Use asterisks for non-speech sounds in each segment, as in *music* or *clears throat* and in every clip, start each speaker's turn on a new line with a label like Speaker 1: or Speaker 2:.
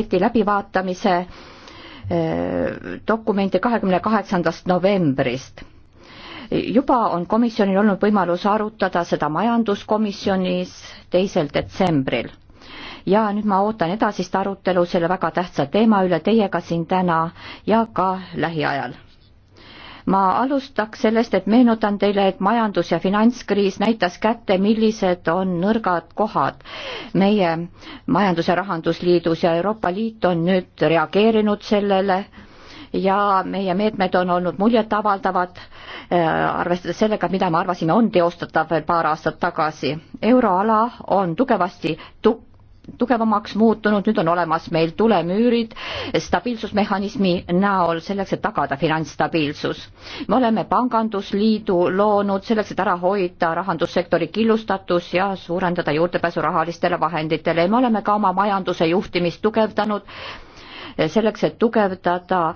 Speaker 1: paketi läbivaatamise eh, dokumenti kahekümne kaheksandast novembrist. juba on komisjonil olnud võimalus arutada seda majanduskomisjonis teisel detsembril ja nüüd ma ootan edasist arutelu selle väga tähtsa teema üle teiega siin täna ja ka lähiajal ma alustaks sellest, et meenutan teile, et majandus- ja finantskriis näitas kätte, millised on nõrgad kohad meie Majandus- ja Rahandusliidus ja Euroopa Liit on nüüd reageerinud sellele ja meie meetmed on olnud muljetavaldavad, äh, arvestades sellega, mida me arvasime, on teostatav veel paar aastat tagasi. euroala on tugevasti tuk-, tugevamaks muutunud, nüüd on olemas meil tulemüürid stabiilsusmehhanismi näol selleks, et tagada finantsstabiilsus. me oleme pangandusliidu loonud selleks, et ära hoida rahandussektori killustatus ja suurendada juurdepääsu rahalistele vahenditele ja me oleme ka oma majanduse juhtimist tugevdanud selleks, et tugevdada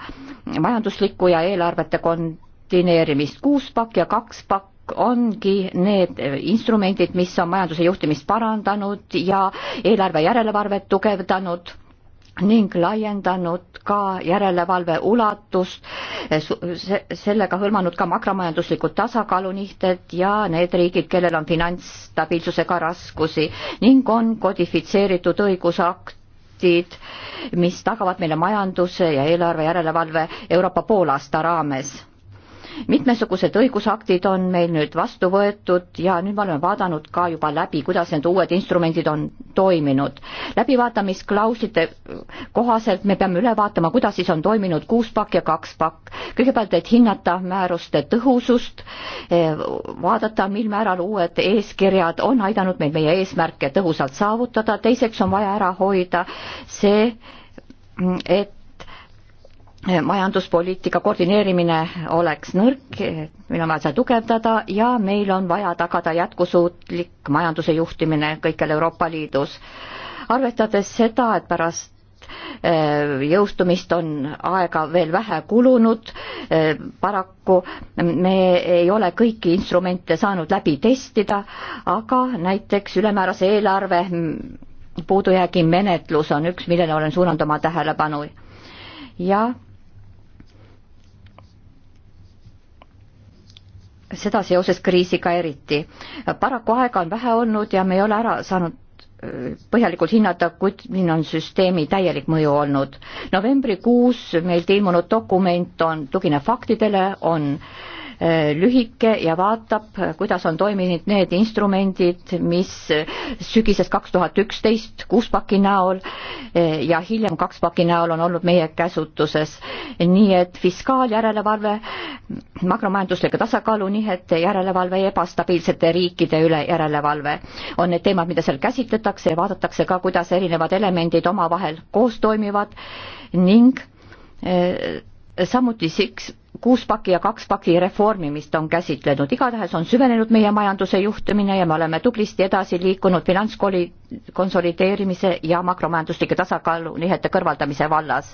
Speaker 1: majanduslikku ja eelarvete kontineerimist. kuus pakk ja kaks pakk ongi need instrumendid, mis on majanduse juhtimist parandanud ja eelarve järelevalvet tugevdanud ning laiendanud ka järelevalve ulatust, sellega hõlmanud ka makromajanduslikud tasakaalunihted ja need riigid, kellel on finantsstabiilsusega raskusi ning on kodifitseeritud õigusaktid, mis tagavad meile majanduse ja eelarve järelevalve Euroopa poolaasta raames mitmesugused õigusaktid on meil nüüd vastu võetud ja nüüd me oleme vaadanud ka juba läbi, kuidas need uued instrumendid on toiminud. läbivaatamisklauslite kohaselt me peame üle vaatama, kuidas siis on toiminud kuus pakk ja kaks pakk. kõigepealt, et hinnata määruste tõhusust, eh, vaadata, mil määral uued eeskirjad on aidanud meil meie eesmärke tõhusalt saavutada, teiseks on vaja ära hoida see, et majanduspoliitika koordineerimine oleks nõrk, meil on vaja seda tugevdada ja meil on vaja tagada jätkusuutlik majanduse juhtimine kõikjal Euroopa Liidus. arvestades seda, et pärast eh, jõustumist on aega veel vähe kulunud, eh, paraku me ei ole kõiki instrumente saanud läbi testida, aga näiteks ülemäärase eelarve puudujäägi menetlus on üks, millele olen suunanud oma tähelepanu. ja seda seoses kriisiga eriti. paraku aega on vähe olnud ja me ei ole ära saanud äh, põhjalikult hinnata, milline on süsteemi täielik mõju olnud. novembrikuus meil ilmunud dokument on, tugineb faktidele, on äh, Äh, lühike ja vaatab, äh, kuidas on toiminud need instrumendid, mis äh, sügisest kaks tuhat üksteist kuus paki näol ja hiljem kaks paki näol on olnud meie käsutuses. nii et fiskaaljärelevalve, makromajanduslike tasakaalunihete järelevalve ja ebastabiilsete riikide üle järelevalve on need teemad, mida seal käsitletakse ja vaadatakse ka, kuidas erinevad elemendid omavahel koos toimivad ning samuti siks kuus paki ja kaks paki reformimist on käsitlenud. igatahes on süvenenud meie majanduse juhtimine ja me oleme tublisti edasi liikunud finantskooli konsolideerimise ja makromajanduslike tasakaalu nihete kõrvaldamise vallas.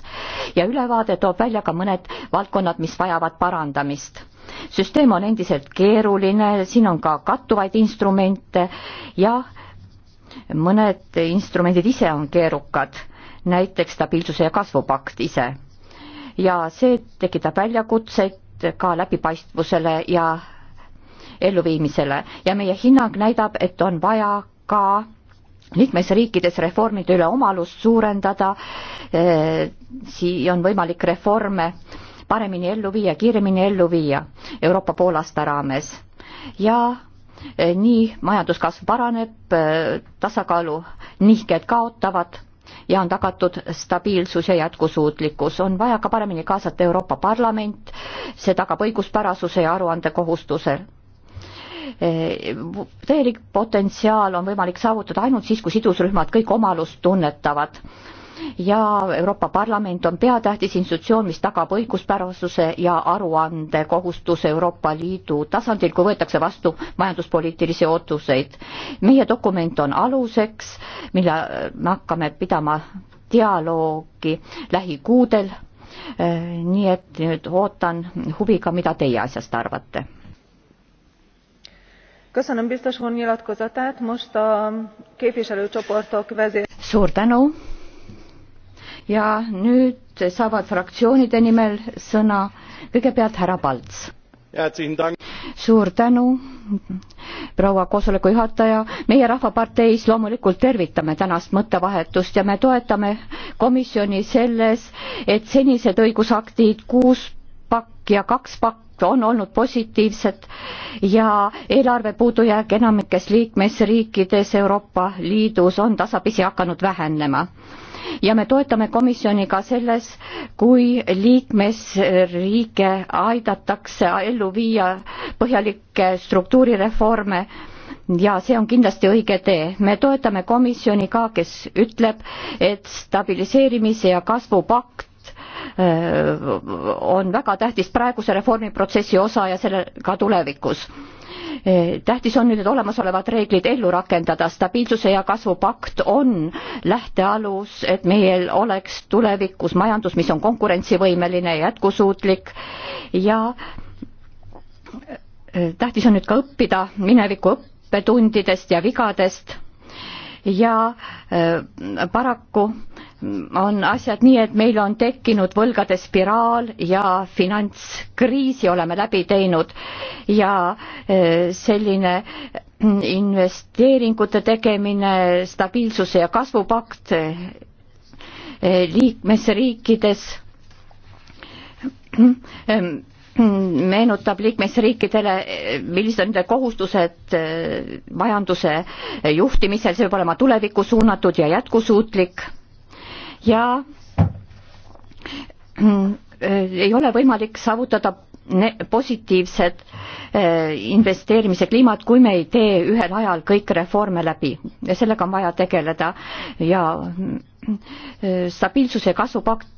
Speaker 1: ja ülevaade toob välja ka mõned valdkonnad, mis vajavad parandamist süsteem on endiselt keeruline, siin on ka kattuvaid instrumente ja mõned instrumendid ise on keerukad, näiteks stabiilsuse ja kasvupakt ise ja see tekitab väljakutseid ka läbipaistvusele ja elluviimisele ja meie hinnang näidab, et on vaja ka liikmesriikides reformide üle omalust suurendada, siia on võimalik reforme paremini ellu viia, kiiremini ellu viia Euroopa poolaasta raames. ja e, nii majanduskasv paraneb, e, tasakaalu nihked kaotavad ja on tagatud stabiilsus ja jätkusuutlikkus. on vaja ka paremini kaasata Euroopa Parlament, see tagab õiguspärasuse ja aruandekohustuse e, täielik potentsiaal on võimalik saavutada ainult siis, kui sidusrühmad kõik omalust tunnetavad ja Euroopa Parlament on peatähtis institutsioon, mis tagab õiguspärasuse ja aruandekohustuse Euroopa Liidu tasandil, kui võetakse vastu majanduspoliitilisi otsuseid. meie dokument on aluseks, mille me hakkame pidama dialoogi lähikuudel. nii et nüüd ootan huviga, mida teie asjast arvate
Speaker 2: köszönöm biztos úr nyilatkozatát most a képviselőcsoportok vezér
Speaker 1: ja nüüd saavad fraktsioonide nimel sõna kõigepealt härra Palts. suur tänu, proua koosoleku juhataja, meie Rahvaparteis loomulikult tervitame tänast mõttevahetust ja me toetame komisjoni selles, et senised õigusaktid kuus pakk ja kaks pakk on olnud positiivsed ja eelarve puudujääk enamikes liikmesriikides Euroopa Liidus on tasapisi hakanud vähenema ja me toetame komisjoni ka selles, kui liikmesriike aidatakse ellu viia põhjalikke struktuurireforme ja see on kindlasti õige tee. me toetame komisjoni ka, kes ütleb, et stabiliseerimise ja kasvupakt äh, on väga tähtis praeguse reformiprotsessi osa ja selle ka tulevikus Eh, tähtis on nüüd need olemasolevad reeglid ellu rakendada. stabiilsuse ja kasvupakt on lähtealus, et meil oleks tulevikus majandus, mis on konkurentsivõimeline ja jätkusuutlik ja eh, tähtis on nüüd ka õppida mineviku õppetundidest ja vigadest ja äh, paraku on asjad nii, et meil on tekkinud võlgade spiraal ja finantskriisi oleme läbi teinud ja äh, selline investeeringute tegemine, stabiilsuse ja kasvupakt äh, liikmesriikides meenutab liikmesriikidele, millised on nende kohustused eh, majanduse juhtimisel, see peab olema tulevikku suunatud ja jätkusuutlik ja eh, ei ole võimalik saavutada positiivset eh, investeerimise kliimat, kui me ei tee ühel ajal kõik reforme läbi ja sellega on vaja tegeleda ja stabiilsuse kasvupakt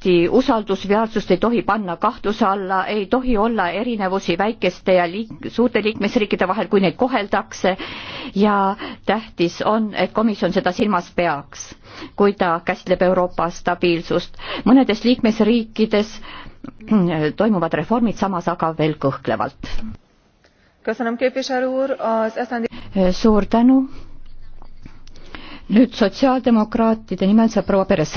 Speaker 1: Liidu usaldusväärsust ei tohi panna kahtluse alla, ei tohi olla erinevusi väikeste ja liik suurte liikmesriikide vahel, kui neid koheldakse ja tähtis on, et komisjon seda silmas peaks, kui ta käsitleb Euroopa stabiilsust. mõnedes liikmesriikides *clears throat* toimuvad reformid samas aga veel kõhklevalt. suur tänu nüüd sotsiaaldemokraatide nimel saab proua Peres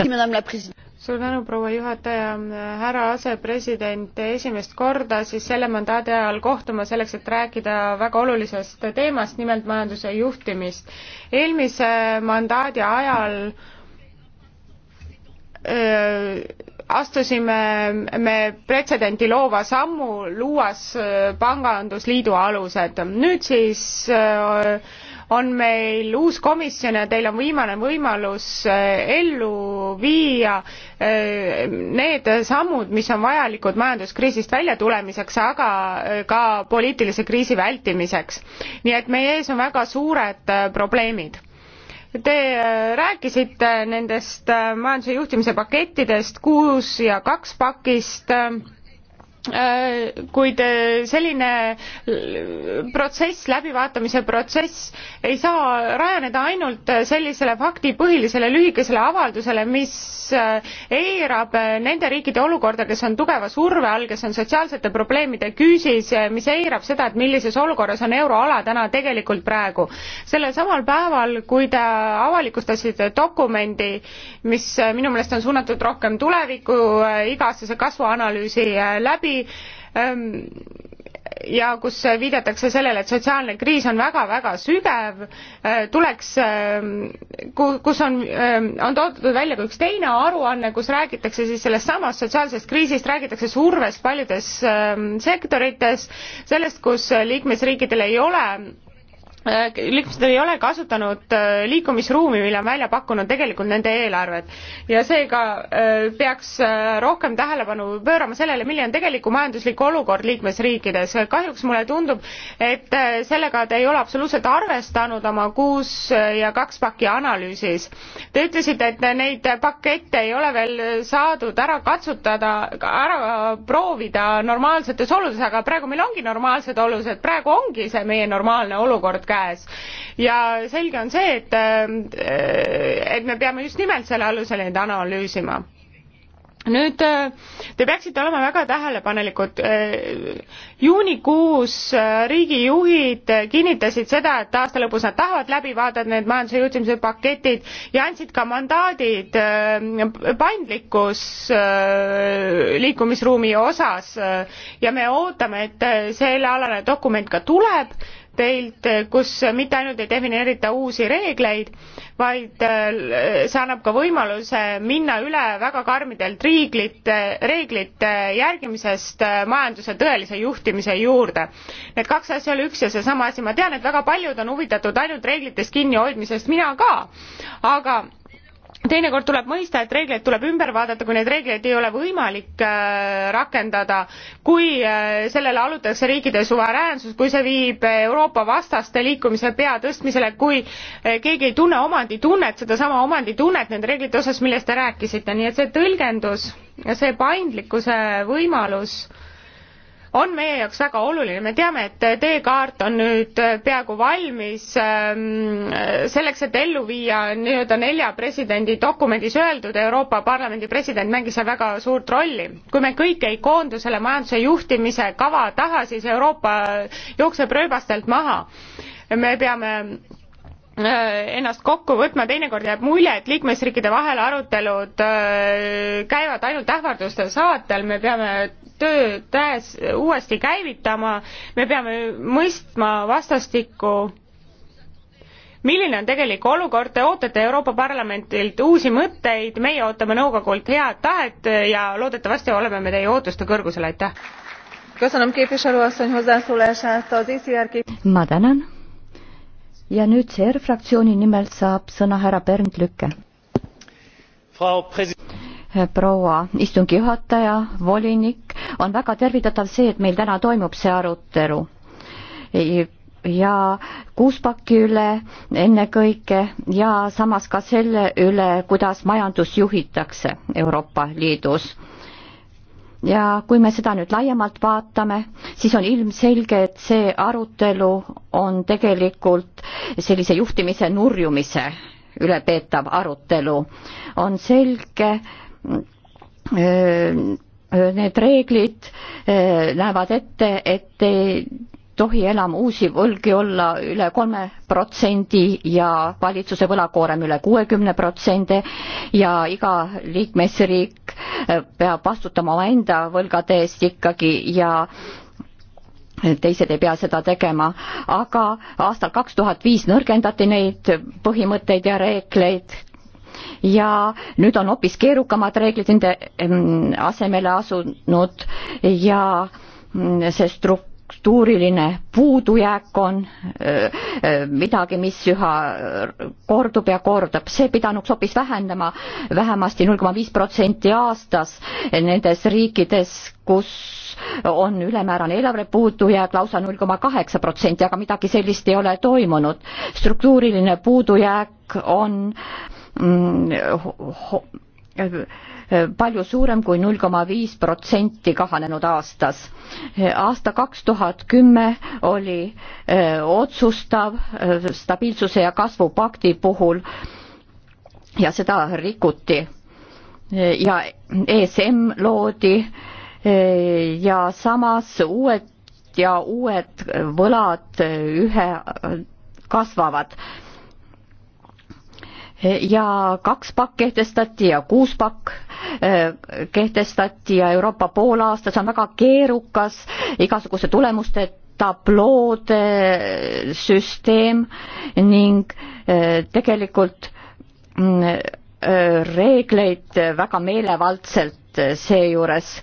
Speaker 3: suur tänu, proua juhataja, härra asepresident, esimest korda siis selle mandaadi ajal kohtuma selleks, et rääkida väga olulisest teemast, nimelt majanduse juhtimist. eelmise mandaadi ajal öö, äh, astusime me pretsedenti loova sammu, luues äh, pangandusliidu alused. nüüd siis öö, äh, on meil uus komisjon ja teil on viimane võimalus äh, ellu viia äh, need sammud, mis on vajalikud majanduskriisist välja tulemiseks, aga äh, ka poliitilise kriisi vältimiseks. nii et meie ees on väga suured probleemid Te rääkisite nendest majanduse juhtimise pakettidest kuus ja kaks pakist Äh, kuid äh, selline äh, protsess, läbivaatamise protsess ei saa rajaneda ainult sellisele faktipõhilisele lühikesele avaldusele, mis eirab nende riikide olukorda, kes on tugeva surve all, kes on sotsiaalsete probleemide küüsis, mis eirab seda, et millises olukorras on euroala täna tegelikult praegu. sellel samal päeval, kui te avalikustasite dokumendi, mis minu meelest on suunatud rohkem tulevikku, iga-aastase kasvuanalüüsi läbi, asi ähm, ja kus viidatakse sellele, et sotsiaalne kriis on väga-väga sügav, äh, tuleks, ähm, kus on, ähm, on toodud välja ka üks teine aruanne, kus räägitakse siis sellest samast sotsiaalsest kriisist, räägitakse survest paljudes sektorites, sellest, kus liikmesriikidel ei ole liikmesed ei ole kasutanud äh, liikumisruumi, mille on välja pakkunud tegelikult nende eelarved. ja seega äh, peaks äh, rohkem tähelepanu pöörama sellele, milline on tegeliku majanduslik olukord liikmesriikides. kahjuks mulle tundub, et sellega te ei ole absoluutselt arvestanud oma kuus ja kaks pakki analüüsis. Te ütlesite, et neid pakette ei ole veel saadud ära katsutada, ära proovida normaalsetes oludes, aga praegu meil ongi normaalsed olused, praegu ongi see meie normaalne olukord käes. ja selge on see, et, äh, et me peame just nimelt selle alusel neid analüüsima nüüd äh, te peaksite olema väga tähelepanelikud. Äh, juunikuus riigijuhid kinnitasid seda, et aasta lõpus nad tahavad läbi vaadata need majanduse juhtimise paketid ja andsid ka mandaadid paindlikkus liikumisruumi osas ja me ootame, et sellealane dokument ka tuleb teilt, kus mitte ainult ei defineerita uusi reegleid, vaid äh, see annab ka võimaluse minna üle väga karmidelt riiglite, reeglite järgimisest äh, majanduse tõelise juhtimise juurde. Need kaks asja ei ole üks ja seesama asi, ma tean, et väga paljud on huvitatud ainult reeglitest kinnihoidmisest, mina ka, aga teinekord tuleb mõista, et reegleid tuleb ümber vaadata, kui neid reegleid ei ole võimalik äh, rakendada, kui äh, sellele allutatakse riikide suveräänsus, kui see viib Euroopa vastaste liikumise pea tõstmisele, kui äh, keegi ei tunne omanditunnet, sedasama omanditunnet nende reeglite osas, millest te rääkisite, nii et see tõlgendus ja see paindlikkuse võimalus äh, on meie jaoks väga oluline, me teame, et teekaart on nüüd peaaegu valmis ähm, selleks, et ellu viia nii-öelda nelja presidendi dokumendis öeldud, Euroopa Parlamendi president mängis seal väga suurt rolli. kui me kõik ei koondu selle majanduse juhtimise kava taha, siis Euroopa jookseb rööbastelt maha. me peame Äh, ennast kokku võtma, teinekord jääb mulje, et liikmesriikide vahel arutelud äh, käivad ainult ähvarduste saatel, me peame töö tähes uuesti käivitama, me peame mõistma vastastikku milline on tegelik olukord, te ootate Euroopa Parlamendilt uusi mõtteid, meie ootame nõukogult head tahet ja loodetavasti oleme me teie ootuste kõrgusel, aitäh!
Speaker 1: ma tänan! ja nüüd CR fraktsiooni nimel saab sõna härra Bernd Lükke. proua istungi juhataja, volinik, on väga tervitatav see, et meil täna toimub see arutelu ja kuuspaki üle ennekõike ja samas ka selle üle, kuidas majandus juhitakse Euroopa Liidus ja kui me seda nüüd laiemalt vaatame, siis on ilmselge, et see arutelu on tegelikult sellise juhtimise nurjumise üle peetav arutelu. on selge, äh, need reeglid äh, näevad ette, et ei tohi enam uusi võlgi olla üle kolme protsendi ja valitsuse võlakoorem üle kuuekümne protsendi ja iga liikmesriik peab vastutama omaenda võlgade eest ikkagi ja teised ei pea seda tegema, aga aastal kaks tuhat viis nõrgendati neid põhimõtteid ja reegleid ja nüüd on hoopis keerukamad reeglid nende mm, asemele asunud ja mm, see struk-, struktuuriline puudujääk on midagi, mis üha kordub ja kordub, see pidanuks hoopis vähendama vähemasti null koma viis protsenti aastas nendes riikides, kus on ülemäärane eelarve puudujääk lausa null koma kaheksa protsenti, aga midagi sellist ei ole toimunud. struktuuriline puudujääk on mm, palju suurem kui null koma viis protsenti kahanenud aastas. aasta kaks tuhat kümme oli eh, otsustav eh, stabiilsuse ja kasvu pakti puhul ja seda rikuti. ja ESM loodi eh, ja samas uued ja uued võlad ühe kasvavad ja kaks pakk kehtestati ja kuus pakk eh, kehtestati ja Euroopa poolaastas on väga keerukas igasuguse tulemuste tabloode eh, süsteem ning eh, tegelikult mm, reegleid väga meelevaldselt seejuures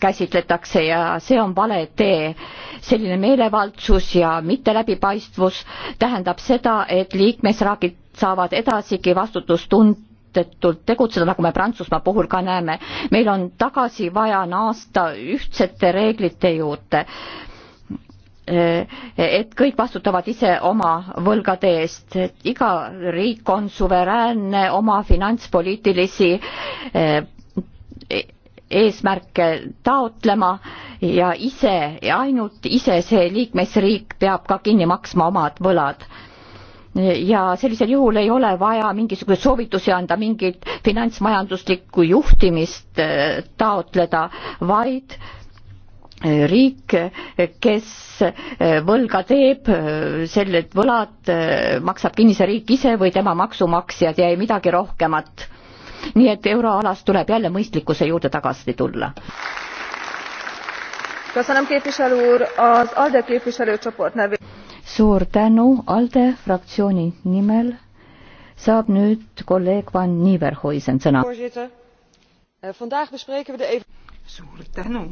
Speaker 1: käsitletakse ja see on vale tee. selline meelevaldsus ja mitteläbipaistvus tähendab seda, et liikmesriigid saavad edasigi vastutustundetult tegutseda, nagu me Prantsusmaa puhul ka näeme. meil on tagasi vaja naasta ühtsete reeglite juurde et kõik vastutavad ise oma võlgade eest, et iga riik on suveräänne oma finantspoliitilisi eh, eesmärke taotlema ja ise, ainult ise see liikmesriik peab ka kinni maksma omad võlad. ja sellisel juhul ei ole vaja mingisuguseid soovitusi anda, mingit finantsmajanduslikku juhtimist äh, taotleda, vaid äh, riik, kes äh, võlga teeb, sellelt võlad maksab kinni see riik ise või tema maksumaksjad ja ei midagi rohkemat nii et euroalas tuleb jälle mõistlikkuse juurde tagasi tulla. suur tänu, ALDE fraktsiooni nimel saab nüüd kolleeg Van Nieuwenhuisen sõna.
Speaker 4: Eh, suur tänu.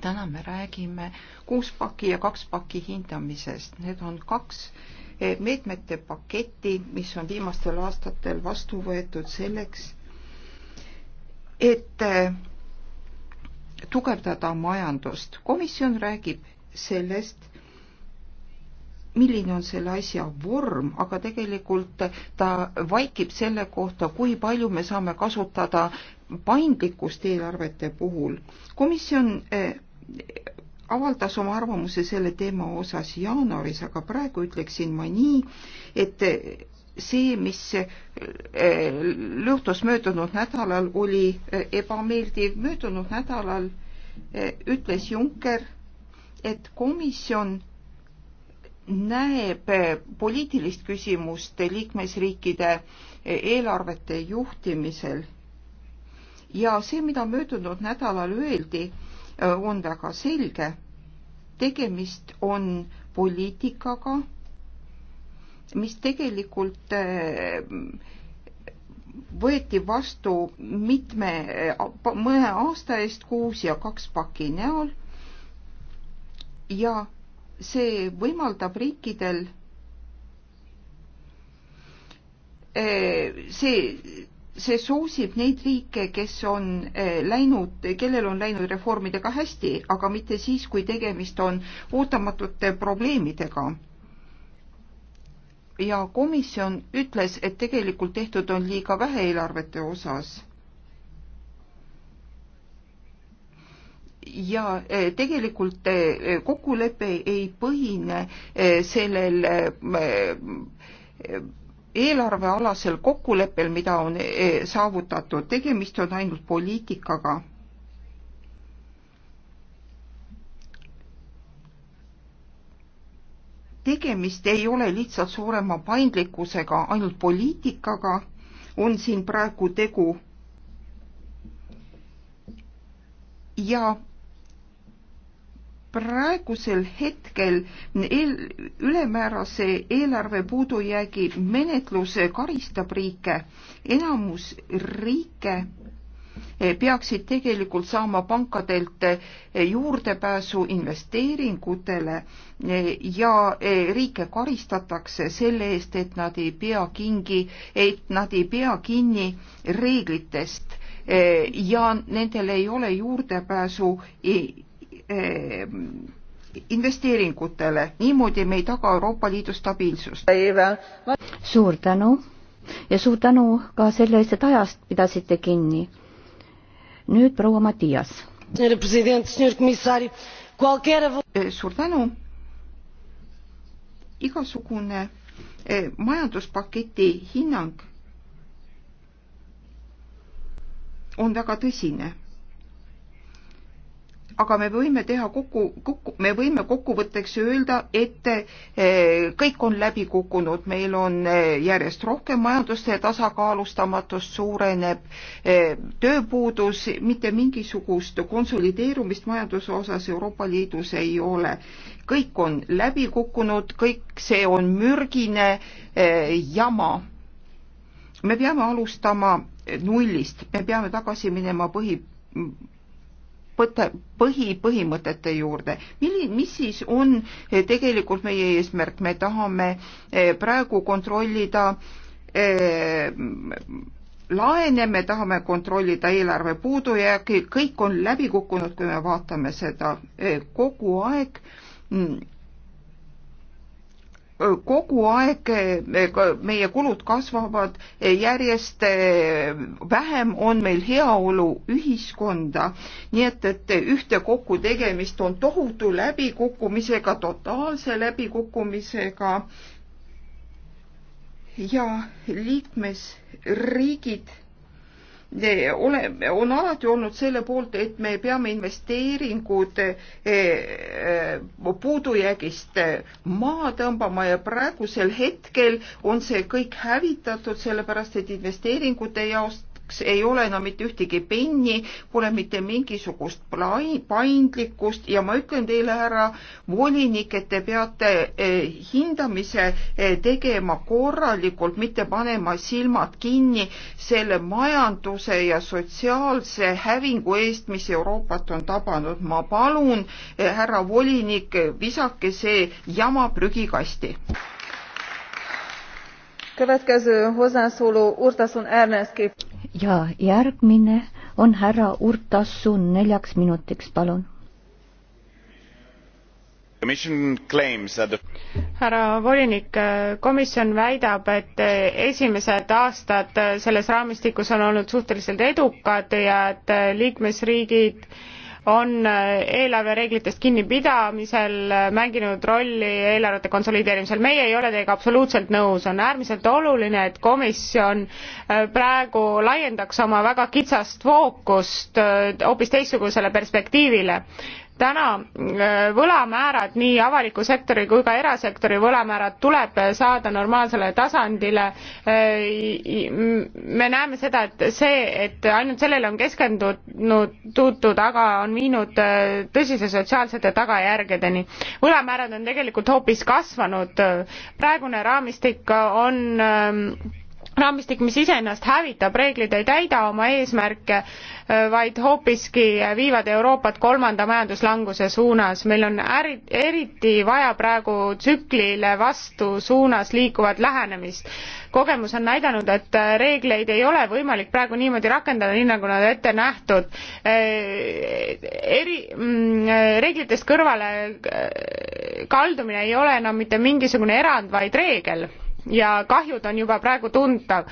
Speaker 4: täna me räägime kuus paki ja kaks paki hindamisest, need on kaks meetmete paketti, mis on viimastel aastatel vastu võetud selleks, et äh, tugevdada majandust. komisjon räägib sellest, milline on selle asja vorm, aga tegelikult ta vaikib selle kohta, kui palju me saame kasutada paindlikkust eelarvete puhul. komisjon äh, avaldas oma arvamuse selle teema osas jaanuaris, aga praegu ütleksin ma nii, et see, mis juhtus eh, möödunud nädalal, oli eh, ebameeldiv. möödunud nädalal eh, ütles Juncker, et komisjon näeb poliitilist küsimust liikmesriikide eelarvete juhtimisel. ja see, mida möödunud nädalal öeldi, on väga selge tegemist on poliitikaga, mis tegelikult eh, võeti vastu mitme, mõne aasta eest kuus ja kaks paki näol ja see võimaldab riikidel eh, see see soosib neid riike, kes on eh, läinud, kellel on läinud reformidega hästi, aga mitte siis, kui tegemist on ootamatute probleemidega. ja komisjon ütles, et tegelikult tehtud on liiga vähe eelarvete osas. ja eh, tegelikult eh, kokkulepe ei põhine sellel eelarvealasel kokkuleppel, mida on e, saavutatud, tegemist on ainult poliitikaga. tegemist ei ole lihtsalt suurema paindlikkusega, ainult poliitikaga on siin praegu tegu. ja praegusel hetkel eel, ülemäärase eelarve puudujäägi menetluse karistab riike, enamus riike eh, peaksid tegelikult saama pankadelt eh, juurdepääsu investeeringutele eh, ja riike karistatakse selle eest, et nad ei pea kingi, et nad ei pea kinni reeglitest ja nendel ei ole juurdepääsu Ehm, investeeringutele, niimoodi me ei taga Euroopa Liidu stabiilsust.
Speaker 1: suur tänu ja suur tänu ka selle eest, et ajast pidasite kinni. nüüd proua Matias.
Speaker 2: Eh,
Speaker 4: suur tänu. igasugune eh, majanduspaketi hinnang on väga tõsine aga me võime teha kokku, kokku, me võime kokkuvõtteks öelda, et eh, kõik on läbi kukkunud, meil on eh, järjest rohkem majanduste tasakaalustamatust, suureneb eh, tööpuudus, mitte mingisugust konsolideerumist majanduse osas Euroopa Liidus ei ole. kõik on läbi kukkunud, kõik see on mürgine jama. me peame alustama nullist, me peame tagasi minema põhi põhipõhimõtete juurde. Milli-, mis siis on eh, tegelikult meie eesmärk, me tahame eh, praegu kontrollida eh, laene, me tahame kontrollida eelarve puudujääki, kõik on läbi kukkunud, kui me vaatame seda kogu aeg mm kogu aeg eh, meie kulud kasvavad, eh, järjest eh, vähem on meil heaoluühiskonda, nii et, et ühtekokku tegemist on tohutu läbikukkumisega, totaalse läbikukkumisega ja liikmesriigid ole, on alati olnud selle poolt, et me peame investeeringud eh, eh, puudujäägist eh, maha tõmbama ja praegusel hetkel on see kõik hävitatud, sellepärast et investeeringute jaost jaoks ei ole enam mitte ühtegi penni, pole mitte mingisugust paindlikkust ja ma ütlen teile, härra volinik, et te peate eh, hindamise eh, tegema korralikult, mitte panema silmad kinni selle majanduse ja sotsiaalse hävingu eest, mis Euroopat on tabanud. ma palun, eh, härra volinik, visake see jama prügikasti
Speaker 2: következő hozzászóló urtasun ernest képviselő
Speaker 1: ja järgmine on härra Urtasu neljaks minutiks, palun. härra volinik,
Speaker 3: komisjon väidab, et esimesed aastad selles raamistikus on olnud suhteliselt edukad ja et liikmesriigid on eelarvereeglitest kinnipidamisel mänginud rolli eelarvete konsolideerimisel. meie ei ole teiega absoluutselt nõus, on äärmiselt oluline, et komisjon äh, praegu laiendaks oma väga kitsast fookust äh, hoopis teistsugusele perspektiivile täna äh, võlamäärad, nii avaliku sektori kui ka erasektori võlamäärad tuleb saada normaalsele tasandile. Äh, me näeme seda, et see, et ainult sellele on keskendutud, aga on viinud äh, tõsise sotsiaalsete tagajärgedeni. võlamäärad on tegelikult hoopis kasvanud, praegune raamistik on ähm, raamistik, mis iseennast hävitab, reeglid ei täida oma eesmärke, äh, vaid hoopiski viivad Euroopat kolmanda majanduslanguse suunas. meil on äri, eriti vaja praegu tsüklile vastu suunas liikuvat lähenemist. kogemus on näidanud, et äh, reegleid ei ole võimalik praegu niimoodi rakendada, nii nagu nad ette nähtud. Äh, eri, mm, reeglitest kõrvale kaldumine ei ole enam mitte mingisugune erand, vaid reegel ja kahjud on juba praegu tuntav.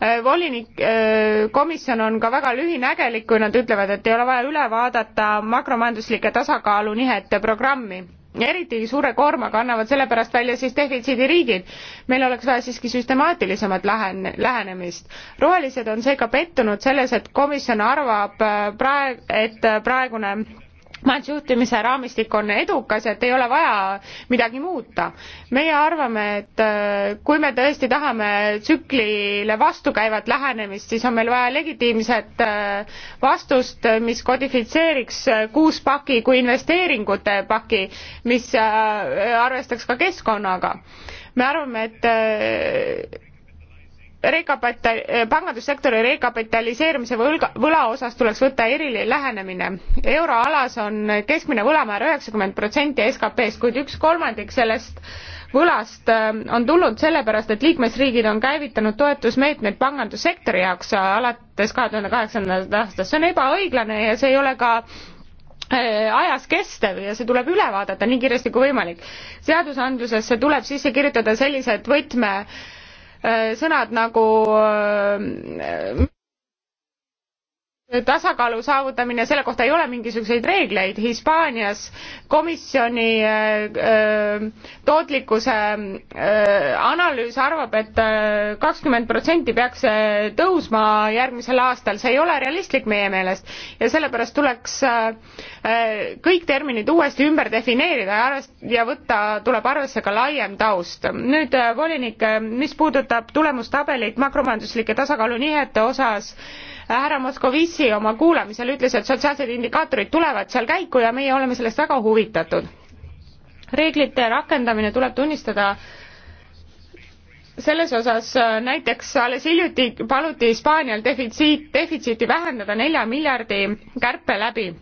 Speaker 3: Äh, volinik, äh, komisjon on ka väga lühinägelik, kui nad ütlevad, et ei ole vaja üle vaadata makromajanduslike tasakaalunihete programmi eriti suure koormaga annavad sellepärast välja siis defitsiidiriigid. meil oleks vaja siiski süstemaatilisemat lähen-, lähenemist. rohelised on seega pettunud selles, et komisjon arvab äh, praeg-, et praegune majandusjuhtimise raamistik on edukas, et ei ole vaja midagi muuta. meie arvame, et äh, kui me tõesti tahame tsüklile vastukäivat lähenemist, siis on meil vaja legitiimset äh, vastust, mis kodifitseeriks äh, kuus paki kui investeeringute paki, mis arvestaks ka keskkonnaga. me arvame, et rekapita- eh, pangandussektori rekapitaliseerimise võlga, võla osas tuleks võtta eriline lähenemine. euroalas on keskmine võlamäär üheksakümmend protsenti SKP-st, kuid üks kolmandik sellest võlast eh, on tulnud sellepärast, et liikmesriigid on käivitanud toetusmeetmed pangandussektori jaoks alates kahe tuhande kaheksandast aastast. see on ebaõiglane ja see ei ole ka eh, ajas kestev ja see tuleb üle vaadata nii kiiresti kui võimalik. seadusandlusesse tuleb sisse kirjutada sellised võtme äh, Äh, sõnad nagu äh, tasakaalu saavutamine, selle kohta ei ole mingisuguseid reegleid, Hispaanias komisjoni öö, äh, äh, tootlikkuse öö, äh, analüüs arvab et, et kakskümmend protsenti peaks see tõusma järgmisel aastal, see ei ole realistlik meie meelest ja sellepärast tuleks öö, kõik terminid uuesti ümber defineerida ja arvest- ja võtta, tuleb arvesse ka laiem taust. nüüd volinik, mis puudutab tulemustabelit makromajanduslike tasakaalunihete osas, härra Moskovitši oma kuulamisel ütles, et sotsiaalsed indikaatorid tulevad seal käiku ja meie oleme sellest väga huvitatud. reeglite rakendamine tuleb tunnistada selles osas näiteks alles hiljuti paluti Hispaanial defitsiit, defitsiiti vähendada nelja miljardi kärpe läbi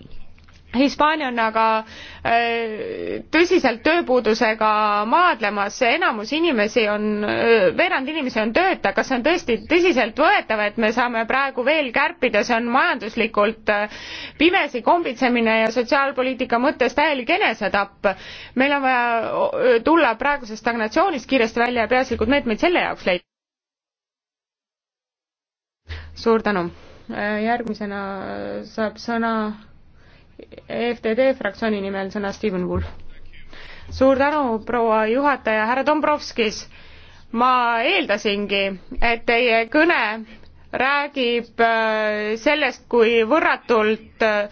Speaker 3: Hispaania on aga äh, tõsiselt tööpuudusega maadlemas, enamus inimesi on, äh, veerand inimesi on tööta, kas see on tõesti tõsiseltvõetav, et me saame praegu veel kärpida, see on majanduslikult äh, pimesi kombitsemine ja sotsiaalpoliitika mõttes täielik enesetapp. meil on vaja tulla praegusest stagnatsioonist kiiresti välja ja peaasjalikult meetmeid selle jaoks leida. suur tänu. järgmisena saab sõna EFTD fraktsiooni nimel sõna Steven Wolf. suur tänu, proua juhataja, härra Dombrovskis. ma eeldasingi, et teie kõne räägib äh, sellest, kui võrratult äh,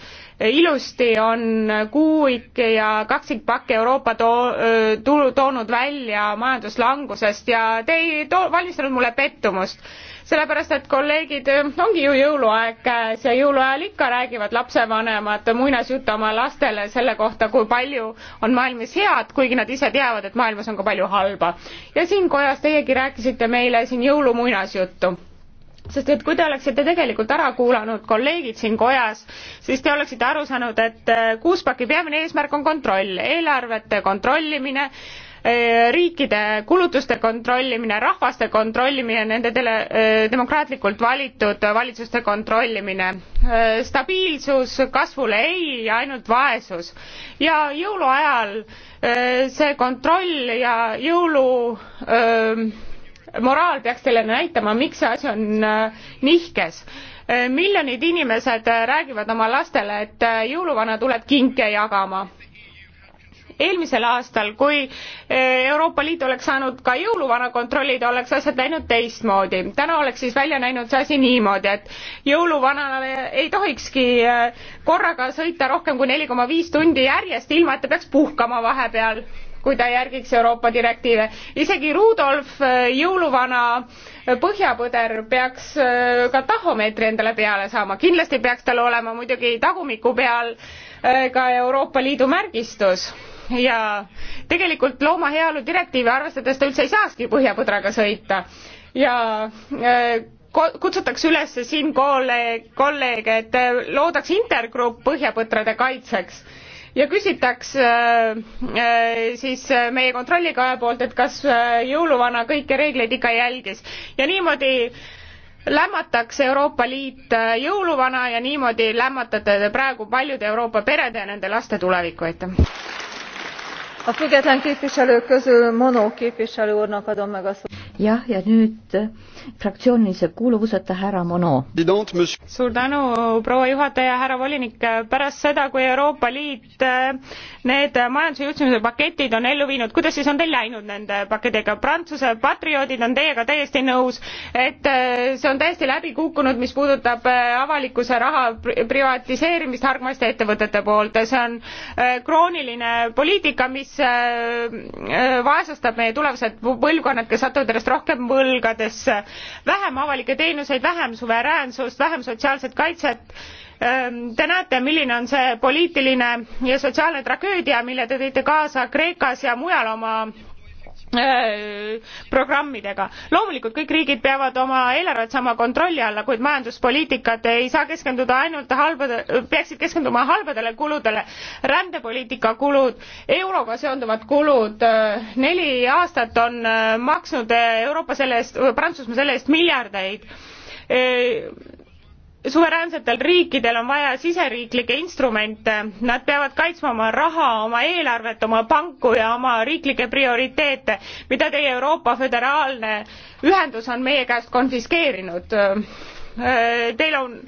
Speaker 3: ilusti on kuuik ja kaksikpakk Euroopa to-, äh, to, toonud välja majanduslangusest ja te ei to-, valmistanud mulle pettumust sellepärast, et kolleegid, ongi ju jõuluaeg käes ja jõuluajal ikka räägivad lapsevanemad muinasjutte oma lastele selle kohta, kui palju on maailmas head, kuigi nad ise teavad, et maailmas on ka palju halba. ja siin kojas teiegi rääkisite meile siin jõulumuinasjuttu sest et kui te oleksite tegelikult ära kuulanud kolleegid siin kojas, siis te oleksite aru saanud, et kuuspaki peamine eesmärk on kontroll, eelarvete kontrollimine äh,, Eh, riikide kulutuste kontrollimine, rahvaste kontrollimine, nende tele-, eh, demokraatlikult valitud valitsuste kontrollimine. Eh, stabiilsus, kasvule ei ja ainult vaesus. ja jõuluajal see kontroll ja jõulu öö, moraal peaks teile näitama, miks see asi on nihkes. miljonid inimesed räägivad oma lastele, et jõuluvana tuleb kinke jagama eelmisel aastal, kui eh, Euroopa Liit oleks saanud ka jõuluvana kontrollida, oleks asjad läinud teistmoodi. täna oleks siis välja näinud see asi niimoodi, et jõuluvanale ei tohikski eh, korraga sõita rohkem kui neli koma viis tundi järjest, ilma et ta peaks puhkama vahepeal kui ta järgiks Euroopa direktiive. isegi Rudolf eh, jõuluvana põhjapõder peaks ka tahomeetri endale peale saama, kindlasti peaks tal olema muidugi tagumiku peal ka Euroopa Liidu märgistus ja tegelikult looma heaolu direktiivi arvestades ta üldse ei saakski põhjapõdraga sõita ja äh, kutsutakse üles siin kolleege, et äh, loodaks intergrupp põhjapõtrade kaitseks ja küsitakse äh, siis meie kontrollikoja poolt, et kas jõuluvana kõiki reegleid ikka jälgis ja niimoodi lämmatakse Euroopa Liit jõuluvana ja niimoodi lämmatate te praegu paljude Euroopa perede ja nende laste tulevikku, aitäh!
Speaker 2: a független képviselők közül Monó képviselő úrnak adom meg a szót.
Speaker 1: jah, ja nüüd äh, fraktsioonilise kuuluvuseta härra Mono.
Speaker 3: suur tänu, proua juhataja, härra volinik, pärast seda, kui Euroopa Liit äh, need majanduse juhtimise paketid on ellu viinud, kuidas siis on teil läinud nende pakettidega? Prantsuse patrioodid on teiega täiesti nõus, et äh, see on täiesti läbi kukkunud, mis puudutab avalikkuse raha privatiseerimist hargmaiste ettevõtete poolt, see on krooniline poliitika, mis Äh, äh, vaesustab meie tulevased põlvkonnad, kes satuvad järjest rohkem võlgadesse, vähem avalikke teenuseid, vähem suveräänsust, vähem sotsiaalset kaitset. Ähm, te näete, milline on see poliitiline ja sotsiaalne tragöödia, mille te tõite kaasa Kreekas ja mujal oma Äh, programmidega. loomulikult kõik riigid peavad oma eelarvet saama kontrolli alla, kuid majanduspoliitikad ei saa keskenduda ainult halbade, peaksid keskenduma halbadele kuludele. rändepoliitika kulud, euroga seonduvad kulud, äh, neli aastat on äh, maksnud Euroopa selle eest, Prantsusmaa selle eest miljardeid suveräänsetel riikidel on vaja siseriiklikke instrumente nad peavad kaitsma oma raha oma eelarvet oma panku ja oma riiklikke prioriteete mida teie euroopa föderaalne ühendus on meie käest konfiskeerinud teil on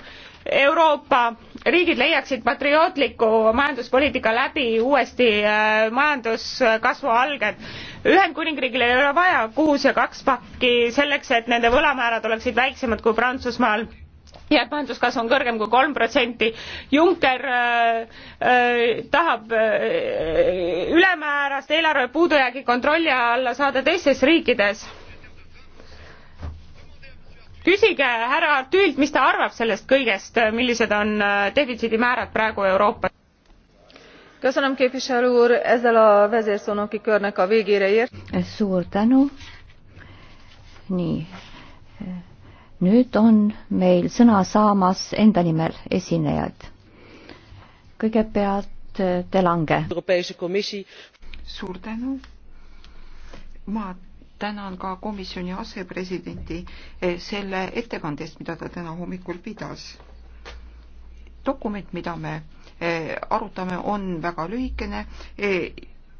Speaker 3: euroopa riigid leiaksid patriootliku majanduspoliitika läbi uuesti äh, majanduskasvu alged ühendkuningriigil ei ole vaja kuus ja kaks pakki selleks et nende võlamäärad oleksid väiksemad kui prantsusmaal ja et majanduskasv on kõrgem kui kolm protsenti. Juncker äh, äh, tahab äh, ülemäärast eelarve puudujäägi kontrolli alla saada teistes riikides. küsige härra Artüült, mis ta arvab sellest kõigest, millised on äh, defitsiidimäärad praegu Euroopas? köszönöm képviselő úr
Speaker 2: ezzel a vezérszónoki körnek a végére ért.
Speaker 1: suur tänu nii nüüd on meil sõna saamas enda nimel esinejad. kõigepealt äh, De Lange.
Speaker 4: suur tänu. ma tänan ka komisjoni asepresidenti äh, selle ettekande eest, mida ta täna hommikul pidas. dokument, mida me äh, arutame, on väga lühikene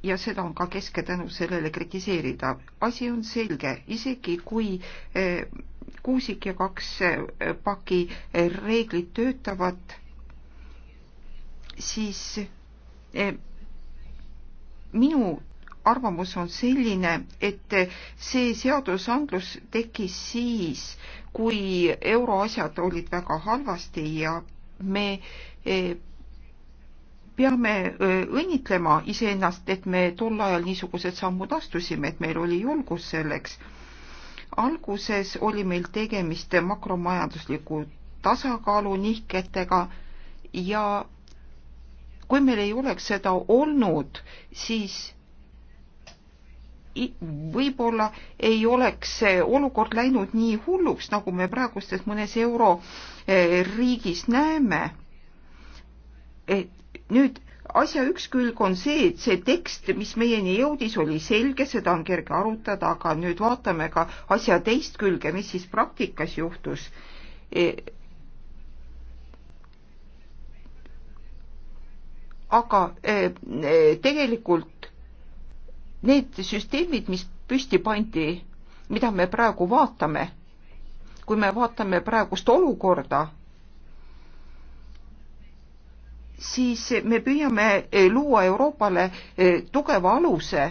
Speaker 4: ja seda on ka keske tänu sellele kritiseerida. asi on selge, isegi kui kuusik ja kaks eh, paki reeglid töötavad, siis eh, minu arvamus on selline, et see seadusandlus tekkis siis, kui euroasjad olid väga halvasti ja me eh, peame õnnitlema iseennast, et me tol ajal niisugused sammud astusime, et meil oli julgus selleks alguses oli meil tegemist makromajandusliku tasakaalu nihketega ja kui meil ei oleks seda olnud, siis võib-olla ei oleks olukord läinud nii hulluks, nagu me praegustes mõnes euroriigis eh, näeme. nüüd asja üks külg on see, et see tekst, mis meieni jõudis, oli selge, seda on kerge arutada, aga nüüd vaatame ka asja teist külge, mis siis praktikas juhtus. E, aga e, e, tegelikult need süsteemid, mis püsti pandi, mida me praegu vaatame, kui me vaatame praegust olukorda, siis me püüame eh, luua Euroopale eh, tugeva aluse.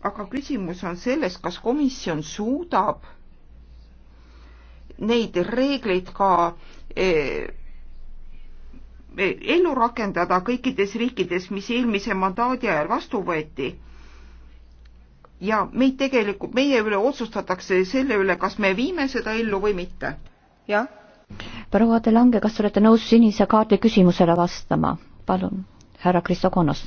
Speaker 4: aga küsimus on selles, kas komisjon suudab neid reegleid ka eh, ellu rakendada kõikides riikides, mis eelmise mandaadi ajal vastu võeti ja meid tegelikult, meie üle otsustatakse selle üle, kas me viime seda ellu või mitte. jah
Speaker 1: proua De Lange, kas olete nõus sinise kaardi küsimusele vastama? palun, härra Kristo Konnos.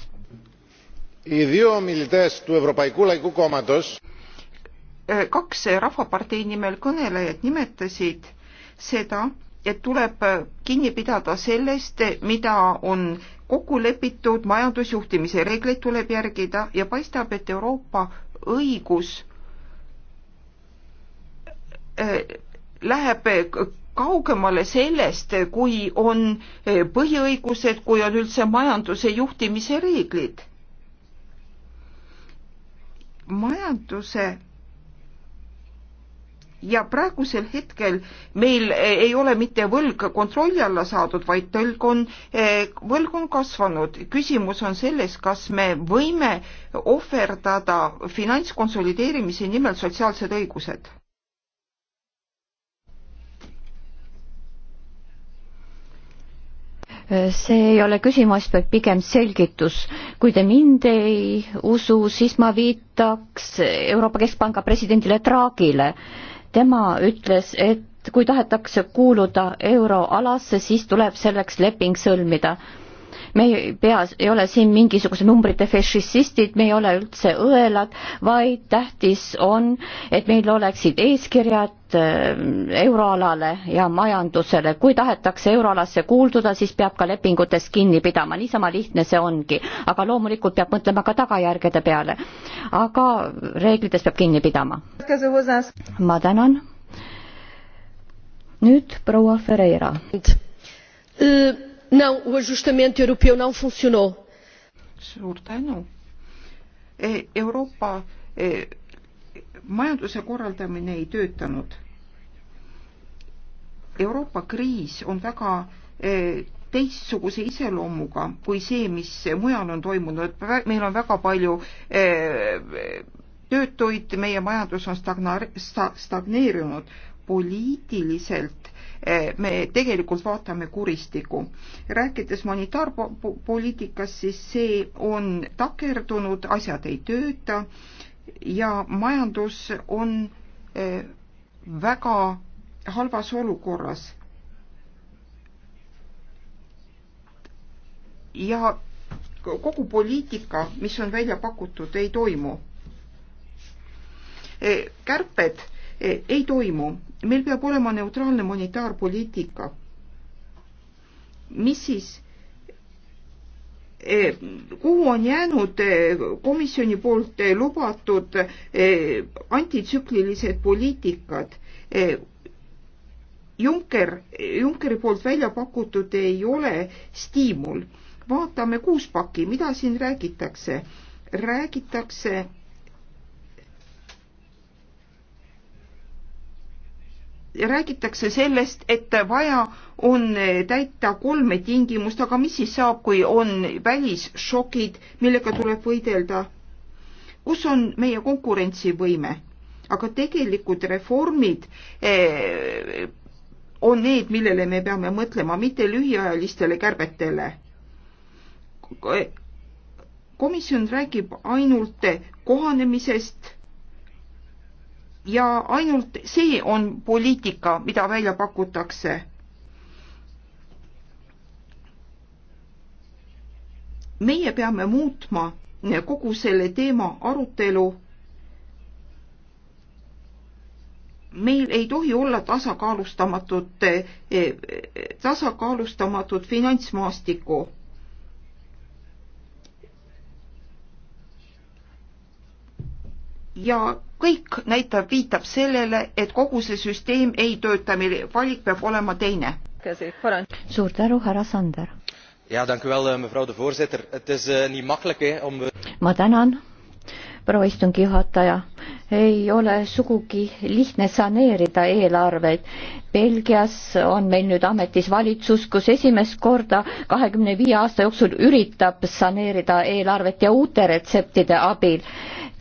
Speaker 4: Äh, kaks Rahvapartei nimel kõnelejat nimetasid seda, et tuleb äh, kinni pidada sellest, mida on kokku lepitud, majandusjuhtimise reegleid tuleb järgida ja paistab, et Euroopa õigus äh, läheb kaugemale sellest, kui on eh, põhiõigused, kui on üldse majanduse juhtimise reeglid. majanduse ja praegusel hetkel meil eh, ei ole mitte võlg kontrolli alla saadud, vaid tõlg on, eh, võlg on kasvanud. küsimus on selles, kas me võime ohverdada finantskonsolideerimise nimel sotsiaalsed õigused
Speaker 1: see ei ole küsimus, vaid pigem selgitus. kui te mind ei usu, siis ma viitaks Euroopa Keskpanga presidendile Draghile. tema ütles, et kui tahetakse kuuluda euroalasse, siis tuleb selleks leping sõlmida me ei pea, ei ole siin mingisuguse numbrite fetišistid, me ei ole üldse õelad, vaid tähtis on, et meil oleksid eeskirjad äh, euroalale ja majandusele. kui tahetakse euroalasse kuulduda, siis peab ka lepingutest kinni pidama, niisama lihtne see ongi. aga loomulikult peab mõtlema ka tagajärgede peale. aga reeglitest peab kinni pidama. ma tänan. nüüd proua Ferreira.
Speaker 4: Äh, Não, o ajustamento europeu não funcionou. suur tänu. E, Euroopa e, majanduse korraldamine ei töötanud. Euroopa kriis on väga e, teistsuguse iseloomuga kui see, mis mujal on toimunud. meil on väga palju töötuid, meie majandus on stagna-, stagneerunud poliitiliselt Eh, me tegelikult vaatame kuristikku. rääkides monetaarpoliitikast, siis see on takerdunud, asjad ei tööta ja majandus on eh, väga halvas olukorras. ja kogu poliitika, mis on välja pakutud, ei toimu. Eh, kärped ei toimu. meil peab olema neutraalne monetaarpoliitika. mis siis, eh, kuhu on jäänud eh, komisjoni poolt eh, lubatud antitsüklilised poliitikad? Juncker, Junckeri poolt välja pakutud ei ole stiimul. vaatame kuuspaki, mida siin räägitakse? räägitakse räägitakse sellest, et vaja on täita kolme tingimust, aga mis siis saab, kui on välisšokid, millega tuleb võidelda? kus on meie konkurentsivõime? aga tegelikud reformid eh, on need, millele me peame mõtlema, mitte lühiajalistele kärbetele. Eh, komisjon räägib ainult kohanemisest ja ainult see on poliitika, mida välja pakutakse. meie peame muutma kogu selle teema arutelu. meil ei tohi olla tasakaalustamatut, tasakaalustamatut finantsmaastikku ja kõik näitab, viitab sellele, et kogu see süsteem ei tööta, meil valik peab olema
Speaker 1: teine. suur tänu, härra Sander.
Speaker 5: Eh, eh, eh,
Speaker 1: ma tänan, proua istungi juhataja. ei ole sugugi lihtne saneerida eelarveid. Belgias on meil nüüd ametis valitsus, kus esimest korda kahekümne viie aasta jooksul üritab saneerida eelarvet ja uute retseptide abil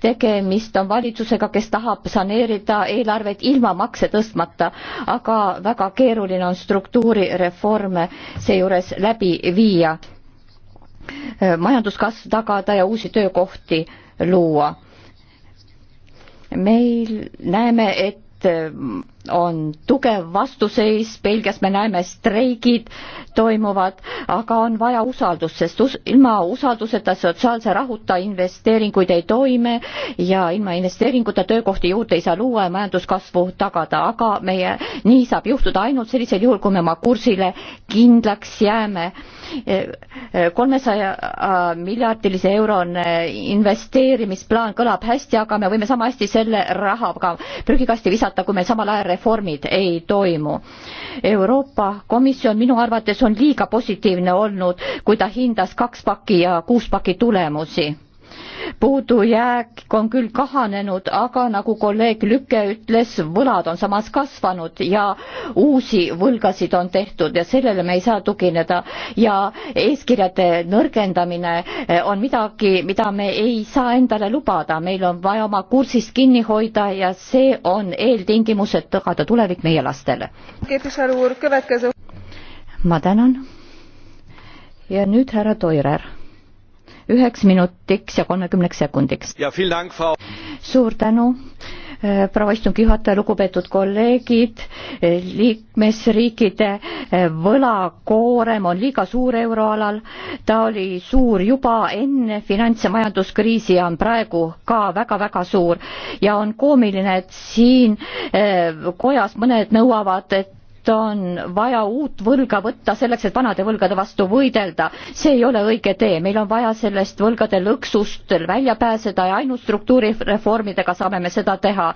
Speaker 1: tegemist on valitsusega, kes tahab saneerida eelarvet ilma makse tõstmata, aga väga keeruline on struktuurireforme seejuures läbi viia, majanduskasv tagada ja uusi töökohti luua. meil näeme, et on tugev vastuseis, Belgias me näeme, streigid toimuvad, aga on vaja usaldust, sest us ilma usalduseta sotsiaalse rahuta investeeringuid ei toime ja ilma investeeringuta töökohti juurde ei saa luua ja majanduskasvu tagada, aga meie, nii saab juhtuda ainult sellisel juhul, kui me oma kursile kindlaks jääme. E, e, kolmesaja miljardilise eurone investeerimisplaan kõlab hästi, aga me võime sama hästi selle raha ka prügikasti visata, kui meil samal ajal reformid ei toimu. Euroopa Komisjon minu arvates on liiga positiivne olnud, kui ta hindas kaks paki ja kuus paki tulemusi puudujääk on küll kahanenud, aga nagu kolleeg Lüke ütles, võlad on samas kasvanud ja uusi võlgasid on tehtud ja sellele me ei saa tugineda ja eeskirjade nõrgendamine eh, on midagi, mida me ei saa endale lubada, meil on vaja oma kursist kinni hoida ja see on eeltingimus, et tagada tulevik meie lastele. ma tänan. ja nüüd härra Toirer üheks minutiks ja kolmekümneks sekundiks. suur tänu, äh, proua istungi juhataja, lugupeetud kolleegid, liikmesriikide äh, võlakoorem on liiga suur euroalal, ta oli suur juba enne finants- ja majanduskriisi ja on praegu ka väga-väga suur ja on koomiline, et siin äh, kojas mõned nõuavad, et on vaja uut võlga võtta selleks, et vanade võlgade vastu võidelda. see ei ole õige tee, meil on vaja sellest võlgade lõksust välja pääseda ja ainult struktuurireformidega saame me seda teha.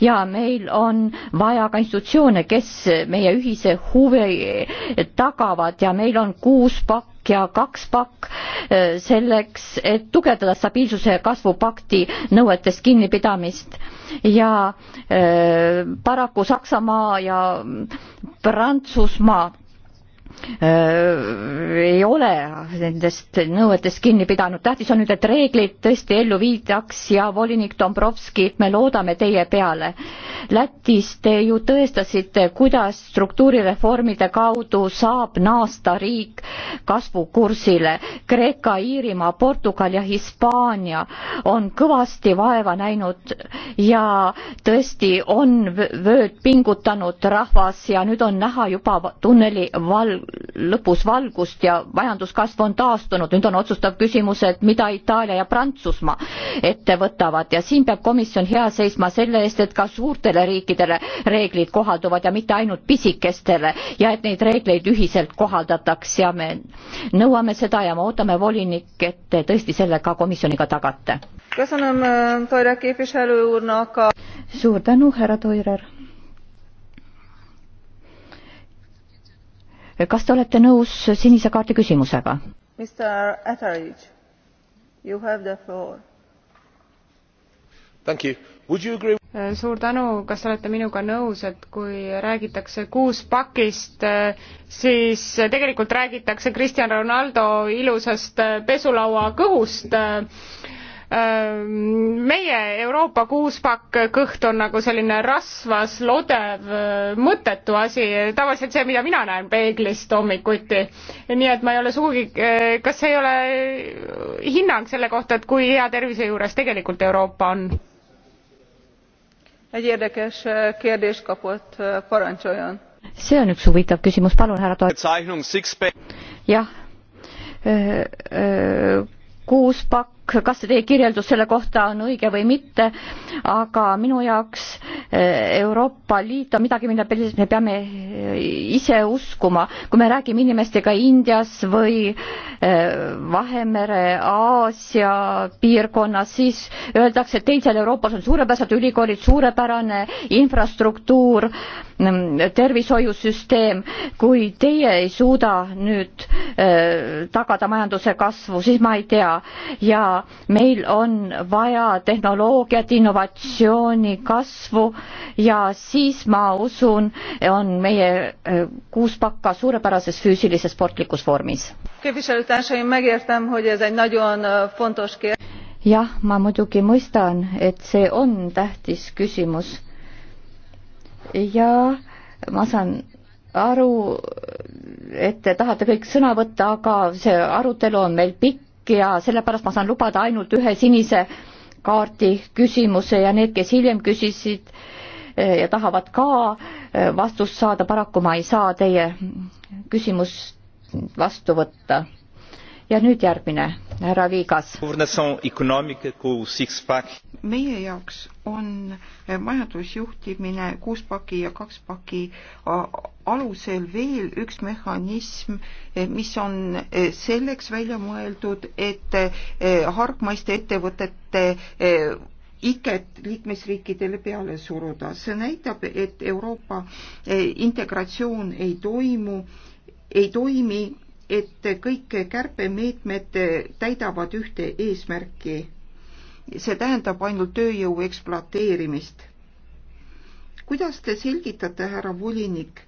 Speaker 1: ja meil on vaja ka institutsioone, kes meie ühise huvi tagavad ja meil on kuus pakkumist pakk ja kaks pakk eh, selleks, et tugevdada stabiilsuse ja kasvupakti nõuetest kinnipidamist ja eh, paraku Saksamaa ja Prantsusmaa Äh, ei ole nendest nõuetest kinni pidanud. tähtis on nüüd, et reeglid tõesti ellu viidaks ja volinik Dombrovski, me loodame teie peale. Lätis te ju tõestasite, kuidas struktuurireformide kaudu saab naasta riik kasvukursile. Kreeka, Iirimaa, Portugal ja Hispaania on kõvasti vaeva näinud ja tõesti on vööd pingutanud rahvas ja nüüd on näha juba tunneli valg lõpus valgust ja majanduskasv on taastunud, nüüd on otsustav küsimus, et mida Itaalia ja Prantsusmaa ette võtavad ja siin peab komisjon hea seisma selle eest, et ka suurtele riikidele reeglid kohalduvad ja mitte ainult pisikestele ja et neid reegleid ühiselt kohaldataks ja me nõuame seda ja me ootame volinik, et te tõesti selle ka komisjoniga tagate.
Speaker 2: Eh,
Speaker 1: suur tänu, härra Toirer kas te olete nõus sinise kaardi küsimusega?
Speaker 3: Äh, suur tänu, kas te olete minuga nõus, et kui räägitakse kuuspakist, äh, siis tegelikult räägitakse Cristiano Ronaldo ilusast pesulaua kõhust äh, meie Euroopa kuuspakk kõht on nagu selline rasvas, lodev, mõttetu asi, tavaliselt see, mida mina näen peeglist hommikuti. nii et ma ei ole sugugi, kas ei ole hinnang selle kohta, et kui hea tervise juures tegelikult Euroopa on?
Speaker 1: see on üks huvitav küsimus, palun härra Toet. jah, kuuspakk kas teie kirjeldus selle kohta on õige või mitte, aga minu jaoks eh, Euroopa Liit on midagi, mida me peame eh, ise uskuma. kui me räägime inimestega Indias või eh, Vahemere, Aasia piirkonnas, siis öeldakse, et teil seal Euroopas on suurepärased ülikoolid, suurepärane infrastruktuur, mm, tervishoiusüsteem. kui teie ei suuda nüüd tagada majanduse kasvu, siis ma ei tea ja ja meil on vaja tehnoloogiat, innovatsiooni, kasvu ja siis ma usun, on meie äh, kuus pakka suurepärases füüsilises sportlikus vormis. jah, ma muidugi mõistan, et see on tähtis küsimus. ja ma saan aru, et te tahate kõik sõna võtta, aga see arutelu on meil pikk ja sellepärast ma saan lubada ainult ühe sinise kaardi küsimuse ja need, kes hiljem küsisid eh, ja tahavad ka eh, vastust saada, paraku ma ei saa teie küsimust vastu võtta ja nüüd järgmine, härra Viigas. meie jaoks on
Speaker 4: eh, majandusjuhtimine kuus paki ja kaks paki alusel veel üks mehhanism, eh, mis on eh, selleks välja mõeldud, et hargmaiste ettevõtete iket liikmesriikidele peale suruda. see näitab, et Euroopa integratsioon ei toimu, ei toimi et kõik kärpemeetmed täidavad ühte eesmärki. see tähendab ainult tööjõu ekspluateerimist. kuidas te selgitate, härra volinik,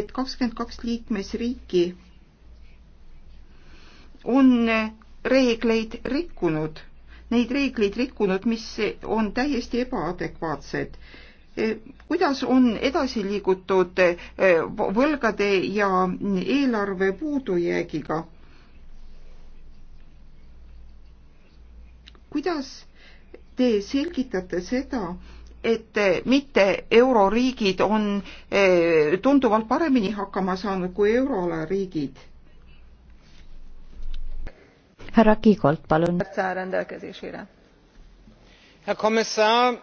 Speaker 4: et kakskümmend kaks liikmesriiki on reegleid rikkunud, neid reegleid rikkunud, mis on täiesti ebaadekvaatsed kuidas on edasi liigutud eh, võlgade ja eelarve puudujäägiga? kuidas te selgitate seda, et mitte euroriigid on eh, tunduvalt paremini hakkama saanud kui euroala riigid?
Speaker 1: härra Kiigolt, palun. härra komissar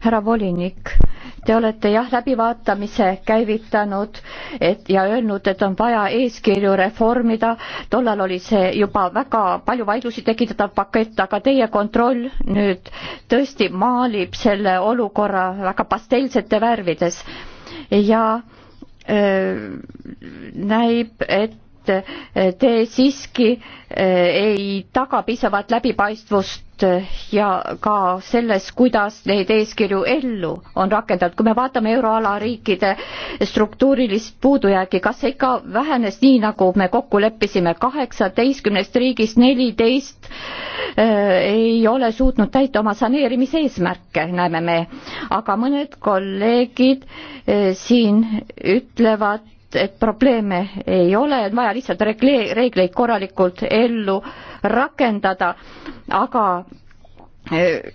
Speaker 1: härra volinik, te olete jah, läbivaatamise käivitanud et, ja öelnud, et on vaja eeskirju reformida. tollal oli see juba väga palju vaidlusi tekitatav pakett, aga teie kontroll nüüd tõesti maalib selle olukorra väga pastelsete värvides ja öö, näib, et et eh, te siiski eh, ei taga piisavat läbipaistvust eh, ja ka selles, kuidas neid eeskirju ellu on rakendatud. kui me vaatame euroala riikide struktuurilist puudujääki, kas see ikka vähenes nii, nagu me kokku leppisime, kaheksateistkümnest riigist neliteist ei ole suutnud täita oma saneerimise eesmärke, näeme me. aga mõned kolleegid siin ütlevad, et probleeme ei ole, on vaja lihtsalt regle-, reegleid korralikult ellu rakendada, aga äh,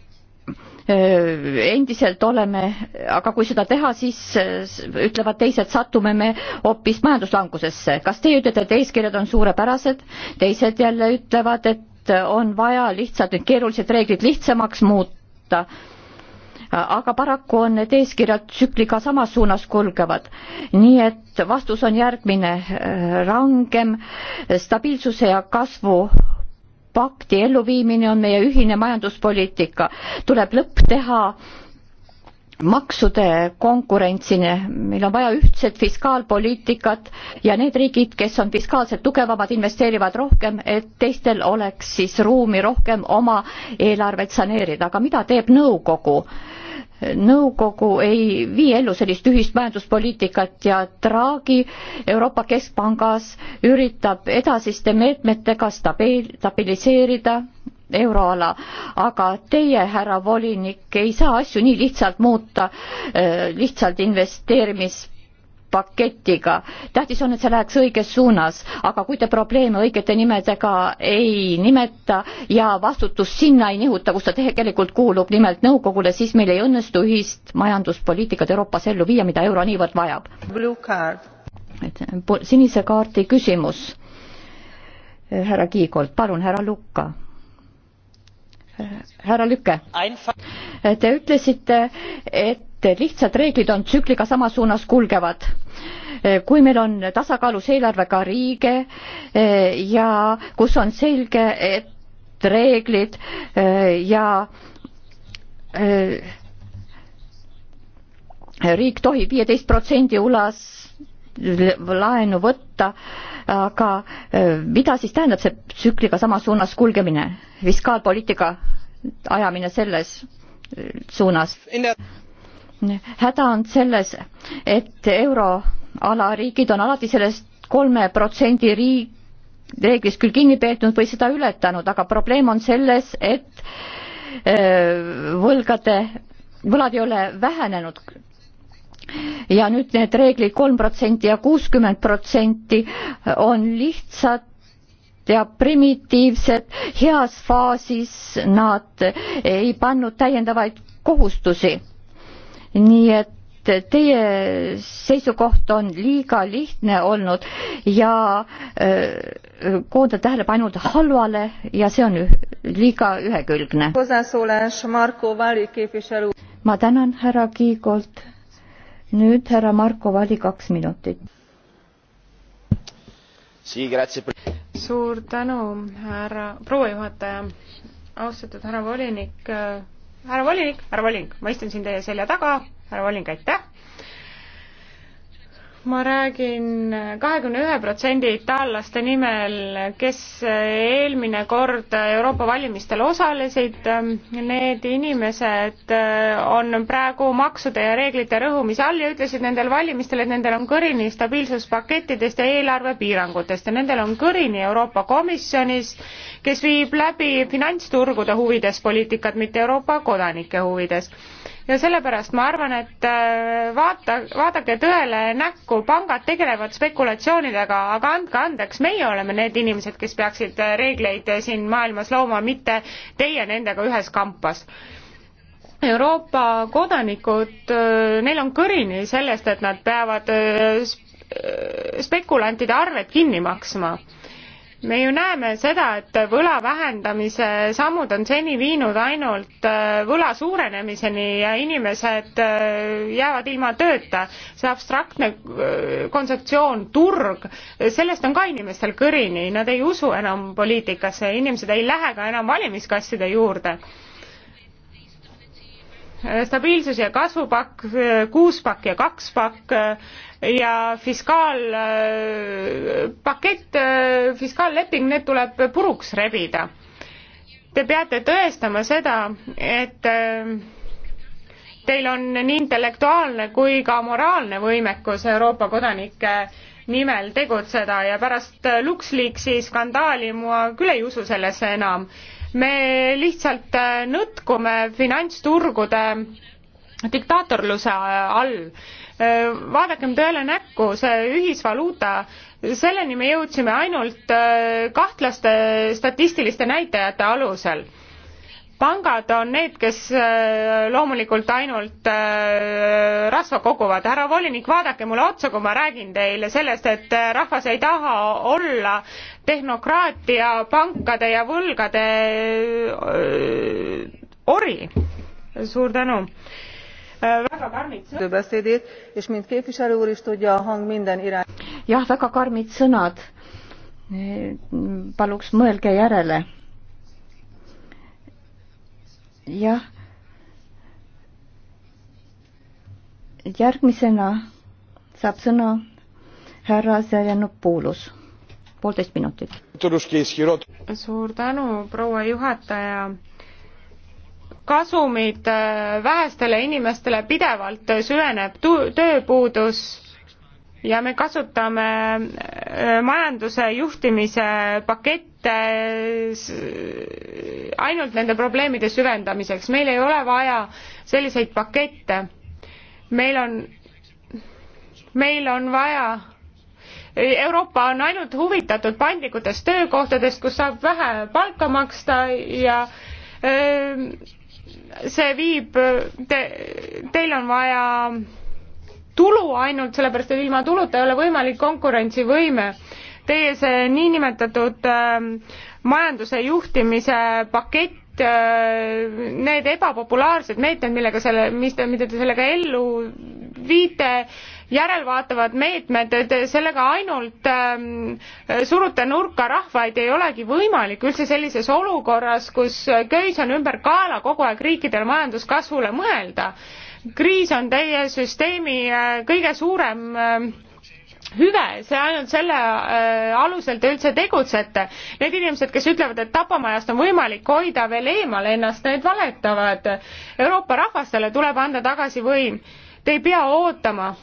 Speaker 1: äh, endiselt oleme, aga kui seda teha, siis äh, ütlevad teised, satume me hoopis majanduslangusesse. kas teie ütlete, et eeskirjad on suurepärased, teised jälle ütlevad, et on vaja lihtsalt need keerulised reeglid lihtsamaks muuta aga paraku on need eeskirjad tsükliga samas suunas kulgevad. nii et vastus on järgmine, rangem stabiilsuse ja kasvu pakti elluviimine on meie ühine majanduspoliitika, tuleb lõpp teha maksude konkurentsini, meil on vaja ühtset fiskaalpoliitikat ja need riigid, kes on fiskaalselt tugevamad, investeerivad rohkem, et teistel oleks siis ruumi rohkem oma eelarvet saneerida, aga mida teeb nõukogu? nõukogu ei vii ellu sellist ühist majanduspoliitikat ja Draghi Euroopa Keskpangas üritab edasiste meetmetega stabiil-, stabiliseerida euroala, aga teie, härra volinik, ei saa asju nii lihtsalt muuta, eh, lihtsalt investeerimis paketiga. tähtis on, et see läheks õiges suunas, aga kui te probleeme õigete nimedega ei nimeta ja vastutust sinna ei nihuta, kus ta tegelikult kuulub, nimelt nõukogule, siis meil ei õnnestu ühist majanduspoliitikat Euroopas ellu viia, mida euro niivõrd vajab. Eh, sinise kaardi küsimus. Eh, härra Kiigolt, palun, härra Lukka härra Lükke, te ütlesite, et lihtsad reeglid on tsükliga samas suunas kulgevad. kui meil on tasakaalus eelarvega riige e, ja kus on selge, et reeglid e, ja e, riik tohib viieteist protsendi ulas laenu võtta aga mida siis tähendab see tsükliga samas suunas kulgemine, fiskaalpoliitika ajamine selles suunas? häda on selles, et euroala riigid on alati sellest kolme protsendi riik, reeglist küll kinni peetud või seda ületanud, aga probleem on selles, et võlgade, võlad ei ole vähenenud ja nüüd need reeglid kolm protsenti ja kuuskümmend protsenti on lihtsad ja primitiivsed, heas faasis nad ei pannud täiendavaid kohustusi. nii et teie seisukoht on liiga lihtne olnud ja äh, koondab tähelepanu ainult halvale ja see on liiga ühekülgne. ma tänan härra Kiigolt nüüd härra Marko Vali kaks minutit.
Speaker 3: suur tänu, härra, proua juhataja, austatud härra volinik, äh, härra volinik, härra volinik, ma istun siin teie selja taga, härra volinik, aitäh ma räägin kahekümne ühe protsendi itaallaste nimel, kes eelmine kord Euroopa valimistel osalesid. Need inimesed on praegu maksude ja reeglite rõhumise all ja ütlesid nendel valimistel, et nendel on kõrini stabiilsuspakettidest ja eelarvepiirangutest ja nendel on kõrini Euroopa Komisjonis, kes viib läbi finantsturgude huvides poliitikat, mitte Euroopa kodanike huvides ja sellepärast ma arvan, et äh, vaata, vaadake tõele näkku, pangad tegelevad spekulatsioonidega, aga andke andeks, meie oleme need inimesed, kes peaksid äh, reegleid äh, siin maailmas looma, mitte teie nendega ühes kampas Euroopa kodanikud, neil on kõrini sellest, et nad peavad spekulantide arved kinni maksma me ju näeme seda, et võla vähendamise sammud on seni viinud ainult äh, võla suurenemiseni ja inimesed äh, jäävad ilma tööta. see abstraktne äh, kontseptsioon, turg, sellest on ka inimestel kõrini, nad ei usu enam poliitikasse, inimesed ei lähe ka enam valimiskasside juurde stabiilsus ja kasvupakk, kuuspakk ja kakspakk, ja fiskaalpakett, fiskaalleping, need tuleb puruks rebida. Te peate tõestama seda, et äh, teil on nii intellektuaalne kui ka moraalne võimekus Euroopa kodanike nimel tegutseda ja pärast LuxLeaksi skandaali ma küll ei usu sellesse enam. me lihtsalt äh, nõtkume finantsturgude diktaatorluse all Äh, vaadakem tõele näkku, see ühisvaluuta, selleni me jõudsime ainult äh, kahtlaste statistiliste näitajate alusel pangad on need, kes äh, loomulikult ainult rasva koguvad. härra volinik, vaadake mulle otsa, kui ma räägin teile sellest, et rahvas ei taha olla tehnokraatia, pankade ja võlgade ori. suur tänu väga
Speaker 2: karmid sõnad.
Speaker 1: jah, väga karmid sõnad. paluks mõelge järele. jah. järgmisena saab sõna härra Zeljanopoulos, poolteist minutit. suur
Speaker 3: tänu, proua juhataja
Speaker 5: kasumid
Speaker 3: äh, vähestele inimestele pidevalt süveneb tööpuudus ja me kasutame äh, majanduse juhtimise pakette ainult nende probleemide süvendamiseks. meil ei ole vaja selliseid pakette. meil on, meil on vaja Euroopa on ainult huvitatud paindlikutest töökohtadest, kus saab vähe palka maksta ja öö, see viib te,, teil on vaja tulu ainult, sellepärast et ilma tuluta ei ole võimalik konkurentsivõime. Teie see niinimetatud äh, majanduse juhtimise pakett äh,, need ebapopulaarsed meetmed, millega selle, mis te, mida te sellega ellu viite äh,, järelvaatavad meetmed, sellega ainult ähm, surute nurka rahvaid ei olegi võimalik üldse sellises olukorras, kus köis on ümber kaela kogu aeg riikidel majanduskasvule mõelda. kriis on teie süsteemi äh, kõige suurem ähm, hüve, see ainult selle äh, alusel te üldse tegutsete. Need inimesed, kes ütlevad, et tapamajast on võimalik hoida veel eemal ennast, need valetavad. Euroopa rahvastele tuleb anda tagasi võim. Te ei pea ootama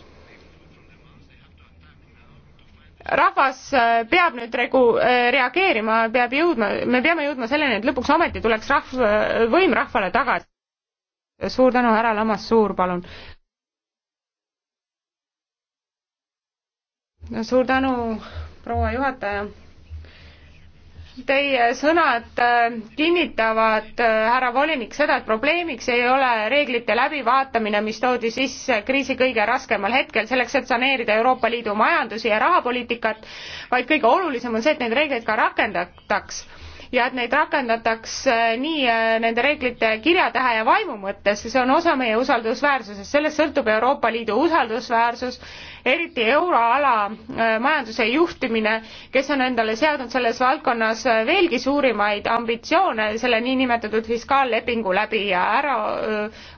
Speaker 3: rahvas äh, peab nüüd regu-, äh, reageerima, peab jõudma, me peame jõudma selleni, et lõpuks ometi tuleks rahv-, äh, võim rahvale tagasi. suur tänu, härra Lamas Suur, palun. suur tänu, proua juhataja Teie sõnad äh, kinnitavad, äh, härra volinik, seda, et probleemiks ei ole reeglite läbivaatamine, mis toodi sisse kriisi kõige raskemal hetkel, selleks et saneerida Euroopa Liidu majandusi ja rahapoliitikat, vaid kõige olulisem on see, et neid reegleid ka rakendataks ja et neid rakendataks äh, nii äh, nende reeglite kirjatähe ja vaimu mõttes, see on osa meie usaldusväärsusest, sellest sõltub Euroopa Liidu usaldusväärsus, eriti euroala äh, majanduse juhtimine, kes on endale seadnud selles valdkonnas veelgi suurimaid ambitsioone selle niinimetatud fiskaallepingu läbi ja ära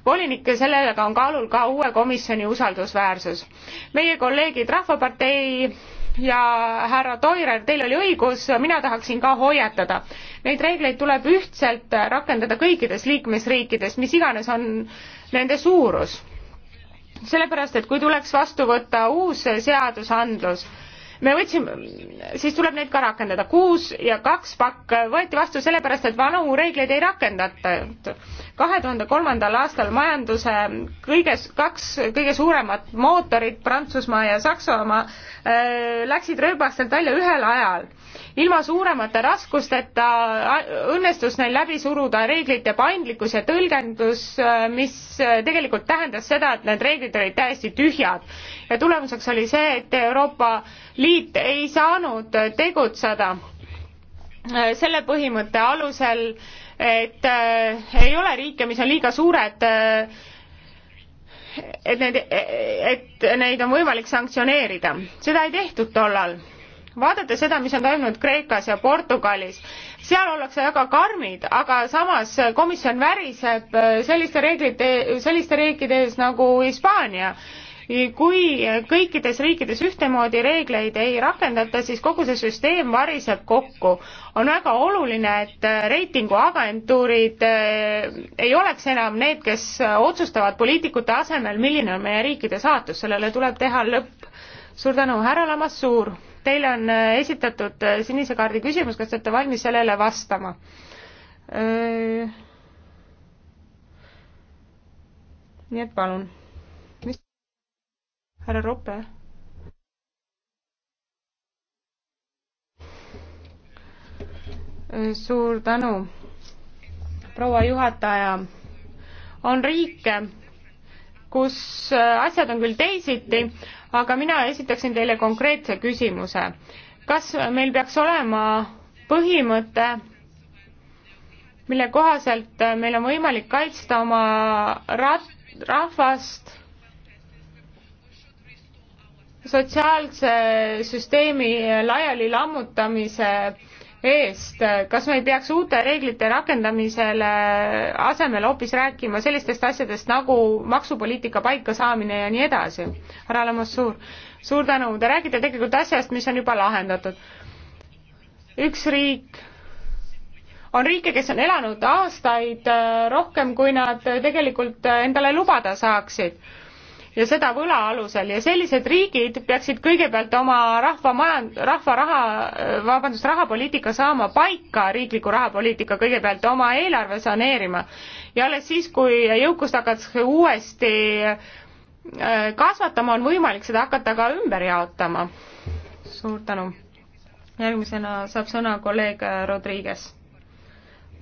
Speaker 3: volinik, sellega on kaalul ka uue komisjoni usaldusväärsus. meie kolleegid Rahvapartei ja härra Toirer, teil oli õigus, mina tahaksin ka hoiatada. Neid reegleid tuleb ühtselt rakendada kõikides liikmesriikides, mis iganes on nende suurus. sellepärast, et kui tuleks vastu võtta uus seadusandlus, me võtsime, siis tuleb neid ka rakendada. kuus ja kaks pakk võeti vastu sellepärast, et vanu reegleid ei rakendatud. kahe tuhande kolmandal aastal majanduse kõiges, kaks kõige suuremat mootorit, Prantsusmaa ja Saksamaa, äh, läksid rööbastelt välja ühel ajal ilma suuremate raskusteta õnnestus neil läbi suruda reeglite paindlikkus ja tõlgendus, äh, mis äh, tegelikult tähendas seda, et need reeglid olid täiesti tühjad. ja tulemuseks oli see, et Euroopa Liit ei saanud tegutseda äh, selle põhimõtte alusel, et äh, ei ole riike, mis on liiga suured äh, et need, et neid on võimalik sanktsioneerida. seda ei tehtud tollal vaadata seda, mis on toimunud Kreekas ja Portugalis, seal ollakse väga karmid, aga samas komisjon väriseb äh, selliste reeglite, selliste riikide ees nagu Hispaania. kui kõikides riikides ühtemoodi reegleid ei rakendata, siis kogu see süsteem variseb kokku. on väga oluline, et äh, reitinguagentuurid äh, ei oleks enam need, kes otsustavad poliitikute asemel, milline on meie riikide saatus, sellele tuleb teha lõpp. suur tänu, härra Lamassuur! Teile on äh, esitatud äh, sinise kaardi küsimus, kas te olete valmis sellele vastama? Äh, nii et palun. mis? härra Rope? suur tänu, proua juhataja. on riike, kus asjad on küll teisiti, aga mina esitaksin teile konkreetse küsimuse. kas meil peaks olema põhimõte, mille kohaselt meil on võimalik kaitsta oma rat-, rahvast sotsiaalse süsteemi laiali lammutamise eest, kas me ei peaks uute reeglite rakendamisele asemel hoopis rääkima sellistest asjadest nagu maksupoliitika paikasaamine ja nii edasi? härra Lamas, suur, suur tänu, te räägite tegelikult asjast, mis on juba lahendatud. üks riik on riike, kes on elanud aastaid äh, rohkem, kui nad tegelikult endale lubada saaksid ja seda võla alusel ja sellised riigid peaksid kõigepealt oma rahva majand-, rahva raha, vabandust, rahapoliitika saama paika, riikliku rahapoliitika kõigepealt oma eelarve saneerima ja alles siis, kui jõukust hakatakse uuesti äh, kasvatama, on võimalik seda hakata ka ümber jaotama. suur tänu. järgmisena saab sõna kolleeg Rodriguez.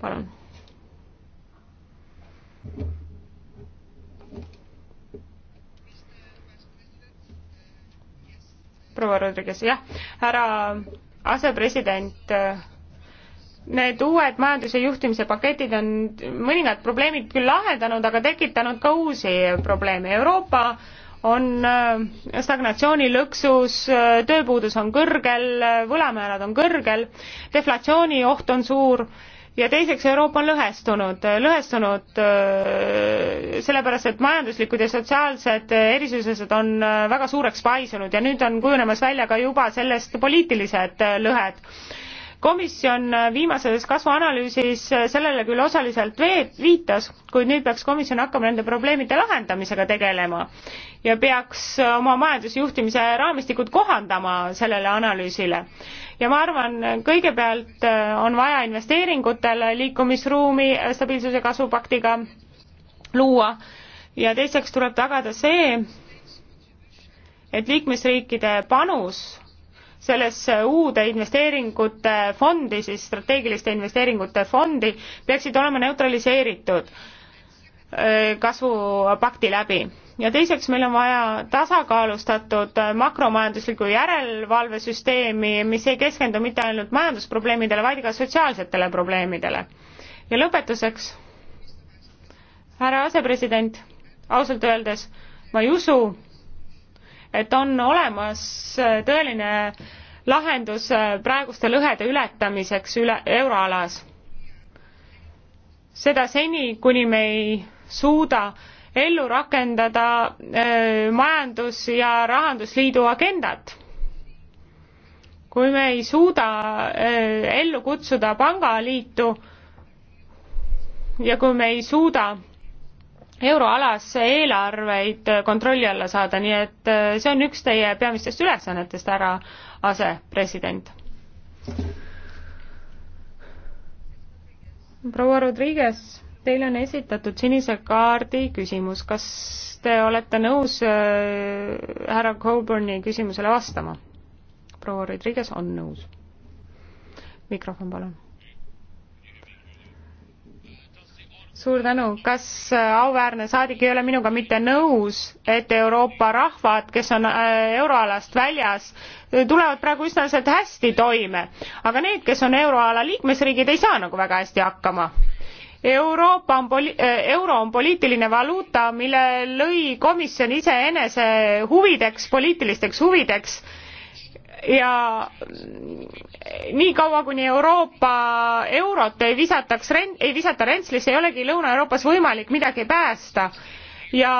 Speaker 3: palun. proua Rodriguez, jah, härra asepresident, need uued majanduse juhtimise paketid on mõningad probleemid küll lahendanud, aga tekitanud ka uusi probleeme. Euroopa on äh, stagnatsiooni lõksus, tööpuudus on kõrgel, võlamäärad on kõrgel, deflatsiooni oht on suur ja teiseks, Euroopa on lõhestunud, lõhestunud äh, sellepärast, et majanduslikud ja sotsiaalsed äh, erisused on äh, väga suureks paisunud ja nüüd on kujunemas välja ka juba sellest poliitilised lõhed komisjon viimases kasvuanalüüsis sellele küll osaliselt viitas, kuid nüüd peaks komisjon hakkama nende probleemide lahendamisega tegelema ja peaks oma majandusjuhtimise raamistikud kohandama sellele analüüsile ja ma arvan, kõigepealt äh, on vaja investeeringutel liikumisruumi stabiilsuse kasvupaktiga luua ja teiseks tuleb tagada see, et liikmesriikide panus sellesse uude investeeringute fondi, siis strateegiliste investeeringute fondi, peaksid olema neutraliseeritud äh, kasvupakti läbi ja teiseks, meil on vaja tasakaalustatud äh, makromajanduslikku järelevalvesüsteemi, mis ei keskendu mitte ainult majandusprobleemidele, vaid ka sotsiaalsetele probleemidele. ja lõpetuseks, härra asepresident, ausalt öeldes ma ei usu, et on olemas äh, tõeline lahendus äh, praeguste lõhede ületamiseks üle euroalas seda seni kuni me ei suuda ellu rakendada äh, majandus- ja rahandusliidu agendat. kui me ei suuda äh, ellu kutsuda pangaliitu ja kui me ei suuda euroalas eelarveid kontrolli alla saada, nii et äh, see on üks teie peamistest ülesannetest, härra asepresident. proua Rodriguez Teile on esitatud sinise kaardi küsimus, kas te olete nõus äh, härra Coburni küsimusele vastama? proua Rodriguez on nõus. mikrofon, palun. suur tänu, kas äh, auväärne saadik ei ole minuga mitte nõus, et Euroopa rahvad, kes on äh, euroalast väljas, tulevad praegu üsna hästi toime, aga need, kes on euroala liikmesriigid, ei saa nagu väga hästi hakkama Euroopa on poli-, eh, euro on poliitiline valuuta, mille lõi komisjon iseenese huvideks, poliitilisteks huvideks ja nii kaua, kuni Euroopa eurot ei visataks ren-, ei visata rentslisse, ei olegi Lõuna-Euroopas võimalik midagi päästa ja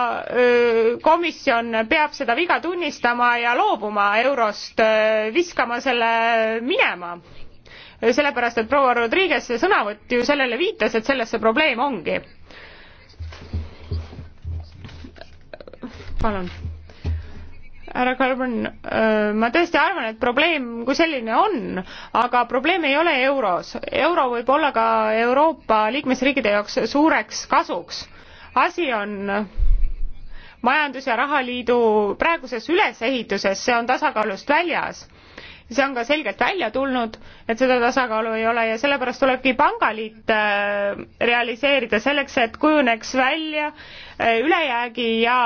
Speaker 3: komisjon peab seda viga tunnistama ja loobuma eurost, viskama selle minema sellepärast et proua Rodriguez sõnavõtt ju sellele viitas, et selles see probleem ongi. palun härra Carbon, äh, ma tõesti arvan, et probleem kui selline on, aga probleem ei ole euros. euro võib olla ka Euroopa liikmesriikide jaoks suureks kasuks. asi on majandus- ja rahaliidu praeguses ülesehituses, see on tasakaalust väljas see on ka selgelt välja tulnud, et seda tasakaalu ei ole ja sellepärast tulebki pangaliit äh, realiseerida selleks, et kujuneks välja äh, ülejäägi ja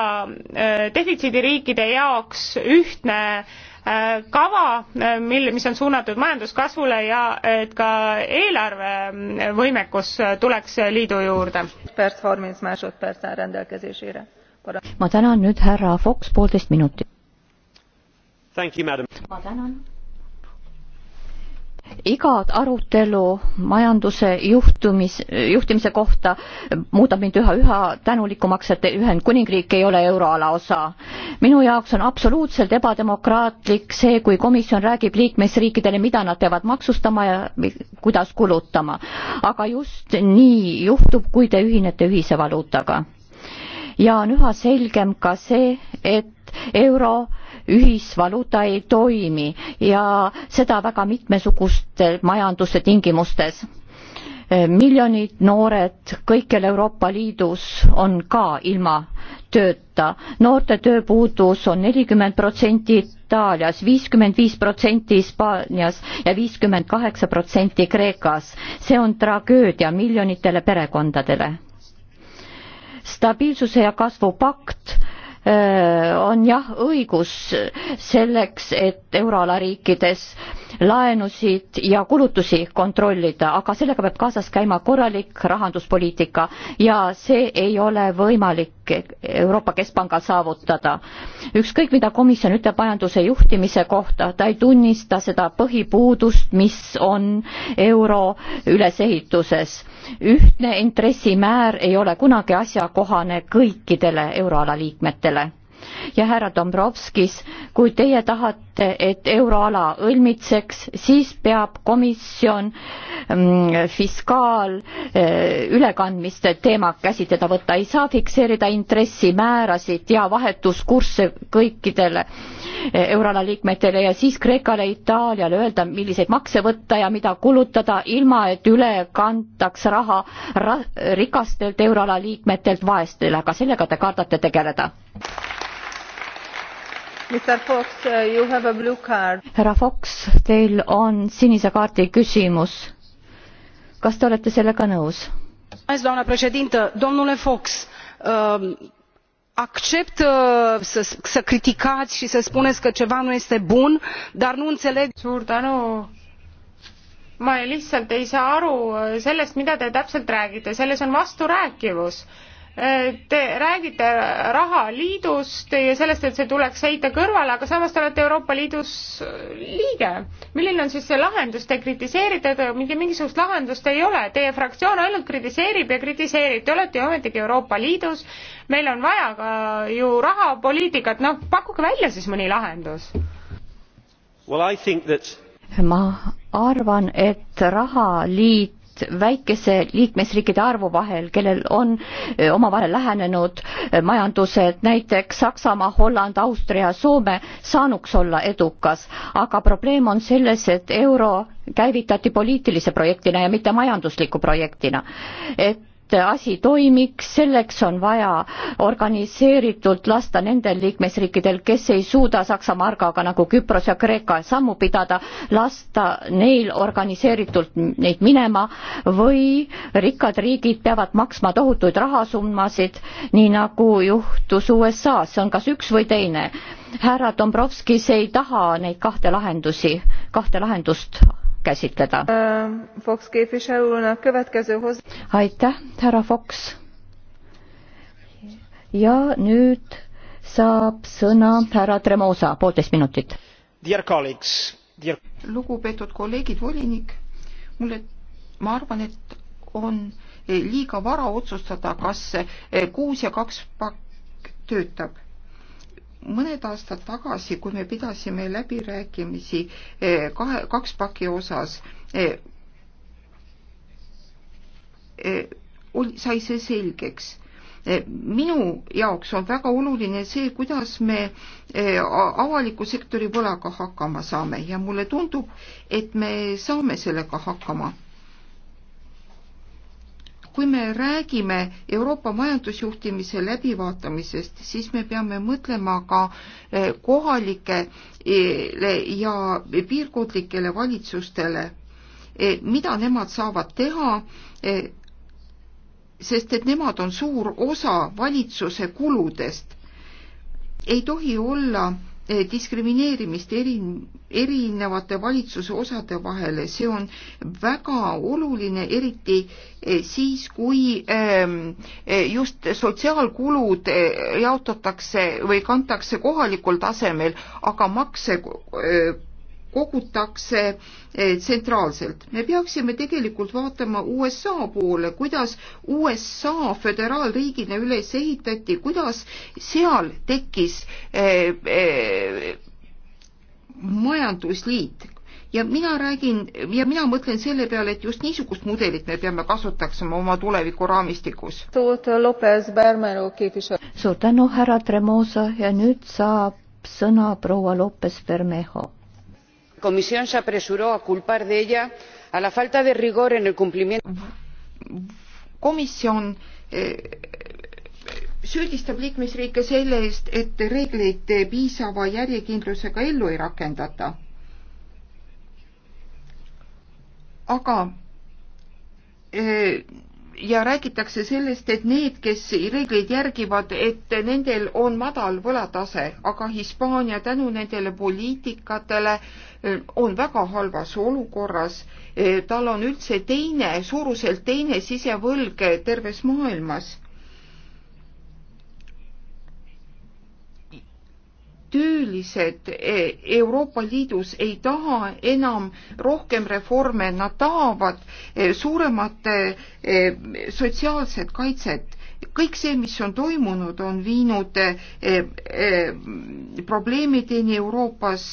Speaker 3: äh, defitsiidiriikide jaoks ühtne kava, mil, mis on suunatud majanduskasvule ja et ka eelarvevõimekus tuleks liidu juurde.
Speaker 1: ma tänan nüüd härra Fox, poolteist minutit. ma tänan igat arutelu majanduse juhtumis, juhtimise kohta muudab mind üha, üha tänulikumaks, et Ühendkuningriik ei ole euroala osa. minu jaoks on absoluutselt ebademokraatlik see, kui komisjon räägib liikmesriikidele, mida nad peavad maksustama ja kuidas kulutama. aga just nii juhtub, kui te ühinete ühise valuutaga. ja on üha selgem ka see, et euro ühisvaluuta ei toimi ja seda väga mitmesuguste majanduse tingimustes miljonid noored kõikjal Euroopa Liidus on ka ilma tööta. noorte tööpuudus on nelikümmend protsenti Itaalias, viiskümmend viis protsenti Hispaanias ja viiskümmend kaheksa protsenti Kreekas. see on tragöödia miljonitele perekondadele. stabiilsuse ja kasvu pakt on jah õigus selleks, et euroala riikides laenusid ja kulutusi kontrollida, aga sellega peab kaasas käima korralik rahanduspoliitika ja see ei ole võimalik Euroopa Keskpangal saavutada. ükskõik, mida komisjon ütleb majanduse juhtimise kohta, ta ei tunnista seda põhipuudust, mis on euro ülesehituses ühtne intressimäär ei ole kunagi asjakohane kõikidele euroala liikmetele ja härra Dombrovskis, kui teie tahate tahate, et euroala õlmitseks, siis peab komisjon mm, fiskaalülekandmiste eh, teema käsitleda võtta, ei saa fikseerida intressimäärasid ja vahetuskursse kõikidele eh, euroala liikmetele ja siis Kreekale, Itaaliale öelda, milliseid makse võtta ja mida kulutada, ilma et üle kantaks raha ra rikastelt euroala liikmetelt vaestele, aga sellega te kardate tegeleda. Uh, härra Fox, teil on sinise kaardi küsimus. kas te olete sellega nõus?
Speaker 2: doamnă președintă domnule fox um, accept uh, să criticați și să spuneți că ceva nu
Speaker 3: este bun dar nu înțeleg ma lihtsalt ei saa aru uh, sellest, mida te täpselt räägite, selles on vasturääkivus Te räägite rahaliidust ja sellest, et see tuleks heita kõrvale, aga samas te olete Euroopa Liidus liige. milline on siis see lahendus, te kritiseerite, mitte mingisugust lahendust ei ole, teie fraktsioon ainult kritiseerib ja kritiseerib, te olete ju ometigi Euroopa Liidus, meil on vaja ka ju rahapoliitikat, noh pakkuge välja siis mõni lahendus.
Speaker 6: Well, I think that
Speaker 1: ma arvan, et rahaliit vahet väikese liikmesriikide arvu vahel, kellel on omavahel lähenenud majandused, näiteks Saksamaa, Holland, Austria, Soome saanuks olla edukas, aga probleem on selles, et euro käivitati poliitilise projektina ja mitte majandusliku projektina. et asi toimiks, selleks on vaja organiseeritult lasta nendel liikmesriikidel, kes ei suuda Saksa margaga nagu Küpros ja Kreeka sammu pidada, lasta neil organiseeritult neid minema või rikkad riigid peavad maksma tohutuid rahasummasid, nii nagu juhtus USA-s, see on kas üks või teine. härra Dombrovskis ei taha neid kahte lahendusi, kahte lahendust käsitleda. Äh, aitäh, härra Fox. ja nüüd saab sõna härra Tremosa, poolteist minutit.
Speaker 4: Dear... lugupeetud kolleegid, volinik, mulle, ma arvan, et on eh, liiga vara otsustada, kas eh, kuus ja kaks pakk töötab mõned aastad tagasi, kui me pidasime läbirääkimisi eh, kahe, kaks paki osas, eh, eh, oli, sai see selgeks. minu jaoks on väga oluline see, kuidas me avaliku sektori võlaga hakkama saame ja mulle tundub, et me saame sellega hakkama kui me räägime Euroopa majandusjuhtimise läbivaatamisest, siis me peame mõtlema ka eh, kohalikele eh, ja piirkondlikele valitsustele, eh, mida nemad saavad teha, sest et nemad on suur osa valitsuse kuludest. ei tohi olla Eh, diskrimineerimist eri, erinevate valitsuse osade vahele, see on väga oluline, eriti eh, siis, kui ehm, eh, just sotsiaalkulud jaotatakse või kantakse kohalikul tasemel, aga makse kogutakse eh, tsentraalselt. me peaksime tegelikult vaatama USA poole, kuidas USA föderaalriigina üles ehitati, kuidas seal tekkis eh, eh, majandusliit ja mina räägin ja mina mõtlen selle peale, et just niisugust mudelit me peame kasutama oma tuleviku raamistikus.
Speaker 1: suur tänu, härra Tremosa ja nüüd saab sõna proua Lopez Bermejo
Speaker 7: comisión se apresuró a culpar de ella a la falta de rigor
Speaker 4: en el cumplimiento komisjon eh, süüdistab liikmesriike selle eest, et reegleid piisava järjekindlusega ellu ei rakendata. aga eh, ja räägitakse sellest, et need, kes reegleid järgivad, et nendel on madal võlatase, aga Hispaania tänu nendele poliitikatele äh, on väga halvas olukorras, eh, tal on üldse teine, suuruselt teine sisevõlg terves maailmas. töölised eh, Euroopa Liidus ei taha enam rohkem reforme, nad tahavad eh, suuremat sotsiaalset kaitset kõik see, mis on toimunud, on viinud eh, eh, probleemideni Euroopas.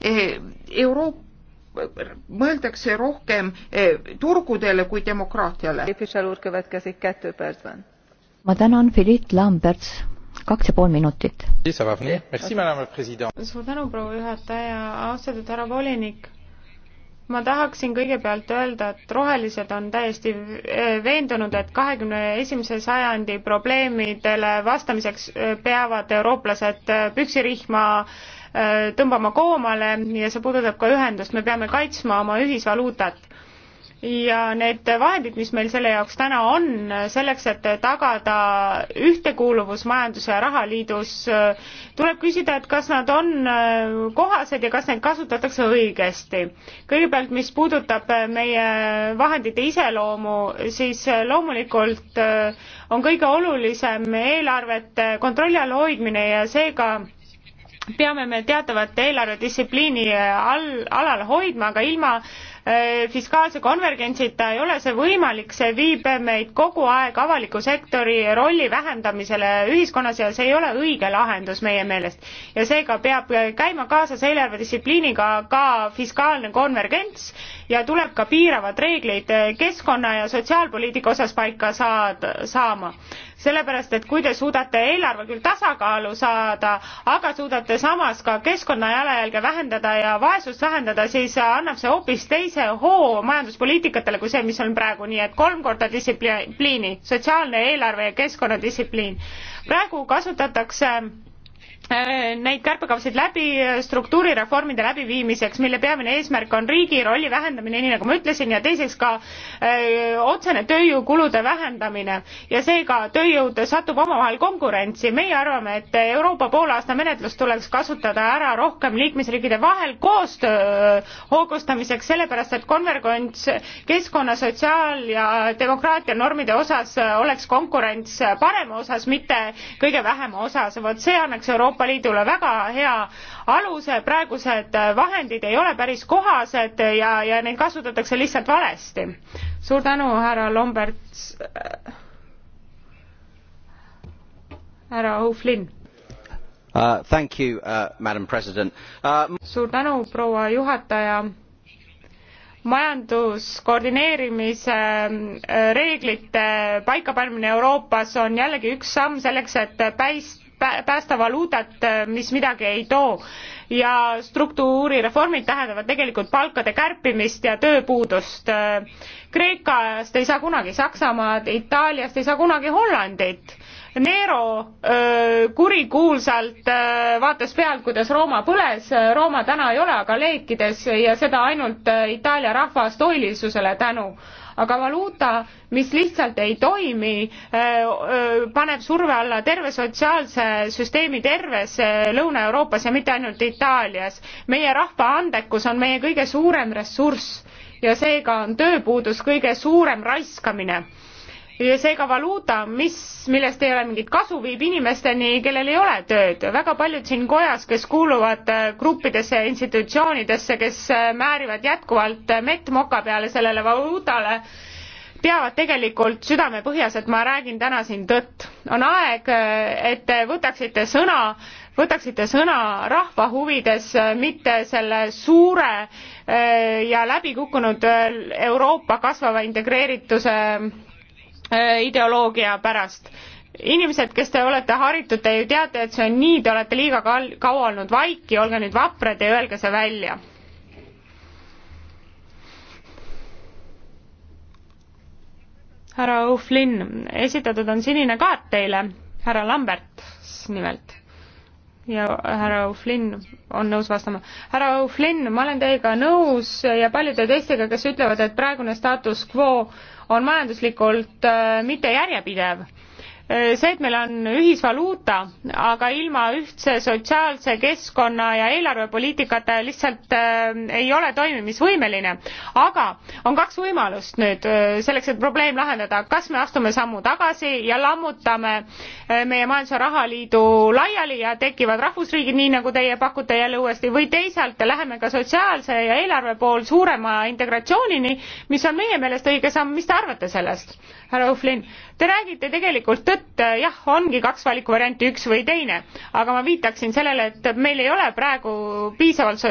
Speaker 4: Eh, Euroopa mõeldakse rohkem turgudele kui demokraatiale.
Speaker 1: ma tänan Philipp Lamberts kaks ja pool minutit.
Speaker 3: suur tänu, proua juhataja, austatud härra volinik ma tahaksin kõigepealt öelda, et rohelised on täiesti veendunud, et kahekümne esimese sajandi probleemidele vastamiseks äh, peavad eurooplased äh, püksirihma äh, tõmbama koomale ja see puudutab ka ühendust, me peame kaitsma oma ühisvaluutat ja need vahendid, mis meil selle jaoks täna on, selleks, et tagada ühtekuuluvus Majandus- ja Rahaliidus, tuleb küsida, et kas nad on äh, kohased ja kas neid kasutatakse õigesti. kõigepealt, mis puudutab äh, meie vahendite iseloomu, siis äh, loomulikult on kõige olulisem eelarvete kontrolli all hoidmine ja seega peame me teatavat eelarvedistsipliini all, alal hoidma, aga ilma Äh, fiskaalse konvergentsita ei ole see võimalik, see viib meid kogu aeg avaliku sektori rolli vähendamisele ühiskonnas ja see ei ole õige lahendus meie meelest. ja seega peab käima kaasas eelarvedistsipliiniga ka fiskaalne konvergents ja tuleb ka piiravad reeglid eh, keskkonna ja sotsiaalpoliitika osas paika saada, saama. sellepärast, et kui te suudate eelarve küll tasakaalu saada, aga suudate samas ka keskkonna jalajälge vähendada ja vaesust vähendada, siis eh, annab see hoopis teise hoo majanduspoliitikatele kui see, mis on praegu, nii et kolm korda distsipliini, sotsiaalne eelarve ja keskkonnadistsipliin. praegu kasutatakse Äh, neid kärpekavasid läbi äh, struktuurireformide läbiviimiseks, mille peamine eesmärk on riigi rolli vähendamine, nii nagu ma ütlesin, ja teiseks ka öö, äh, otsene tööjõukulude vähendamine ja seega tööjõud satub omavahel konkurentsi. meie arvame, et Euroopa poolaasta menetlust tuleks kasutada ära rohkem liikmesriikide vahel koostöö hoogustamiseks, sellepärast et konvergents keskkonna, sotsiaal- ja demokraatia normide osas oleks konkurents parema osas, mitte kõige vähema osas. vot see annaks Euroopa Euroopa Liidule väga hea aluse, praegused vahendid ei ole päris kohased ja, ja neid kasutatakse lihtsalt valesti. suur tänu, härra Lomberts äh,, härra O'Flynn.
Speaker 5: Uh, thank you, uh, Madam President. Uh,
Speaker 3: suur tänu, proua juhataja majanduskoordineerimise uh, reeglite paikapanemine Euroopas on jällegi üks samm selleks, et päist päästa valuutat, äh, mis midagi ei too. ja struktuurireformid tähendavad tegelikult palkade kärpimist ja tööpuudust. Äh, Kreekast ei saa kunagi Saksamaad, Itaaliast ei saa kunagi Hollandit Nero äh, kurikuulsalt vaatas pealt, kuidas Rooma põles, Rooma täna ei ole aga leekides ja seda ainult Itaalia rahva stoilisusele tänu aga valuuta, mis lihtsalt ei toimi, paneb surve alla terve sotsiaalse süsteemi terves Lõuna-Euroopas ja mitte ainult Itaalias. meie rahva andekus on meie kõige suurem ressurss ja seega on tööpuudus kõige suurem raiskamine ja seega valuuta, mis, millest ei ole mingit kasu, viib inimesteni, kellel ei ole tööd. väga paljud siin kojas, kes kuuluvad äh, gruppidesse ja institutsioonidesse, kes äh, määrivad jätkuvalt äh, mett moka peale sellele valuutale, teavad tegelikult südamepõhjas, et ma räägin täna siin tõtt. on aeg, et te võtaksite sõna võtaksite sõna rahva huvides, mitte selle suure ja läbikukkunud Euroopa kasvava integreerituse Äh, ideoloogia pärast inimesed, kes te olete haritud, te ju teate, et see on nii, te olete liiga kal-, kaua olnud vaiki, olge nüüd vaprad ja öelge see välja. härra Uflin, esitatud on sinine kaart teile, härra Lambert nimelt ja härra O'Flynn on nõus vastama. härra O'Flynn, ma olen teiega nõus ja paljude teistega, kes ütlevad, et praegune status quo on majanduslikult äh, mitte järjepidev see, et meil on ühisvaluuta, aga ilma ühtse sotsiaalse keskkonna ja eelarvepoliitikata lihtsalt äh, ei ole toimimisvõimeline. aga on kaks võimalust nüüd äh, selleks, et probleem lahendada, kas me astume sammu tagasi ja lammutame äh, meie majandus- ja rahaliidu laiali ja tekivad rahvusriigid, nii nagu teie pakute jälle uuesti, või teisalt läheme ka sotsiaalse ja eelarve pool suurema integratsioonini, mis on meie meelest õige samm, mis te arvate sellest, härra Uflin? Te räägite tegelikult tõtt, jah, ongi kaks valikuvarianti, üks või teine, aga ma viitaksin sellele, et meil ei ole praegu piisavalt so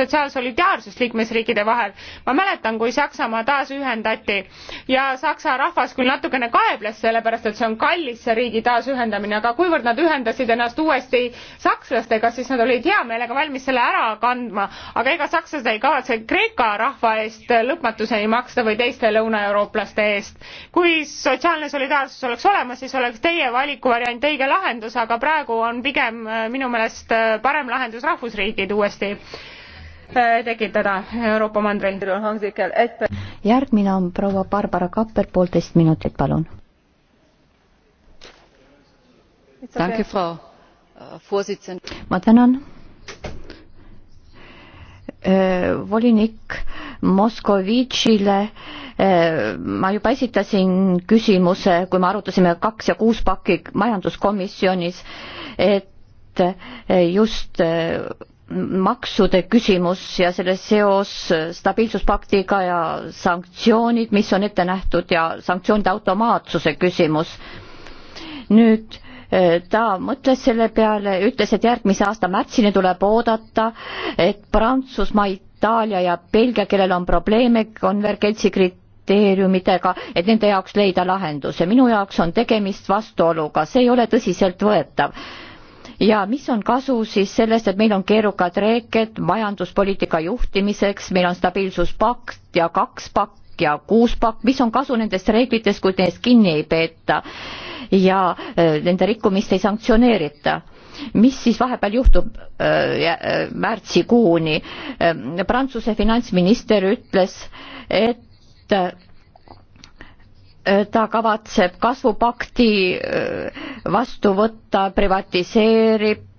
Speaker 3: sotsiaalsolidaarsust liikmesriikide vahel. ma mäletan, kui Saksamaa taasühendati ja Saksa rahvas küll natukene kaebles, sellepärast et see on kallis, see riigi taasühendamine, aga kuivõrd nad ühendasid ennast uuesti sakslastega, siis nad olid hea meelega valmis selle ära kandma, aga ega sakslased ei kavatse Kreeka rahva eest lõpmatuseni maksta või teiste lõunaeurooplaste eest. kui sotsiaalne solidaarsus solidaarsus oleks olemas, siis oleks teie valikuvariant õige lahendus, aga praegu on pigem äh, minu meelest äh, parem lahendus rahvusriigid uuesti äh, tekitada Euroopa mandril.
Speaker 1: järgmine on proua Barbara Kapper, poolteist minutit, palun. Okay. ma tänan. volinik Moskovitšile eh, ma juba esitasin küsimuse, kui me arutasime kaks ja kuus pakki majanduskomisjonis, et eh, just eh, maksude küsimus ja selle seos stabiilsuspaktiga ja sanktsioonid, mis on ette nähtud ja sanktsioonide automaatsuse küsimus. nüüd ta mõtles selle peale, ütles, et järgmise aasta märtsini tuleb oodata, et Prantsusmaa, Itaalia ja Belgia, kellel on probleeme konvergentsi kriteeriumidega, et nende jaoks leida lahenduse. minu jaoks on tegemist vastuoluga, see ei ole tõsiseltvõetav ja mis on kasu siis sellest, et meil on keerukad reeglid majanduspoliitika juhtimiseks, meil on stabiilsuspakt ja kaks pakki, ja kuuspakk, mis on kasu nendest reeglitest, kui neist kinni ei peeta ja äh, nende rikkumist ei sanktsioneerita mis siis vahepeal juhtub äh, äh, märtsikuuni äh,? Prantsuse finantsminister ütles, et äh, ta kavatseb kasvupakti äh, vastu võtta, privatiseerib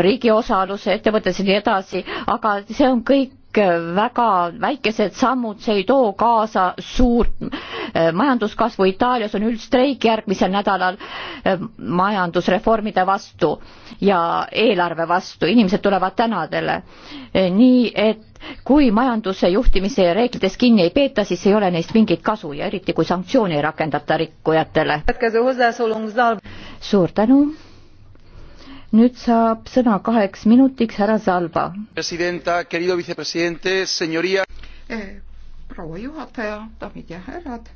Speaker 1: riigi osaluse ettevõttes ja nii edasi, aga see on kõik väga väikesed sammud, see ei too kaasa suurt eh, majanduskasvu. Itaalias on üldstreik järgmisel nädalal eh, majandusreformide vastu ja eelarve vastu, inimesed tulevad tänadele. Eh, nii et kui majanduse juhtimise reeglitest kinni ei peeta, siis ei ole neist mingit kasu ja eriti, kui sanktsioone ei rakendata rikkujatele. suur tänu nüüd saab sõna kaheks minutiks härra Salva.
Speaker 4: Eh, proua juhataja, daamid ja härrad,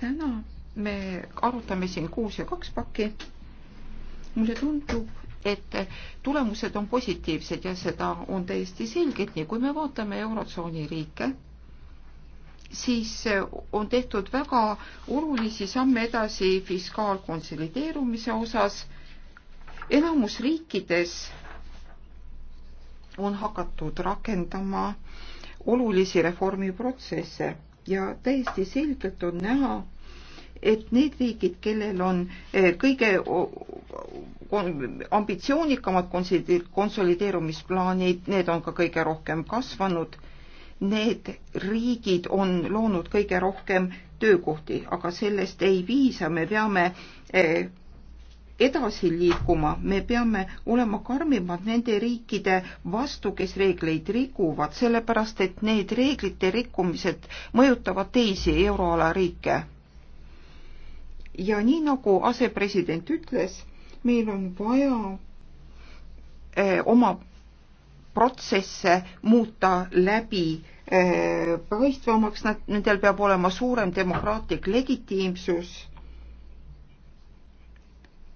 Speaker 4: täna me arutame siin kuus ja kaks pakki. mulle tundub, et tulemused on positiivsed ja seda on täiesti selgelt, nii kui me vaatame Eurotsooni riike siis on tehtud väga olulisi samme edasi fiskaalkonsolideerumise osas enamus riikides on hakatud rakendama olulisi reformiprotsesse ja täiesti selgelt on näha, et need riigid, kellel on eh, kõige ambitsioonikamad konsolideerumisplaanid, need on ka kõige rohkem kasvanud. Need riigid on loonud kõige rohkem töökohti, aga sellest ei piisa, me peame eh, edasi liikuma, me peame olema karmimad nende riikide vastu, kes reegleid rikuvad, sellepärast et need reeglite rikkumised mõjutavad teisi euroala riike. ja nii nagu asepresident ütles, meil on vaja eh, oma protsesse muuta läbi eh, paistvamaks, nad, nendel peab olema suurem demokraatlik legitiimsus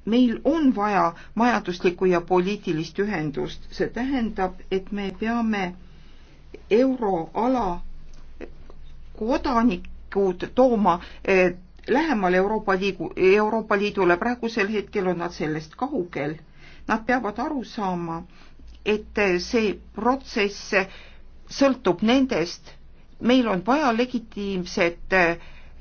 Speaker 4: meil on vaja majanduslikku ja poliitilist ühendust, see tähendab, et me peame euroala kodanikud tooma eh, lähemale Euroopa Liidu, Euroopa Liidule, praegusel hetkel on nad sellest kaugel. Nad peavad aru saama, et see protsess sõltub nendest, meil on vaja legitiimset,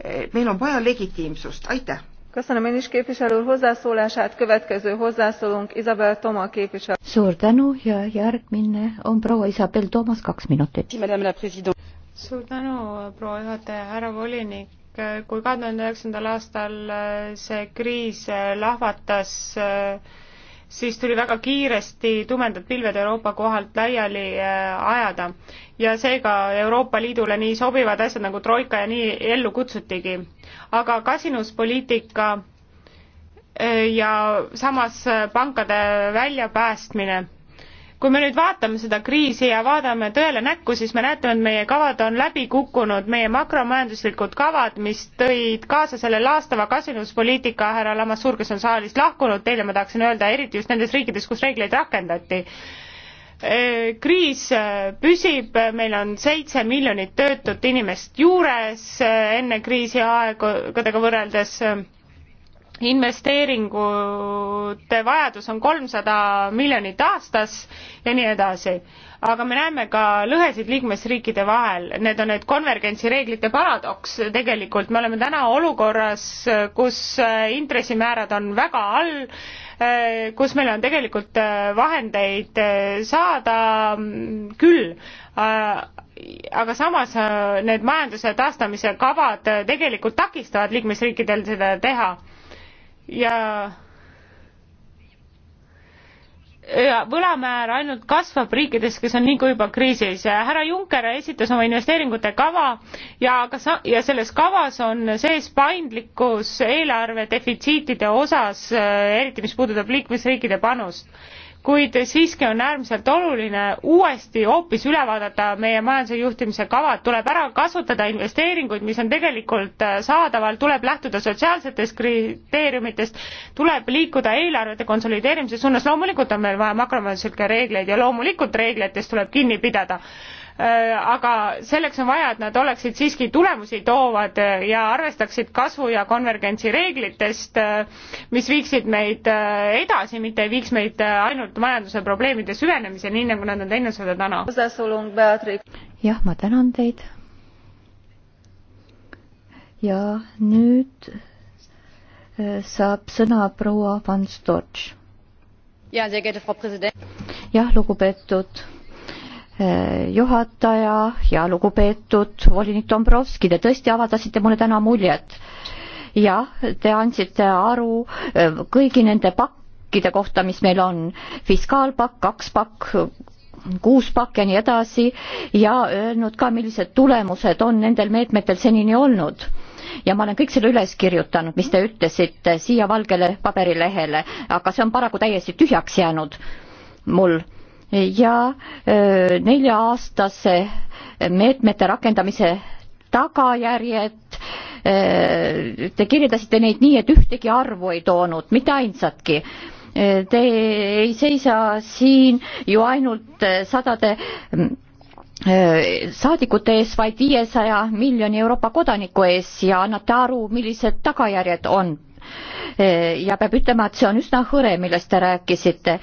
Speaker 4: eh, meil on vaja legitiimsust, aitäh
Speaker 2: köszönöm én is képviselő úr hozzászólását következő hozzászólónk isabel toma képviselő.
Speaker 1: suur tänu ja järgmine on proua isabel toomas kaks minutit.
Speaker 3: suur tänu proua juhataja härra volinik kui kahe tuhande üheksandal aastal äh, see kriis äh, lahvatas äh, siis tuli väga kiiresti tumedad pilved Euroopa kohalt laiali äh, ajada. ja seega Euroopa Liidule nii sobivad asjad nagu Troika ja nii ellu kutsutigi. aga kasinuspoliitika äh, ja samas äh, pankade väljapäästmine kui me nüüd vaatame seda kriisi ja vaatame tõele näkku, siis me näetame, et meie kavad on läbi kukkunud, meie makromajanduslikud kavad, mis tõid kaasa selle laastava kasinuspoliitika, härra Lamassuur, kes on saalist lahkunud, teile ma tahaksin öelda, eriti just nendes riikides, kus reegleid rakendati kriis püsib, meil on seitse miljonit töötut inimest juures enne kriisi aegadega võrreldes investeeringute vajadus on kolmsada miljonit aastas ja nii edasi. aga me näeme ka lõhesid liikmesriikide vahel, need on need konvergentsireeglite paradoks tegelikult, me oleme täna olukorras, kus intressimäärad on väga all, kus meil on tegelikult vahendeid saada küll, aga samas need majanduse taastamise kavad tegelikult takistavad liikmesriikidel seda teha ja ja võlamäär ainult kasvab riikides, kes on niikuinii juba kriisis. härra Juncker esitas oma investeeringute kava ja kas ja selles kavas on sees paindlikkus eelarve defitsiitide osas, eriti mis puudutab liikmesriikide panust kuid siiski on äärmiselt oluline uuesti hoopis üle vaadata meie majanduse juhtimise kavad, tuleb ära kasutada investeeringuid, mis on tegelikult äh, saadaval, tuleb lähtuda sotsiaalsetest kriteeriumitest, tuleb liikuda eelarvete konsolideerimise suunas, loomulikult on meil vaja makromajanduslikke reegleid ja loomulikult reeglitest tuleb kinni pidada Äh, aga selleks on vaja, et nad oleksid siiski tulemusi toovad äh, ja arvestaksid kasvu ja konvergentsi reeglitest, äh, mis viiksid meid edasi, mitte ei viiks meid ainult majanduse probleemide süvenemise, nii nagu nad on teinud seda täna.
Speaker 1: jah, ma tänan teid. ja nüüd saab sõna proua Van Storch.
Speaker 5: jah,
Speaker 1: lugupeetud Eh, juhataja ja lugupeetud volinik Dombrovski, te tõesti avaldasite mulle täna muljet. jah, te andsite aru eh, kõigi nende pakkide kohta, mis meil on, fiskaalpakk, kaks pakk, kuus pakk ja nii edasi ja öelnud ka, millised tulemused on nendel meetmetel senini olnud ja ma olen kõik selle üles kirjutanud, mis te ütlesite siia valgele paberilehele, aga see on paraku täiesti tühjaks jäänud mul ja nelja-aastase meetmete rakendamise tagajärjed. Te kirjeldasite neid nii, et ühtegi arvu ei toonud, mitte ainsatki. Te ei seisa siin ju ainult sadade saadikute ees, vaid viiesaja miljoni Euroopa kodaniku ees ja annate aru, millised tagajärjed on E, ja peab ütlema, et see on üsna hõre, millest te rääkisite.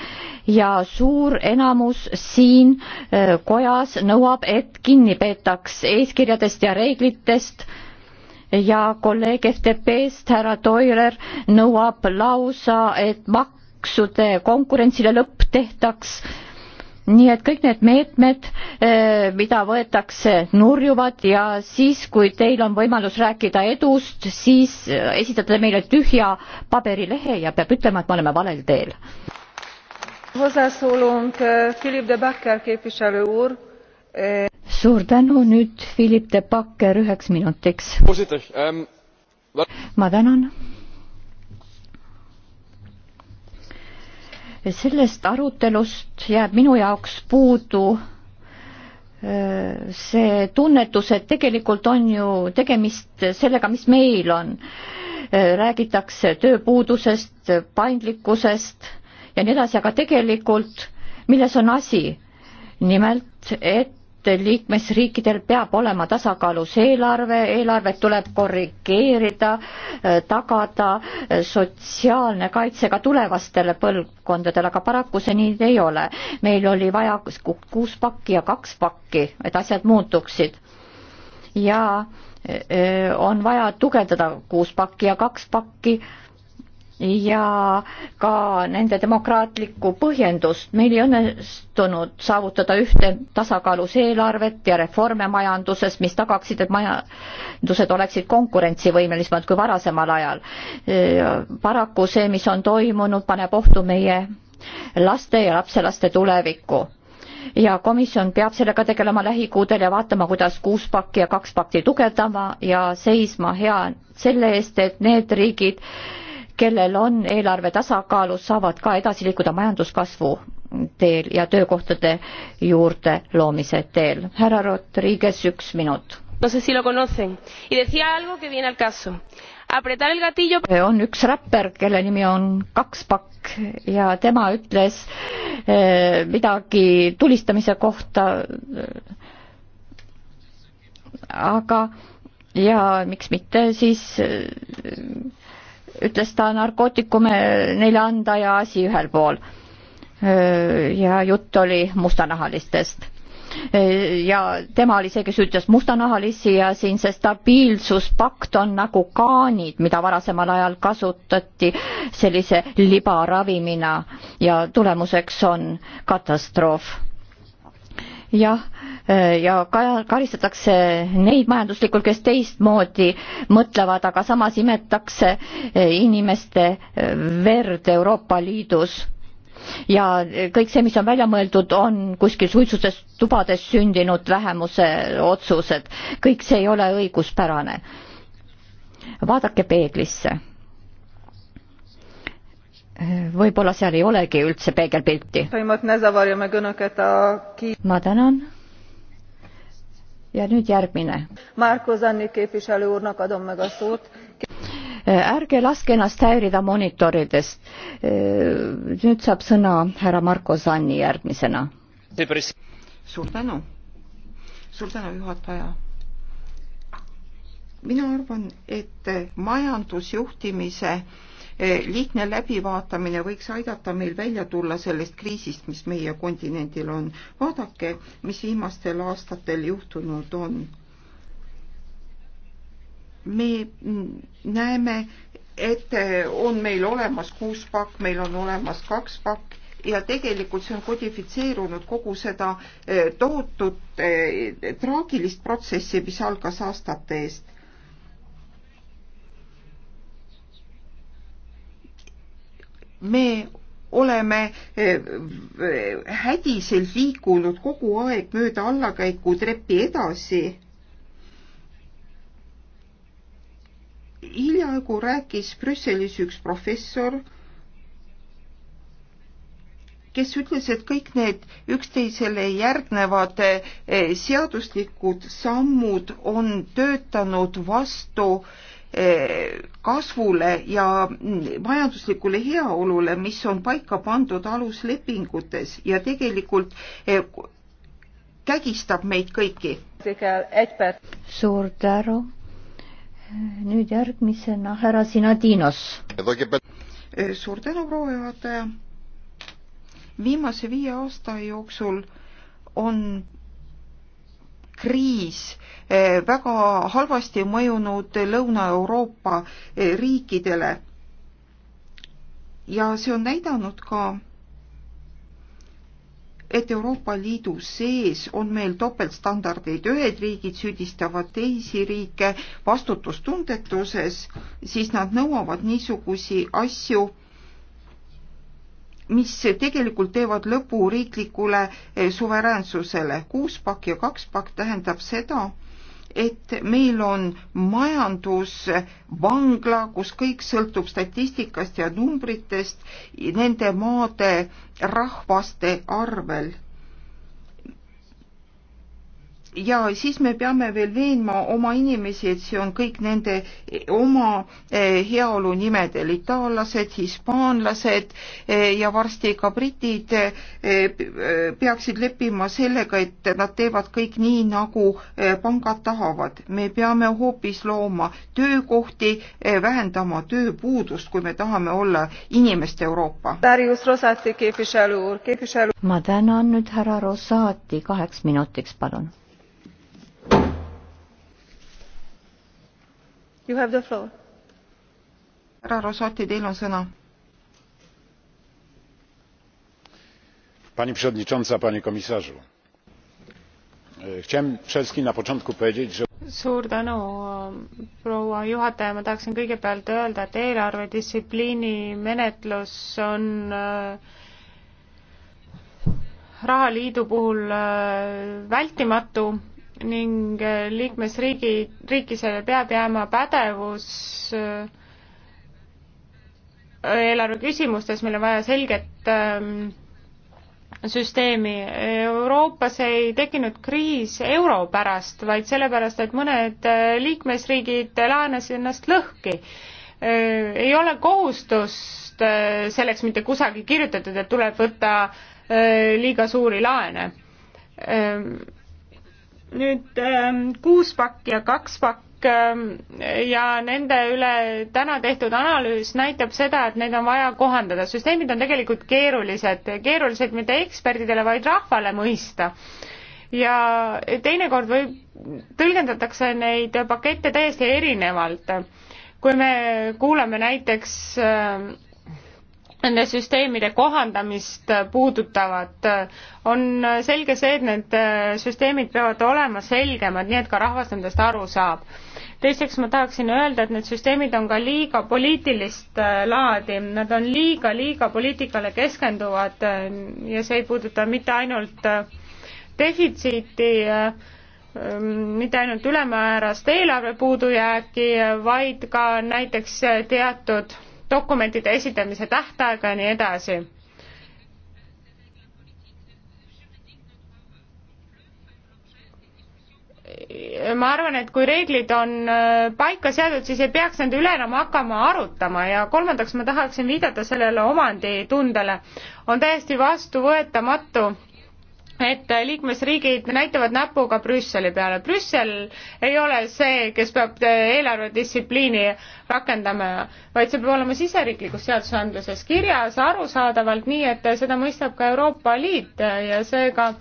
Speaker 1: ja suur enamus siin e, kojas nõuab, et kinni peetaks eeskirjadest ja reeglitest ja kolleeg FDP-st härra Toiler nõuab lausa, et maksude konkurentsile lõpp tehtaks nii et kõik need meetmed, eh, mida võetakse, nurjuvad ja siis, kui teil on võimalus rääkida edust, siis eh, esitate meile tühja paberilehe ja peab ütlema, et me oleme valel teel. Eh, suur tänu, nüüd Philip de Backer üheks minutiks.
Speaker 6: Ehm,
Speaker 1: ma tänan sellest arutelust jääb minu jaoks puudu see tunnetus, et tegelikult on ju tegemist sellega, mis meil on. räägitakse tööpuudusest, paindlikkusest ja nii edasi, aga tegelikult milles on asi? nimelt, et liikmesriikidel peab olema tasakaalus eelarve, eelarvet tuleb korrigeerida, eh, tagada eh, sotsiaalne kaitse ka tulevastele põlvkondadele, aga paraku see nii ei ole. meil oli vaja kuus pakki ja kaks pakki, et asjad muutuksid. ja eh, on vaja tugevdada kuus pakki ja kaks pakki ja ka nende demokraatlikku põhjendust. meil ei õnnestunud saavutada ühte tasakaalus eelarvet ja reforme majanduses, mis tagaksid, et majandused oleksid konkurentsivõimelisemad kui varasemal ajal. paraku see, mis on toimunud, paneb ohtu meie laste ja lapselaste tulevikku ja komisjon peab sellega tegelema lähikuudel ja vaatama, kuidas kuus pakki ja kaks pakki tugevdama ja seisma hea selle eest, et need riigid äh, kellel on eelarve tasakaalus, saavad ka edasi liikuda majanduskasvu teel ja töökohtade juurde loomise teel. härra Rodriguez, üks minut.
Speaker 8: No sé si lo conocen y decía algo que viene al caso. Apretar el gatillo.
Speaker 1: on üks räpper, kelle nimi on Kakspakk ja tema ütles eh, midagi tulistamise kohta. aga ja miks mitte siis eh, ütles ta, narkootikume neile anda ja asi ühel pool. ja jutt oli mustanahalistest. ja tema oli see, kes ütles mustanahalisi ja siin see stabiilsuspakt on nagu kaanid, mida varasemal ajal kasutati sellise libaravimina ja tulemuseks on katastroof jah, eh, ja karistatakse neid majanduslikult, kes teistmoodi mõtlevad, aga samas imetakse eh, inimeste eh, verd Euroopa Liidus. ja kõik see, mis on välja mõeldud, on kuskil suitsutes tubades sündinud vähemuse otsused. kõik see ei ole õiguspärane. vaadake peeglisse võib-olla seal ei olegi üldse peegelpilti. ma tänan. ja nüüd järgmine. ärge laske ennast häirida monitoridest. nüüd saab sõna härra Marko Sanni järgmisena.
Speaker 4: suur tänu. suur tänu, juhataja mina arvan, et majandusjuhtimise Eh, lihtne läbivaatamine võiks aidata meil välja tulla sellest kriisist, mis meie kontinendil on. vaadake, mis viimastel aastatel juhtunud on. me näeme, et eh, on meil olemas kuus pakk, meil on olemas kaks pakk ja tegelikult see on kodifitseerunud kogu seda eh, tohutut traagilist protsessi, mis algas aastate eest me oleme eh, eh, hädiselt liikunud kogu aeg mööda allakäikutrepi edasi. hiljaaegu rääkis Brüsselis üks professor, kes ütles, et kõik need üksteisele järgnevad eh, seaduslikud sammud on töötanud vastu äh, kasvule ja majanduslikule heaolule, mis on paika pandud aluslepingutes ja tegelikult eh, kägistab meid kõiki. suur
Speaker 1: tänu. nüüd järgmisena härra Sinadinos.
Speaker 4: Eh, suur tänu, proua juhataja. viimase viie aasta jooksul on kriis eh, väga halvasti mõjunud Lõuna-Euroopa eh, riikidele. ja see on näidanud ka, et Euroopa Liidu sees on meil topeltstandardeid, ühed riigid süüdistavad teisi riike vastutustundetuses, siis nad nõuavad niisugusi asju mis tegelikult teevad lõpu riiklikule eh, suveräänsusele. kuus pakk ja kaks pakk tähendab seda, et meil on majandusvangla, kus kõik sõltub statistikast ja numbritest nende maade rahvaste arvel ja siis me peame veel veenma oma inimesi, et see on kõik nende e, oma e, heaolu nimedel, itaallased, hispaanlased e, ja varsti ka britid peaksid leppima sellega, et nad teevad kõik nii, nagu pangad tahavad. me peame hoopis looma töökohti, vähendama tööpuudust, kui me tahame olla inimeste Euroopa.
Speaker 1: ma tänan nüüd härra Rosati, kaheks minutiks palun
Speaker 4: härra rosati teil on sõna.
Speaker 5: pani przewodnicząca panie komisarzu! chciałem wszystkim na początku powiedzieć że.
Speaker 3: suur tänu proua juhataja ma tahaksin kõigepealt öelda et eelarvedistsipliini menetlus on äh, rahaliidu puhul äh, vältimatu ning äh, liikmesriigi, riikidele peab jääma pädevus äh, eelarve küsimustes, meil on vaja selget ähm, süsteemi. Euroopas ei tekkinud kriis euro pärast, vaid sellepärast, et mõned äh, liikmesriigid laenasid ennast lõhki. ei ole kohustust selleks mitte kusagil kirjutatud, et tuleb võtta liiga suuri laene nüüd ähm, kuus pakk ja kaks pakk ähm, ja nende üle täna tehtud analüüs näitab seda, et neid on vaja kohandada. süsteemid on tegelikult keerulised, keerulised mitte ekspertidele, vaid rahvale mõista. ja teinekord võib, tõlgendatakse neid pakette täiesti erinevalt. kui me kuulame näiteks äh, nende süsteemide kohandamist puudutavad. on selge see, et need süsteemid peavad olema selgemad, nii et ka rahvas nendest aru saab. teiseks ma tahaksin öelda, et need süsteemid on ka liiga poliitilist äh, laadi, nad on liiga, liiga poliitikale keskenduvad äh, ja see ei puuduta mitte ainult äh, defitsiiti, ähm, mitte ainult ülemäärast eelarve puudujääki, vaid ka näiteks teatud dokumentide esitamise tähtaega ja nii edasi. ma arvan, et kui reeglid on äh, paika seadnud, siis ei peaks nende üle enam hakkama arutama ja kolmandaks ma tahaksin viidata sellele omanditundele. on täiesti vastuvõetamatu et liikmesriigid näitavad näpuga Brüsseli peale. Brüssel ei ole see, kes peab eh, eelarvedistsipliini rakendama, vaid see peab olema siseriiklikus seadusandluses kirjas arusaadavalt, nii et seda mõistab ka Euroopa Liit ja seega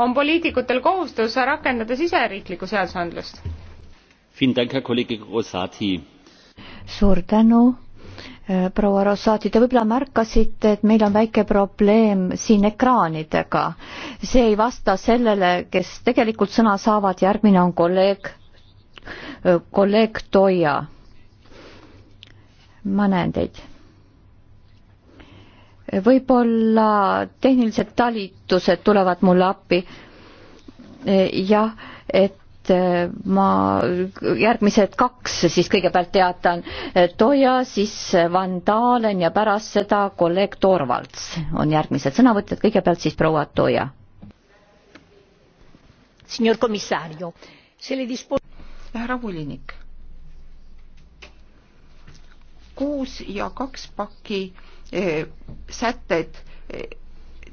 Speaker 3: on
Speaker 1: poliitikutel kohustus
Speaker 3: rakendada siseriiklikku
Speaker 6: seadusandlust.
Speaker 1: suur tänu Äh, proua Rosati, te võib-olla märkasite, et meil on väike probleem siin ekraanidega. see ei vasta sellele, kes tegelikult sõna saavad, järgmine on kolleeg, äh, kolleeg Toia. ma näen teid. võib-olla tehnilised talitused tulevad mulle appi. Äh, jah, et Eh, ma järgmised kaks siis kõigepealt teatan. Toja, siis Van Dalen ja pärast seda kolleeg Torvalds on järgmised sõnavõtjad, kõigepealt siis proua Toja. härra volinik.
Speaker 4: kuus ja kaks pakki äh, sätted äh,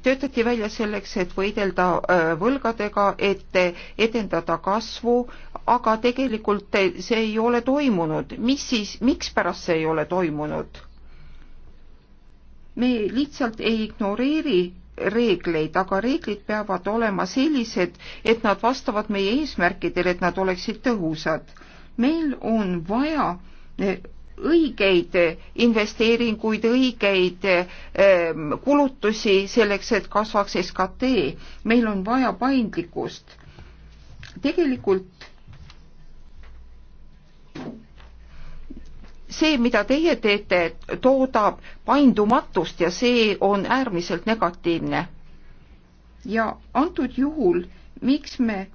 Speaker 4: töötati välja selleks, et võidelda äh, võlgadega, et edendada kasvu, aga tegelikult see ei ole toimunud. mis siis, mikspärast see ei ole toimunud? me lihtsalt ei ignoreeri reegleid, aga reeglid peavad olema sellised, et nad vastavad meie eesmärkidele, et nad oleksid tõhusad. meil on vaja õigeid investeeringuid, õigeid ähm, kulutusi selleks, et kasvaks SKT. meil on vaja paindlikkust. tegelikult see, mida teie teete, toodab paindumatust ja see on äärmiselt negatiivne. ja antud juhul, miks me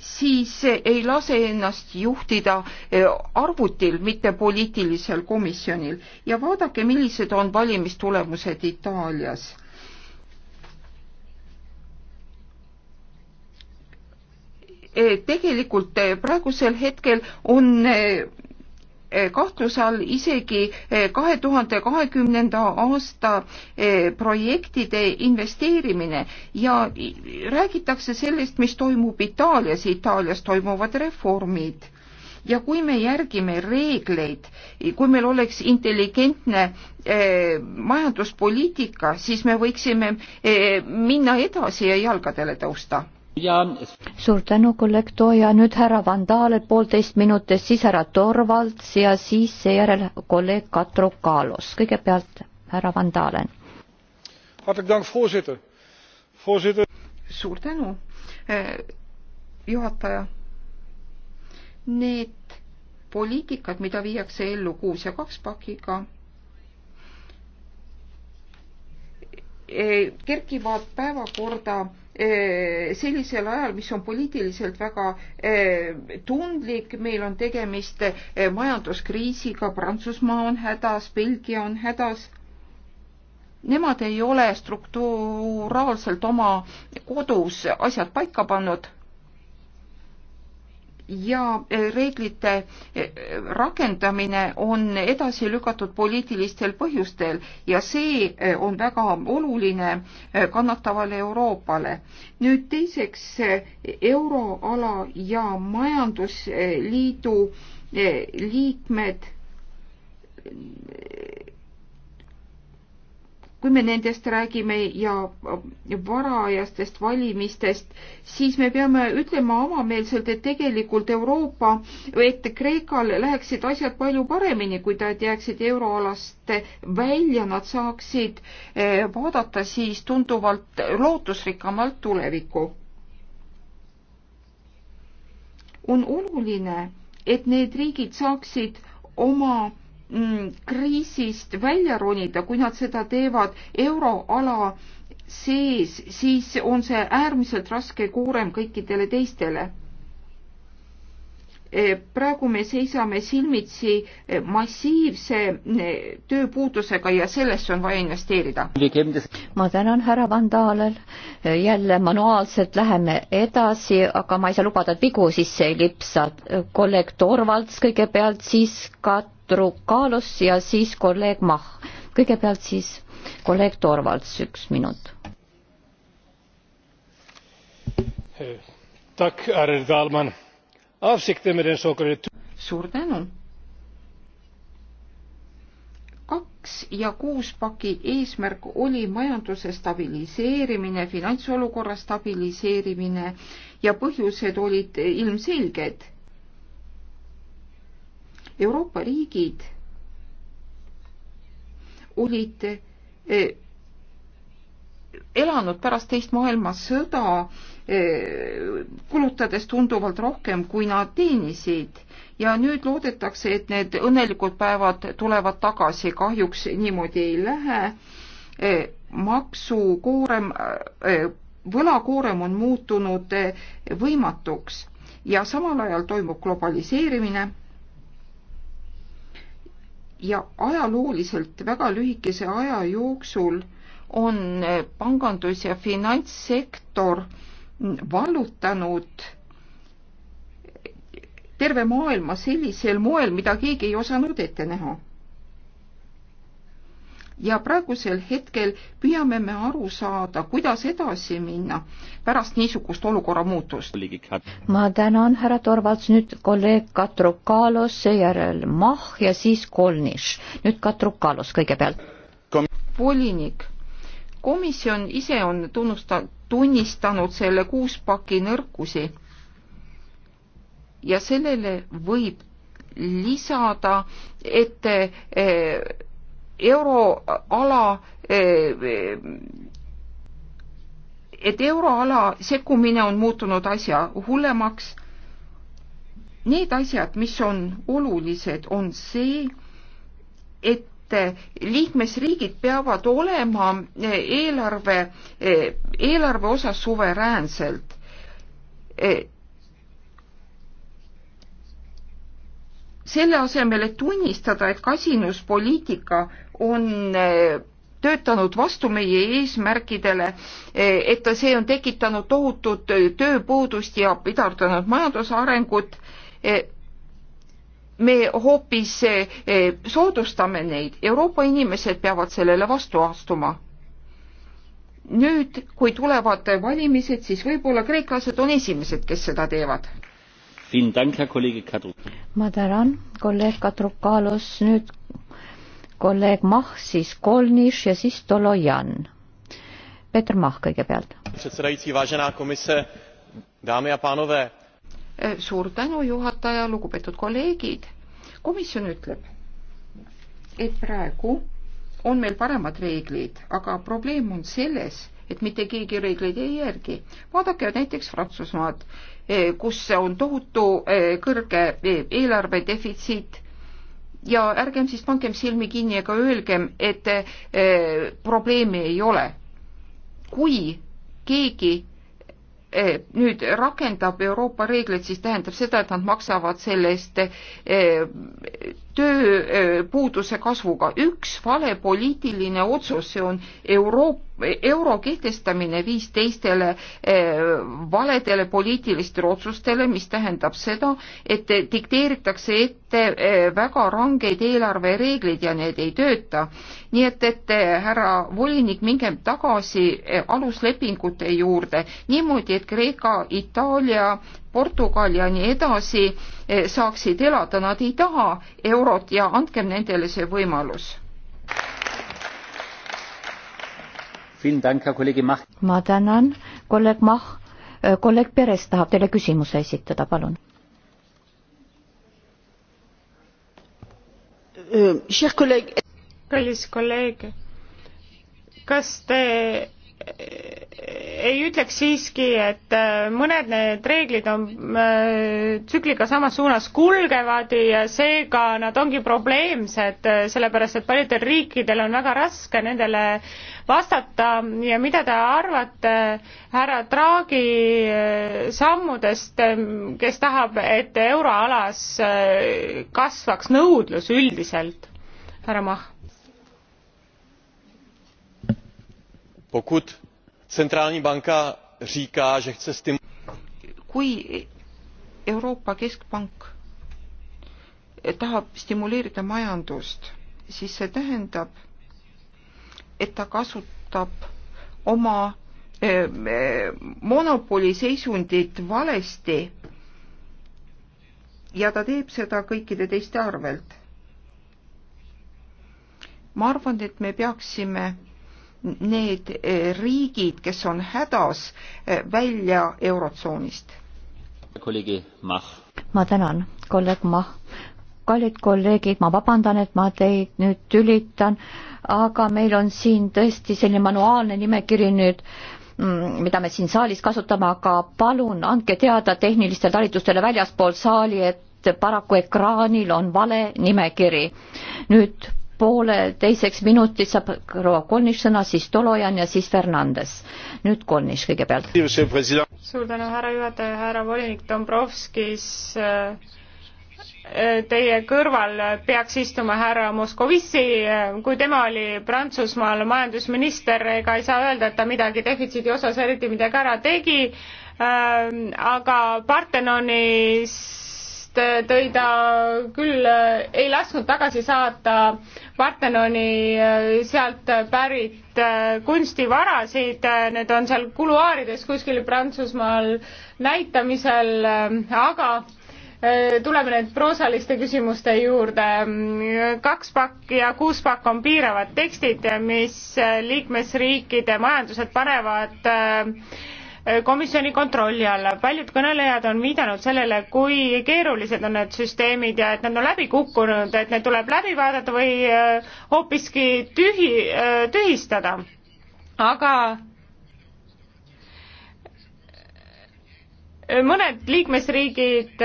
Speaker 4: siis ei lase ennast juhtida eh, arvutil, mitte poliitilisel komisjonil. ja vaadake, millised on valimistulemused Itaalias. Eh, tegelikult eh, praegusel hetkel on Eh, kahtluse all isegi eh, kahe tuhande kahekümnenda aasta eh, projektide investeerimine ja räägitakse sellest, mis toimub Itaalias, Itaalias toimuvad reformid ja kui me järgime reegleid, kui meil oleks intelligentne eh, majanduspoliitika, siis me võiksime eh, minna edasi ja jalgadele tõusta
Speaker 1: suur tänu, kolleeg Toja, nüüd härra Vandaale poolteist minutist, siis härra Torvalds ja siis seejärel kolleeg Katru Kaalos. kõigepealt härra Vandaalen.
Speaker 5: suur tänu,
Speaker 1: eh, juhataja. Need
Speaker 4: poliitikad, mida viiakse ellu kuus ja kaks pakiga, eh, kerkivad päevakorda Äh, sellisel ajal, mis on poliitiliselt väga äh, tundlik, meil on tegemist äh, majanduskriisiga, Prantsusmaa on hädas, Belgia on hädas. Nemad ei ole strukturaalselt oma kodus asjad paika pannud ja e, reeglite e, rakendamine on edasi lükatud poliitilistel põhjustel ja see e, on väga oluline kannatavale Euroopale. nüüd teiseks euroala ja majandusliidu liikmed kui me nendest räägime ja varajastest valimistest, siis me peame ütlema avameelselt, et tegelikult Euroopa, et Kreekal läheksid asjad palju paremini, kui nad jääksid euroalast välja, nad saaksid eh, vaadata siis tunduvalt lootusrikkamalt tulevikku. on oluline, et need riigid saaksid oma Mm, kriisist välja ronida, kui nad seda teevad euroala sees, siis on see äärmiselt raske koorem kõikidele teistele. E, praegu me
Speaker 1: seisame silmitsi
Speaker 4: massiivse e, tööpuudusega ja sellesse on vaja investeerida.
Speaker 1: ma tänan, härra Van Dalen. E, jälle manuaalselt läheme edasi, aga ma ei saa lubada, et vigu sisse ei lipsa. kolleeg Torvalds kõigepealt, siis Kat-. Strukalus ja siis kolleeg Mah. kõigepealt siis kolleeg Torvalds, üks minut.
Speaker 4: suur tänu kaks ja kuus paki eesmärk oli majanduse stabiliseerimine, finantsolukorra stabiliseerimine ja põhjused olid ilmselged. Euroopa riigid olid eh, elanud pärast teist maailmasõda eh, kulutades tunduvalt rohkem, kui nad teenisid ja nüüd loodetakse, et need õnnelikud päevad tulevad tagasi, kahjuks niimoodi ei lähe. Eh, maksukoorem, võlakoorem on muutunud võimatuks ja samal ajal toimub globaliseerimine ja ajalooliselt väga lühikese aja jooksul on eh, pangandus- ja finantssektor vallutanud eh, terve maailma sellisel moel, mida keegi ei osanud ette näha ja praegusel hetkel püüame me aru saada, kuidas edasi minna pärast niisugust olukorra muutust.
Speaker 1: ma tänan, härra Torvalds, nüüd kolleeg Katrukalos, seejärel Mah ja siis Kolniš. nüüd Katrukalos kõigepealt.
Speaker 4: volinik, komisjon ise on tunnusta-, tunnistanud selle kuuspaki nõrkusi ja sellele võib lisada, et eh, euroala et euroala sekkumine on muutunud asja hullemaks. Need asjad, mis on olulised, on see, et liikmesriigid peavad olema eelarve, eelarve osas suveräänselt selle asemel, et tunnistada, et kasinuspoliitika on eh, töötanud vastu meie eesmärkidele, eh, et ta, see on tekitanud tohutut eh, tööpuudust ja pidardanud majanduse arengut, me hoopis soodustame neid, Euroopa inimesed peavad sellele vastu astuma. nüüd, kui tulevad valimised, siis võib-olla kreeklased on esimesed, kes seda teevad
Speaker 1: ma tänan, kolleeg Katrukalos, nüüd kolleeg Mah, siis Kolniš ja siis Tolojan. Peeter Mah kõigepealt. Eh, suur tänu, juhataja, lugupeetud
Speaker 4: kolleegid. komisjon ütleb, et praegu on meil paremad reeglid, aga probleem on selles, et mitte keegi reegleid ei järgi. vaadake näiteks Prantsusmaad Eh, kus on tohutu eh, kõrge eh, eelarve defitsiit ja ärgem siis pangem silmi kinni ega öelgem, et probleemi ei ole. kui keegi nüüd rakendab Euroopa reegleid, siis tähendab seda, et nad maksavad selle eest tööpuuduse kasvuga. üks vale poliitiline otsus, see on Euroopa euro kehtestamine viis teistele eh, valedele poliitilistele otsustele, mis tähendab seda, et dikteeritakse ette eh, väga rangeid eelarvereeglid ja need ei tööta. nii et, et eh, härra volinik, minge tagasi aluslepingute juurde niimoodi, et Kreeka, Itaalia, Portugal ja nii edasi eh, saaksid elada, nad ei taha eurot ja andkem nendele see võimalus.
Speaker 1: ma tänan, kolleeg Mah, eh, kolleeg Peres tahab teile küsimuse esitada, palun.
Speaker 3: Eh, kallis kolleeg, kas te ei ütleks siiski, et äh, mõned need reeglid on äh, tsükliga samas suunas kulgevad ja seega nad ongi probleemsed, äh, sellepärast et paljudel riikidel on väga raske nendele vastata ja mida te arvate härra Draghi sammudest, kes tahab, et euroalas kasvaks nõudlus üldiselt? härra Mah
Speaker 5: pokud centrální banka říká, že chce stimulovat...
Speaker 4: Kui Euroopa Keskpank tahab stimuleerida majandust, siis see tähendab, et ta kasutab oma eh, monopoliseisundit valesti ja ta teeb seda kõikide teiste arvelt. ma arvan, et me peaksime need eh, riigid, kes on hädas, eh, välja Eurotsoonist.
Speaker 1: ma tänan, kolleeg Mah. kallid kolleegid, ma vabandan, et ma teid nüüd tülitan, aga meil on siin tõesti selline manuaalne nimekiri nüüd mm, mida me siin saalis kasutame, aga palun andke teada tehnilistele talitustele väljaspool saali, et paraku ekraanil on vale nimekiri. nüüd pooleteiseks minutiks saab proua Kolnis sõna, siis Tolojan ja siis Fernandes. nüüd Kolnis kõigepealt.
Speaker 3: suur tänu, härra juhataja, härra volinik Dombrovskis. Teie kõrval peaks istuma härra Moskovitsi, kui tema oli Prantsusmaal majandusminister, ega ei saa öelda, et ta midagi defitsiidi osas eriti midagi ära tegi, aga Partenonis eest äh, tõi ta küll, äh, ei lasknud tagasi saata Partenoni äh, sealt pärit kunstivarasid, need on seal kuluaarides kuskil Prantsusmaal näitamisel, aga tuleme nüüd proosaliste küsimuste juurde. kaks pakk ja kuus pakk on piiravad tekstid, mis liikmesriikide majandused panevad äh, Äh, komisjoni kontrolli alla. paljud kõnelejad on viidanud sellele, kui keerulised on need süsteemid ja et nad on läbi kukkunud, et need tuleb läbi vaadata või äh, hoopiski tühi, äh, tühistada. aga mõned liikmesriigid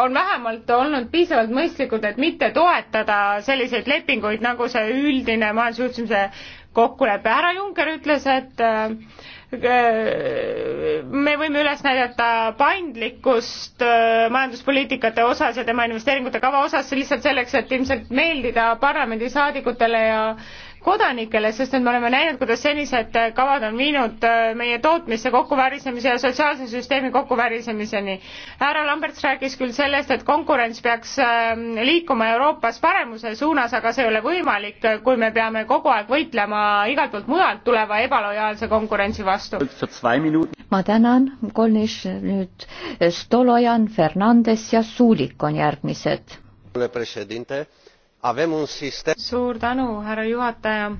Speaker 3: on vähemalt olnud piisavalt mõistlikud, et mitte toetada selliseid lepinguid, nagu see üldine majandusjuhtimise kokkulepe. härra Juncker ütles, et äh, me võime üles näidata paindlikkust äh, majanduspoliitikate osas ja tema investeeringute kava osas lihtsalt selleks, et ilmselt meeldida parlamendisaadikutele ja kodanikele, sest et me oleme näinud, kuidas senised kavad on viinud äh, meie tootmise kokkuväärisemise ja sotsiaalse süsteemi kokkuväärisemiseni. härra Lamberts rääkis küll sellest, et konkurents peaks ähm, liikuma Euroopas paremuse suunas, aga see ei ole võimalik, äh, kui me peame kogu aeg võitlema igalt poolt mujalt tuleva ebalojaalse konkurentsi vastu.
Speaker 1: ma tänan, Kolnis, nüüd Stolojan, Fernandes ja Suulik on järgmised
Speaker 5: avem un sistem. suur
Speaker 3: tänu, härra juhataja.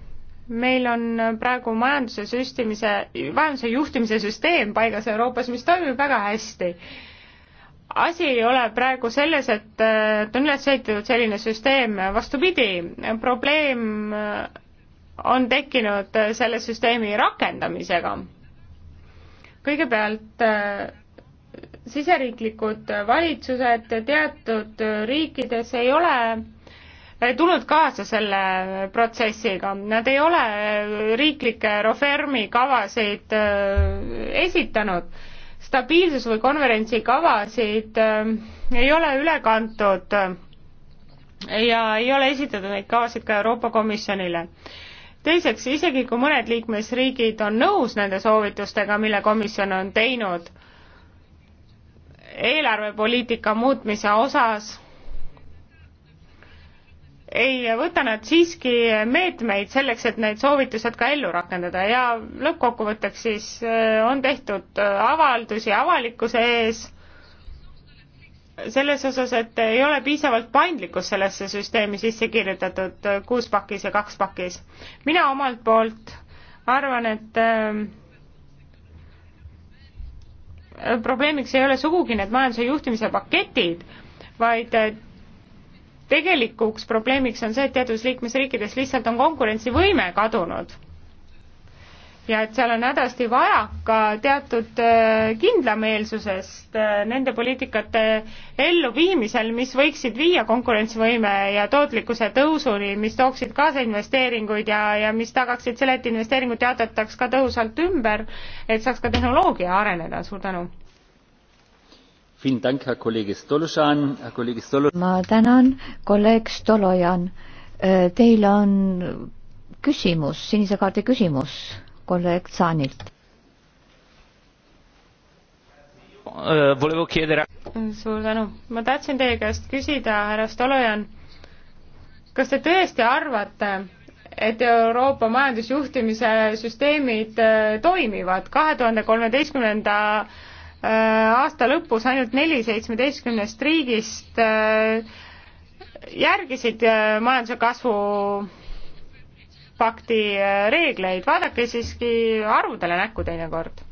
Speaker 3: meil on praegu majanduse süstimise, majanduse juhtimise süsteem paigas Euroopas, mis toimib väga hästi. asi ei ole praegu selles, et, et on üles ehitatud selline süsteem, vastupidi, probleem on tekkinud selle süsteemi rakendamisega. kõigepealt siseriiklikud valitsused teatud riikides ei ole tulnud kaasa selle protsessiga, nad ei ole riiklikke reformi kavasid äh, esitanud, stabiilsus- või konverentsikavasid äh, ei ole üle kantud ja ei ole esitatud neid kavasid ka Euroopa Komisjonile teiseks, isegi kui mõned liikmesriigid on nõus nende soovitustega, mille komisjon on teinud eelarvepoliitika muutmise osas, ei võta nad siiski meetmeid selleks, et need soovitused ka ellu rakendada ja lõppkokkuvõtteks siis äh, on tehtud äh, avaldusi avalikkuse ees selles osas, et ei ole piisavalt paindlikkust sellesse süsteemi sisse kirjutatud äh, kuus pakis ja kaks pakis. mina omalt poolt arvan, et äh, probleemiks ei ole sugugi need majanduse juhtimise paketid, vaid et tegelikuks probleemiks on see, et teatud liikmesriikides lihtsalt on konkurentsivõime kadunud. ja et seal on hädasti vajaka teatud äh, kindlameelsusest äh, nende poliitikate elluviimisel, mis võiksid viia konkurentsivõime ja tootlikkuse tõusuni, mis tooksid kaasa investeeringuid ja, ja mis tagaksid selle, et investeeringud jaotataks ka tõhusalt ümber,
Speaker 6: et saaks ka tehnoloogia areneda, suur tänu!
Speaker 1: ma tänan, kolleeg Stolojan. Äh, teil on küsimus, sinise kaardi küsimus kolleeg Tsaanilt.
Speaker 6: Äh,
Speaker 1: suur tänu.
Speaker 3: ma tahtsin teie käest küsida, härra Stolojan, kas te tõesti arvate, et Euroopa majandusjuhtimise süsteemid äh, toimivad kahe tuhande kolmeteistkümnenda Äh, aasta lõpus ainult neli seitsmeteistkümnest riigist äh, järgisid äh, majanduse kasvu pakti reegleid, vaadake siiski arvudele näkku teinekord.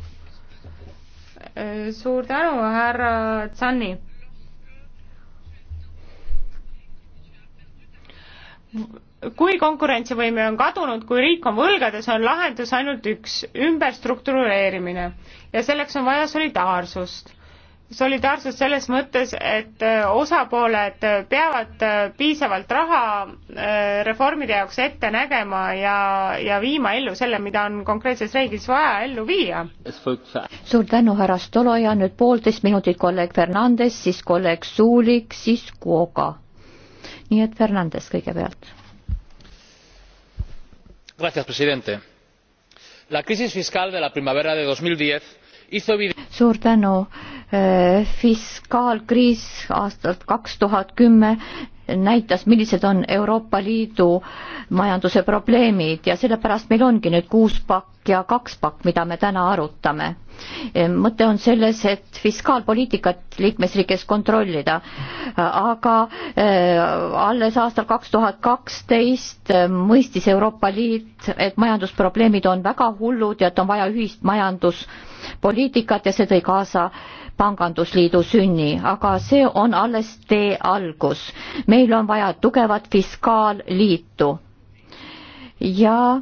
Speaker 3: suur tänu, härra Tsanni kui konkurentsivõime on kadunud, kui riik on võlgades, on lahendus ainult üks, ümberstruktureerimine. ja selleks on vaja solidaarsust. solidaarsust selles mõttes, et äh, osapooled peavad äh, piisavalt raha äh, reformide jaoks ette nägema ja, ja viima ellu selle, mida on konkreetses riigis vaja ellu viia.
Speaker 1: suur tänu, härra Stoloja, nüüd poolteist minutit kolleeg Fernandes, siis kolleeg Suulik, siis Kuoga. nii et Fernandes kõigepealt
Speaker 6: señor presidente la crisis fiscal de la primavera de dos mil diez hizo evidente
Speaker 1: eh, fiskaalkriis aastast kaks tuhat kümme näitas, millised on Euroopa Liidu majanduse probleemid ja sellepärast meil ongi nüüd kuus pakk ja kaks pakk, mida me täna arutame. mõte on selles, et fiskaalpoliitikat liikmesriikides kontrollida, aga äh, alles aastal kaks tuhat kaksteist äh, mõistis Euroopa Liit, et majandusprobleemid on väga hullud ja et on vaja ühist majanduspoliitikat ja see tõi kaasa pangandusliidu sünni, aga see on alles tee algus. meil on vaja tugevat fiskaalliitu ja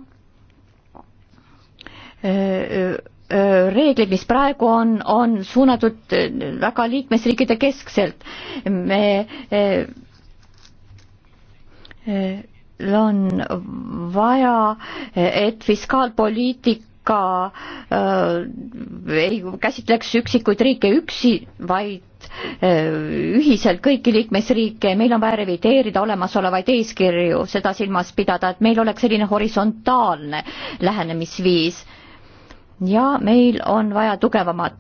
Speaker 1: öö, reeglid, mis praegu on, on suunatud väga liikmesriikide keskselt. me on vaja, et fiskaalpoliitika ka äh, ei käsitleks üksikuid riike üksi, vaid äh, ühiselt kõiki liikmesriike, meil on vaja revideerida olemasolevaid eeskirju, seda silmas pidada, et meil oleks selline horisontaalne lähenemisviis ja meil on vaja tugevamat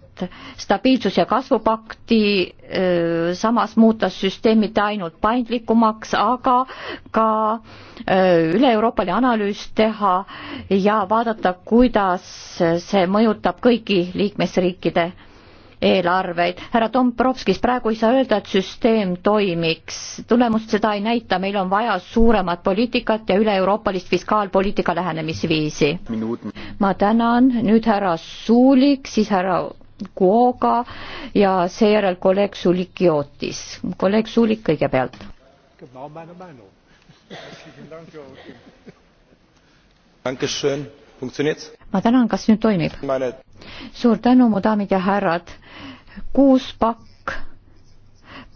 Speaker 1: stabiilsus- ja kasvupakti, samas muuta süsteem mitte ainult paindlikumaks, aga ka üle-Euroopaline analüüs teha ja vaadata, kuidas see mõjutab kõigi liikmesriikide eelarveid. härra Dombrovskis, praegu ei saa öelda, et süsteem toimiks, tulemust seda ei näita, meil on vaja suuremat poliitikat ja üle-euroopalist fiskaalpoliitika lähenemisviisi. ma tänan, nüüd härra Suulik, siis härra Kuoga ja seejärel kolleeg Sulik Jootis. kolleeg Suulik kõigepealt. ma tänan, kas nüüd toimib? suur tänu, mu daamid ja härrad kuus pakk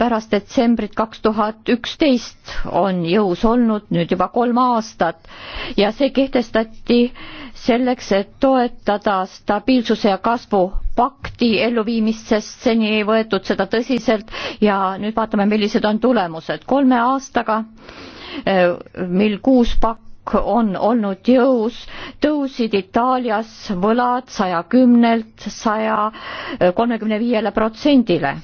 Speaker 1: pärast detsembrit kaks tuhat üksteist on jõus olnud nüüd juba kolm aastat ja see kehtestati selleks, et toetada stabiilsuse ja kasvu pakti elluviimist, sest seni ei võetud seda tõsiselt ja nüüd vaatame, millised on tulemused. kolme aastaga, eh, mil kuus pakk turg on olnud jõus, tõusid Itaalias võlad saja kümnelt saja kolmekümne viiele protsendile,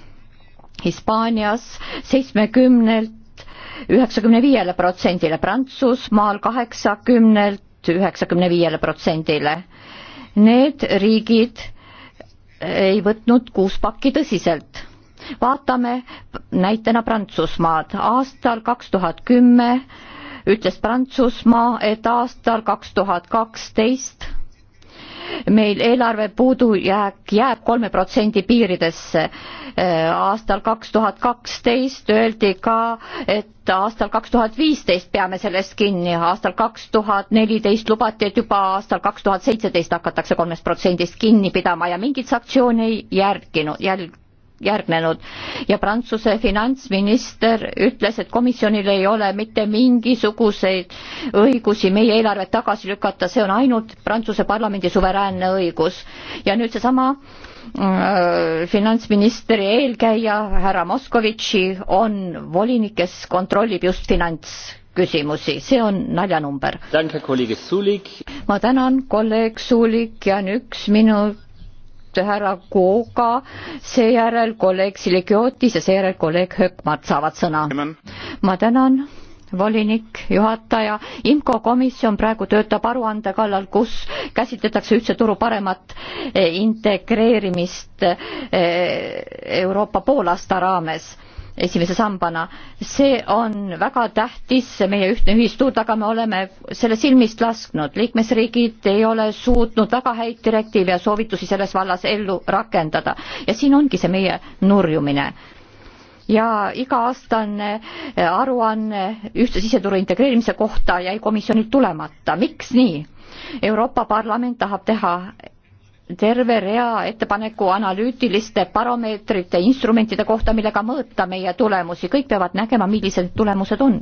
Speaker 1: Hispaanias seitsmekümnelt üheksakümne viiele protsendile, Prantsusmaal kaheksakümnelt üheksakümne viiele protsendile. Need riigid ei võtnud kuuspakki tõsiselt vaatame näitena Prantsusmaad. aastal kaks tuhat kümme ütles Prantsusmaa, et aastal kaks tuhat kaksteist meil eelarve puudujääk jääb kolme protsendi piiridesse. Äh, aastal kaks tuhat kaksteist öeldi ka, et aastal kaks tuhat viisteist peame sellest kinni, aastal kaks tuhat neliteist lubati, et juba aastal kaks tuhat seitseteist hakatakse kolmest protsendist kinni pidama ja mingeid sanktsioone ei järginud, jälg-, järgnenud ja Prantsuse finantsminister ütles, et komisjonil ei ole mitte mingisuguseid õigusi meie eelarvet tagasi lükata, see on ainult Prantsuse parlamendi suveräänne õigus. ja nüüd seesama äh, finantsministri eelkäija härra Moskovitši on volinik, kes kontrollib just finantsküsimusi, see on naljanumber. ma tänan, kolleeg Suulik ja on üks minut kõigepealt härra Kooga, seejärel kolleeg Silikiotis ja seejärel kolleeg Hökmart saavad sõna. ma tänan volinik, juhataja, IMCO komisjon praegu töötab aruande kallal, kus käsitletakse ühtse turu paremat eh, integreerimist eh, Euroopa poolaasta raames esimese sambana. see on väga tähtis, meie ühtne ühisturg, aga me oleme selle silmist lasknud. liikmesriigid ei ole suutnud väga häid direktiive ja soovitusi selles vallas ellu rakendada ja siin ongi see meie nurjumine ja iga-aastane eh, aruanne ühtse siseturu integreerimise kohta jäi komisjonilt tulemata. miks nii? Euroopa Parlament tahab teha terve rea ettepaneku analüütiliste baromeetrite, instrumentide kohta, millega mõõta meie tulemusi, kõik peavad nägema, millised tulemused on.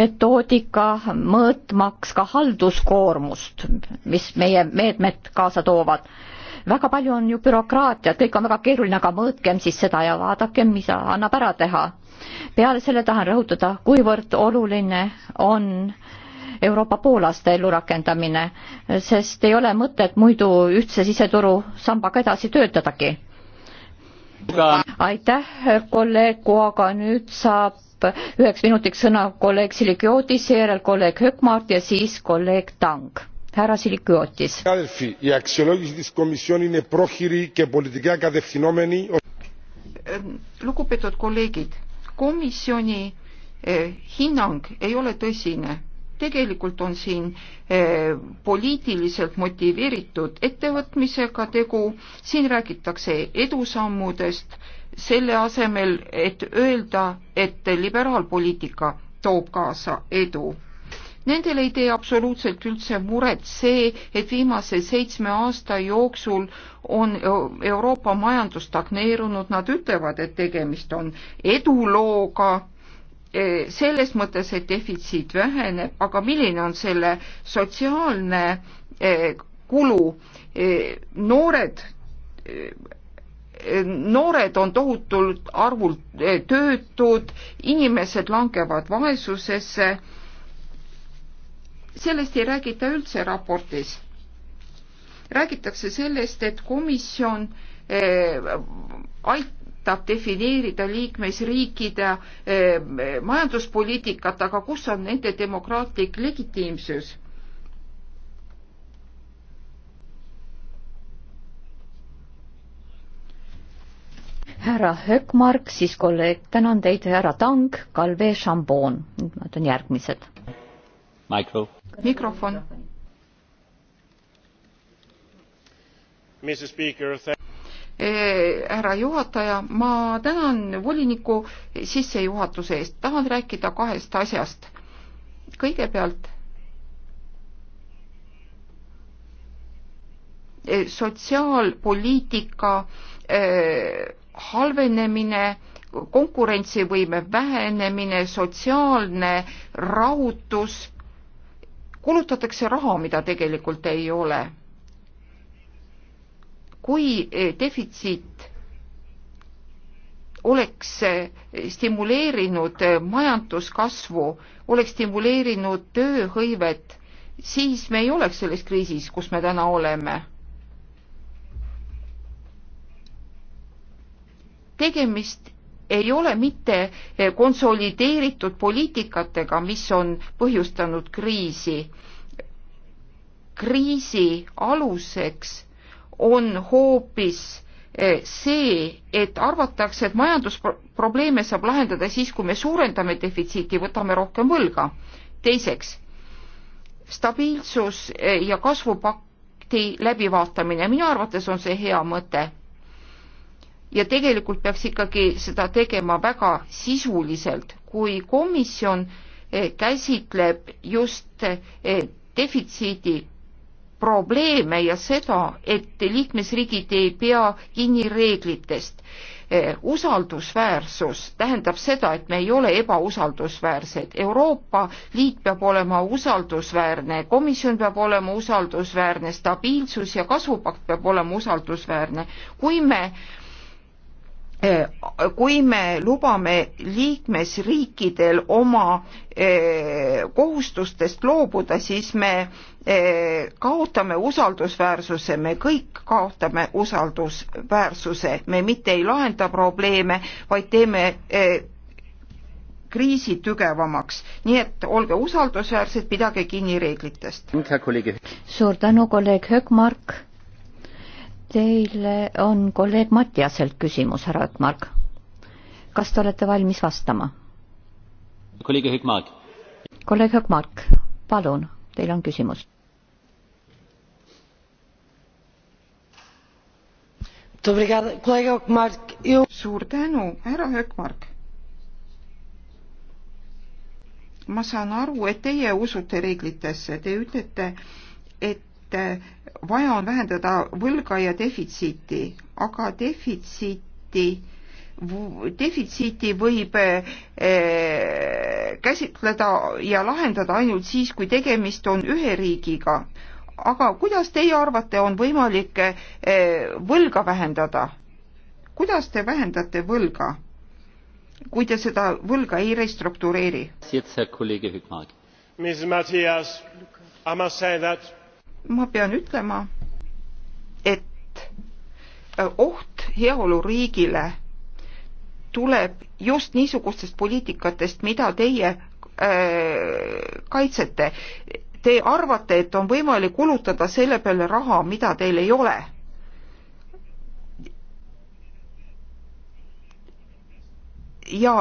Speaker 1: metoodika mõõtmaks ka halduskoormust, mis meie meetmed kaasa toovad. väga palju on ju bürokraatiat, kõik on väga keeruline, aga mõõtkem siis seda ja vaadakem, mis annab ära teha. peale selle tahan rõhutada, kuivõrd oluline on äh, Euroopa poolaasta ellurakendamine, sest ei ole mõtet muidu ühtse siseturu sambaga edasi töötadagi. aitäh, kolleeg Kuaga, nüüd saab üheks minutiks sõna kolleeg Silikiotis, seejärel kolleeg Hökmaart ja siis kolleeg Tang
Speaker 5: Αδελφοί, η αξιολόγηση της Κομισιόν είναι πρόχειρη και πολιτικά κατευθυνόμενη.
Speaker 4: Lugupeetud kolleegid, komisjoni eh, hinnang ei ole tõsine tegelikult on siin eh, poliitiliselt motiveeritud ettevõtmisega tegu, siin räägitakse edusammudest, selle asemel, et öelda, et liberaalpoliitika toob kaasa edu Nendel ei tee absoluutselt üldse muret see, et viimase seitsme aasta jooksul on Euroopa majandus stagneerunud, nad ütlevad, et tegemist on edulooga selles mõttes, et defitsiit väheneb, aga milline on selle sotsiaalne kulu? noored noored on tohutult arvult töötud, inimesed langevad vaesusesse. sellest ei räägita üldse raportis. räägitakse sellest, et komisjon äh, ait-, aitab defineerida liikmesriikide eh, majanduspoliitikat, aga kus on nende demokraatlik legitiimsus?
Speaker 1: härra Höökmark, siis kolleeg, tänan teid, härra Tang, Kalve Šambon, nad on järgmised. mikrofon.
Speaker 4: Eh, härra juhataja, ma tänan voliniku sissejuhatuse eest, tahan rääkida kahest asjast. kõigepealt eh, sotsiaalpoliitika eh, halvenemine, konkurentsivõime vähenemine, sotsiaalne rahutus, kulutatakse raha, mida tegelikult ei ole kui eh, defitsiit oleks eh, stimuleerinud eh, majanduskasvu, oleks stimuleerinud tööhõivet, siis me ei oleks selles kriisis, kus me täna oleme. tegemist ei ole mitte konsolideeritud poliitikatega, mis on põhjustanud kriisi. kriisi aluseks on hoopis eh, see, et arvatakse, et majandusprobleeme saab lahendada siis, kui me suurendame defitsiiti, võtame rohkem võlga. teiseks, stabiilsus eh, ja kasvupakti läbivaatamine, minu arvates on see hea mõte. ja tegelikult peaks ikkagi seda tegema väga sisuliselt, kui komisjon eh, käsitleb just defitsiidi probleeme ja seda, et liikmesriigid ei pea kinni reeglitest. Eh, usaldusväärsus tähendab seda, et me ei ole ebausaldusväärsed. Euroopa Liit peab olema usaldusväärne, komisjon peab olema usaldusväärne, stabiilsus ja kasvupakt peab olema usaldusväärne. kui me Äh, kui me lubame liikmesriikidel oma äh, kohustustest loobuda, siis me äh, kaotame usaldusväärsuse, me kõik kaotame usaldusväärsuse, me mitte ei lahenda probleeme, vaid teeme kriisi tugevamaks, nii et olge usaldusväärsed, pidage kinni reeglitest.
Speaker 1: suur tänu, kolleeg Höökmark Teile on kolleeg Mattiaselt küsimus, härra Ökmark. kas te olete valmis vastama?
Speaker 6: kolleeg Ökmark.
Speaker 1: kolleeg Ökmark, palun, teil on küsimus.
Speaker 4: suur tänu, härra Ökmark. ma saan aru, et teie usute reeglitesse, te ütlete, et et eh, vaja on vähendada võlga ja defitsiiti, aga defitsiiti defitsiiti võib eh, käsitleda ja lahendada ainult siis, kui tegemist on ühe riigiga. aga kuidas teie arvate, on võimalik eh, võlga vähendada? kuidas te vähendate võlga, kui te seda võlga ei restruktureeri?
Speaker 6: Mrs Matias, I must say that
Speaker 4: ma pean ütlema, et äh, oht heaoluriigile tuleb just niisugustest poliitikatest, mida teie äh, kaitsete. Te arvate, et on võimalik kulutada selle peale raha, mida teil ei ole. ja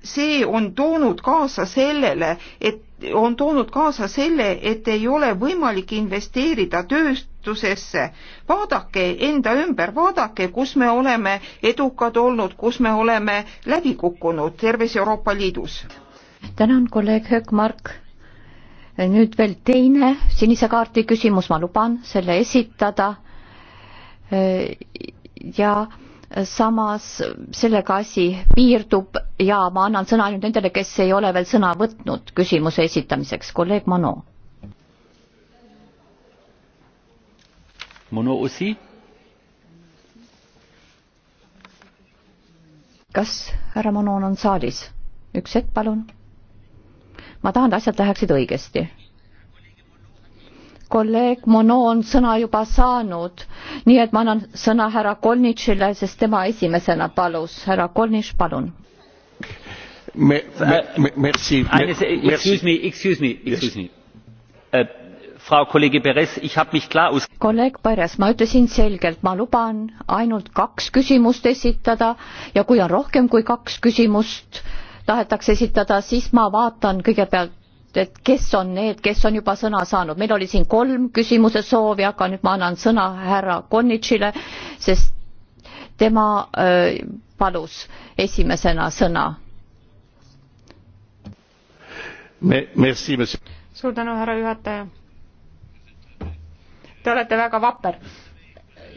Speaker 4: see on toonud kaasa sellele, et on toonud kaasa selle, et ei ole võimalik investeerida tööstusesse. vaadake enda ümber, vaadake, kus me oleme edukad olnud, kus me oleme läbi kukkunud terves Euroopa Liidus.
Speaker 1: tänan, kolleeg Höökmark. nüüd veel teine sinise kaardi küsimus, ma luban selle esitada. ja samas sellega asi piirdub ja ma annan sõna ainult nendele, kes ei ole veel sõna võtnud küsimuse esitamiseks. kolleeg Mano.
Speaker 6: Mano Ossi.
Speaker 1: kas härra Mano on saalis? üks hetk, palun. ma tahan, et asjad läheksid õigesti kolleeg Mono on sõna juba saanud, nii et ma annan sõna härra Kolnitšile, sest tema esimesena palus. härra Kolnitš, palun.
Speaker 5: Me, me, äh, merci, me,
Speaker 1: excuse
Speaker 6: me, excuse me, excuse me äh,. Frau Kollege Perez, ich habe mich klar aus-.
Speaker 1: kolleeg Perez, ma ütlesin selgelt, ma luban ainult kaks küsimust esitada ja kui on rohkem kui kaks küsimust tahetakse esitada, siis ma vaatan kõigepealt et kes on need, kes on juba sõna saanud. meil oli siin kolm küsimuse soovi, aga nüüd ma annan sõna härra Konnitšile, sest tema öö, äh, palus esimesena sõna
Speaker 5: Me,.
Speaker 3: suur tänu, härra juhataja. Te olete väga vapper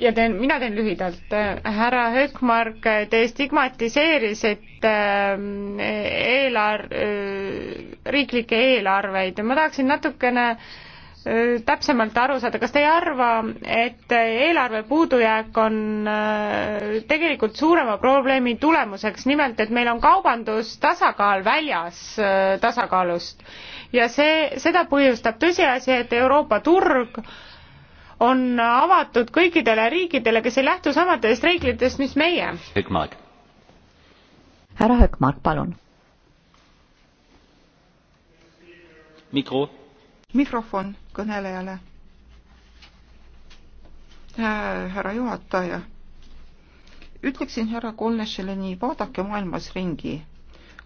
Speaker 3: ja teen, mina teen lühidalt. härra Hökmark, te stigmatiseerisite ähm, eelar-, äh, riiklikke eelarveid. ma tahaksin natukene äh, täpsemalt aru saada, kas te ei arva, et eelarve puudujääk on äh, tegelikult suurema probleemi tulemuseks, nimelt et meil on kaubandustasakaal väljas tasakaalust ja see, seda põhjustab tõsiasi, et Euroopa turg äh, on avatud kõikidele riikidele, kes ei lähtu samadest reeglitest, mis meie.
Speaker 1: härra Hökmark, palun.
Speaker 6: mikro.
Speaker 4: mikrofon kõnelejale. härra juhataja, ütleksin härra Kolnešile nii, vaadake maailmas ringi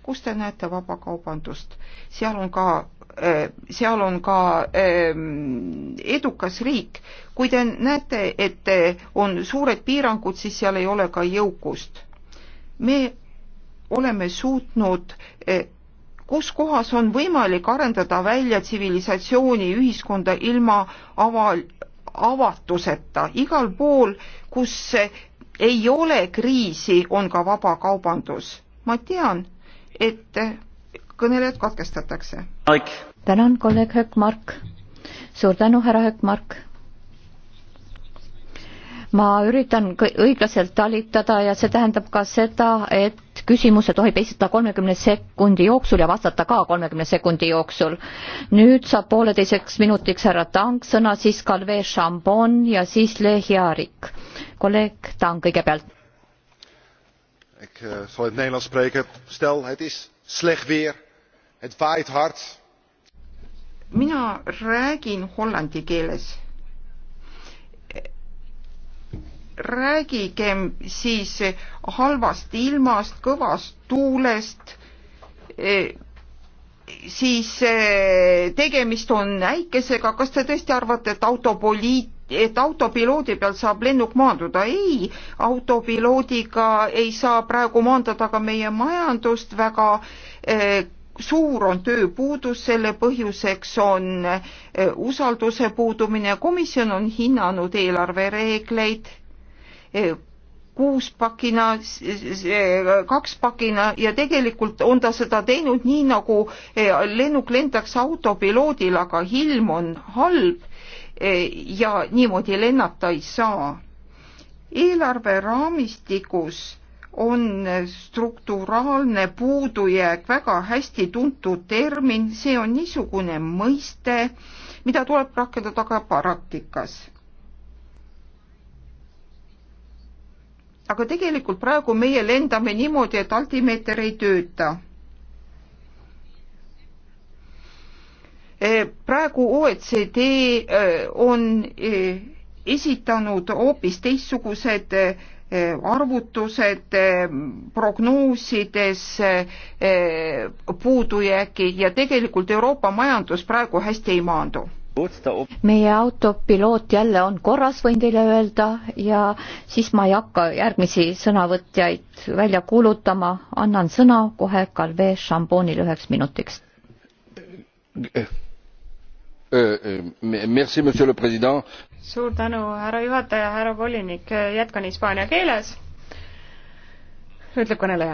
Speaker 4: kus te näete vabakaubandust, seal on ka Äh, seal on ka ähm, edukas riik. kui te näete, et äh, on suured piirangud, siis seal ei ole ka jõukust. me oleme suutnud äh, kus kohas on võimalik arendada välja tsivilisatsiooni ühiskonda ilma aval, avatuseta, igal pool, kus ei ole kriisi, on ka vabakaubandus.
Speaker 1: ma tean,
Speaker 4: et kõnelejad katkestatakse.
Speaker 1: tänan, kolleeg Höökmark. suur tänu, härra Höökmark. ma üritan õiglaselt talitada ja see tähendab ka seda, et küsimuse tohib esitada kolmekümne sekundi jooksul ja vastata ka kolmekümne sekundi jooksul. nüüd saab pooleteiseks minutiks härra Tang sõna, siis Calvet Chambon ja siis Le Hiarik. kolleeg Tang kõigepealt
Speaker 5: ik eh, zal in het nederlands spreken stel het is slecht weer het waait hard.
Speaker 4: mina räägin hollandi keeles. räägigem siis halvast ilmast, kõvast tuulest, e, siis e, tegemist on äikesega, kas te tõesti arvate, et autopoliit et autopiloodi peal saab lennuk maanduda. ei, autopiloodiga ei saa praegu maandada ka meie majandust väga e, suur on tööpuudus, selle põhjuseks on eh, usalduse puudumine, komisjon on hinnanud eelarvereegleid eh, kuus pakina, eh, kaks pakina ja tegelikult on ta seda teinud nii, nagu lennuk lendaks autopiloodil, aga ilm on halb ja niimoodi lennata ei saa. eelarveraamistikus on strukturaalne puudujääk väga hästi tuntud termin, see on niisugune mõiste, mida tuleb rakendada ka praktikas. aga tegelikult praegu meie lendame niimoodi, et altimeeter ei tööta eh, praegu OECD eh, on eh, esitanud hoopis teistsugused arvutused, prognoosides eh, puudujäägid ja tegelikult Euroopa majandus praegu hästi ei maandu
Speaker 1: meie autopiloot jälle on korras, võin teile öelda, ja siis ma ei hakka järgmisi sõnavõtjaid välja kuulutama, annan sõna kohe Calvet Šambonile üheks minutiks.
Speaker 6: Euh, euh, merci, monsieur le president.
Speaker 3: suur tänu, härra juhataja, härra volinik, jätkan hispaania keeles, ütleb kõneleja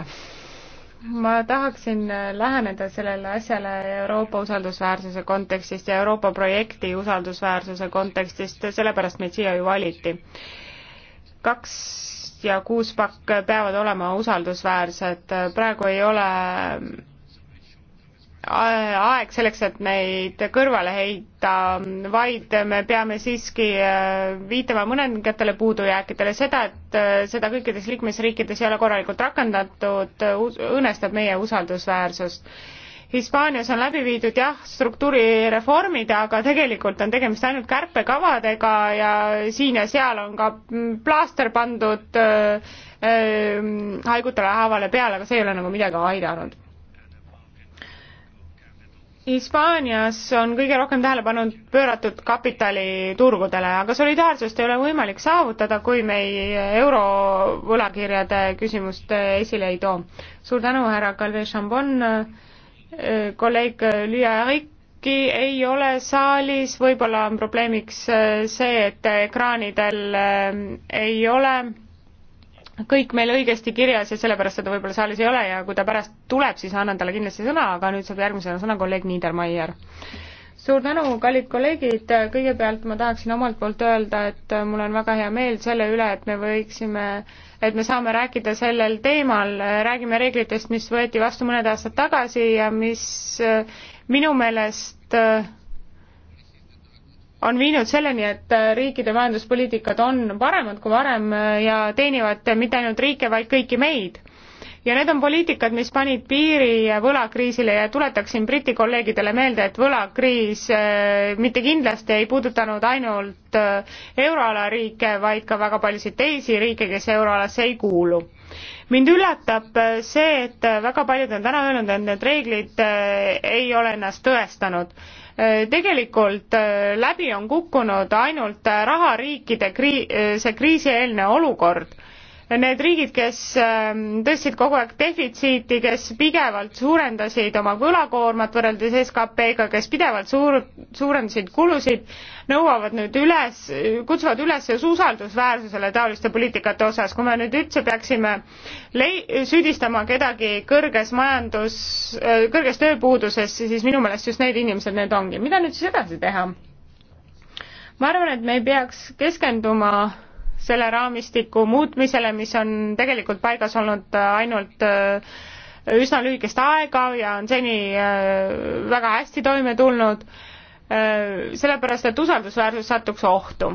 Speaker 3: ma tahaksin läheneda sellele asjale Euroopa usaldusväärsuse kontekstist ja Euroopa projekti usaldusväärsuse kontekstist, sellepärast meid siia ju valiti. kaks ja kuus pakk peavad olema usaldusväärsed, praegu ei ole aeg selleks, et neid kõrvale heita, vaid me peame siiski äh, viitama mõningatele puudujääkidele. seda, et äh, seda kõikides liikmesriikides ei ole korralikult rakendatud, äh, õõnestab meie usaldusväärsust. Hispaanias on läbi viidud jah, struktuurireformid, aga tegelikult on tegemist ainult kärpekavadega ja siin ja seal on ka plaaster pandud haigutele haavale peale, aga see ei ole nagu midagi aidanud Hispaanias on kõige rohkem tähelepanu pööratud kapitaliturgudele, aga solidaarsust ei ole võimalik saavutada, kui me ei euro võlakirjade küsimust äh, esile ei too. suur tänu, härra Calvet Chambon, äh, kolleeg Lüüa Eriki ei ole saalis, võib-olla on probleemiks äh, see, et ekraanidel ei ole kõik meil õigesti kirjas ja sellepärast seda võib-olla saalis ei ole ja kui ta pärast tuleb, siis annan talle kindlasti sõna, aga nüüd saab järgmisena sõna kolleeg Niedermeier. suur tänu, kallid kolleegid, kõigepealt ma tahaksin omalt poolt öelda, et mul on väga hea meel selle üle, et me võiksime, et me saame rääkida sellel teemal, räägime reeglitest, mis võeti vastu mõned aastad tagasi ja mis minu meelest on viinud selleni, et äh, riikide majanduspoliitikad on paremad kui varem äh, ja teenivad mitte ainult riike, vaid kõiki meid. ja need on poliitikad, mis panid piiri äh, võlakriisile ja tuletaksin Briti kolleegidele meelde, et võlakriis mitte kindlasti ei puudutanud ainult euroala riike, vaid ka väga paljusid teisi riike, kes euroalasse ei kuulu mind üllatab see, et väga paljud on täna öelnud, et need reeglid ei ole ennast tõestanud Äh, tegelikult äh, läbi on kukkunud ainult äh, rahariikide krii-, see kriisieelne olukord need riigid, kes ähm, tõstsid kogu aeg defitsiiti, kes pidevalt suurendasid oma võlakoormat võrreldes SKP-ga, kes pidevalt suur, suurendasid kulusid, nõuavad nüüd üles, kutsuvad üles usaldusväärsusele taoliste poliitikate osas. kui me nüüd üldse peaksime lei-, süüdistama kedagi kõrges majandus, äh, kõrges tööpuuduses, siis minu meelest just need inimesed need ongi. mida nüüd siis edasi teha? ma arvan, et me ei peaks keskenduma selle raamistiku muutmisele, mis on tegelikult paigas olnud äh, ainult äh, üsna lühikest aega ja on seni äh, väga hästi toime tulnud, sellepärast et usaldusväärsus satuks ohtu.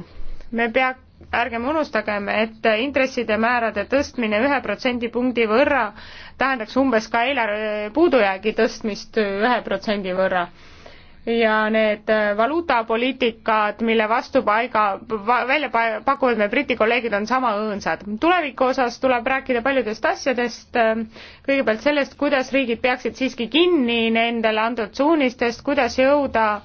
Speaker 3: me pea-, ärgem unustagem, et intresside määrade tõstmine ühe protsendipunkti võrra tähendaks umbes ka eelarve puudujäägi tõstmist ühe protsendi võrra ja need äh, valuutapoliitikad, mille vastu paiga va,, välja pakuvad meie Briti kolleegid, on sama õõnsad. tuleviku osas tuleb rääkida paljudest asjadest, äh, kõigepealt sellest, kuidas riigid peaksid siiski kinni nendele antud suunistest, kuidas jõuda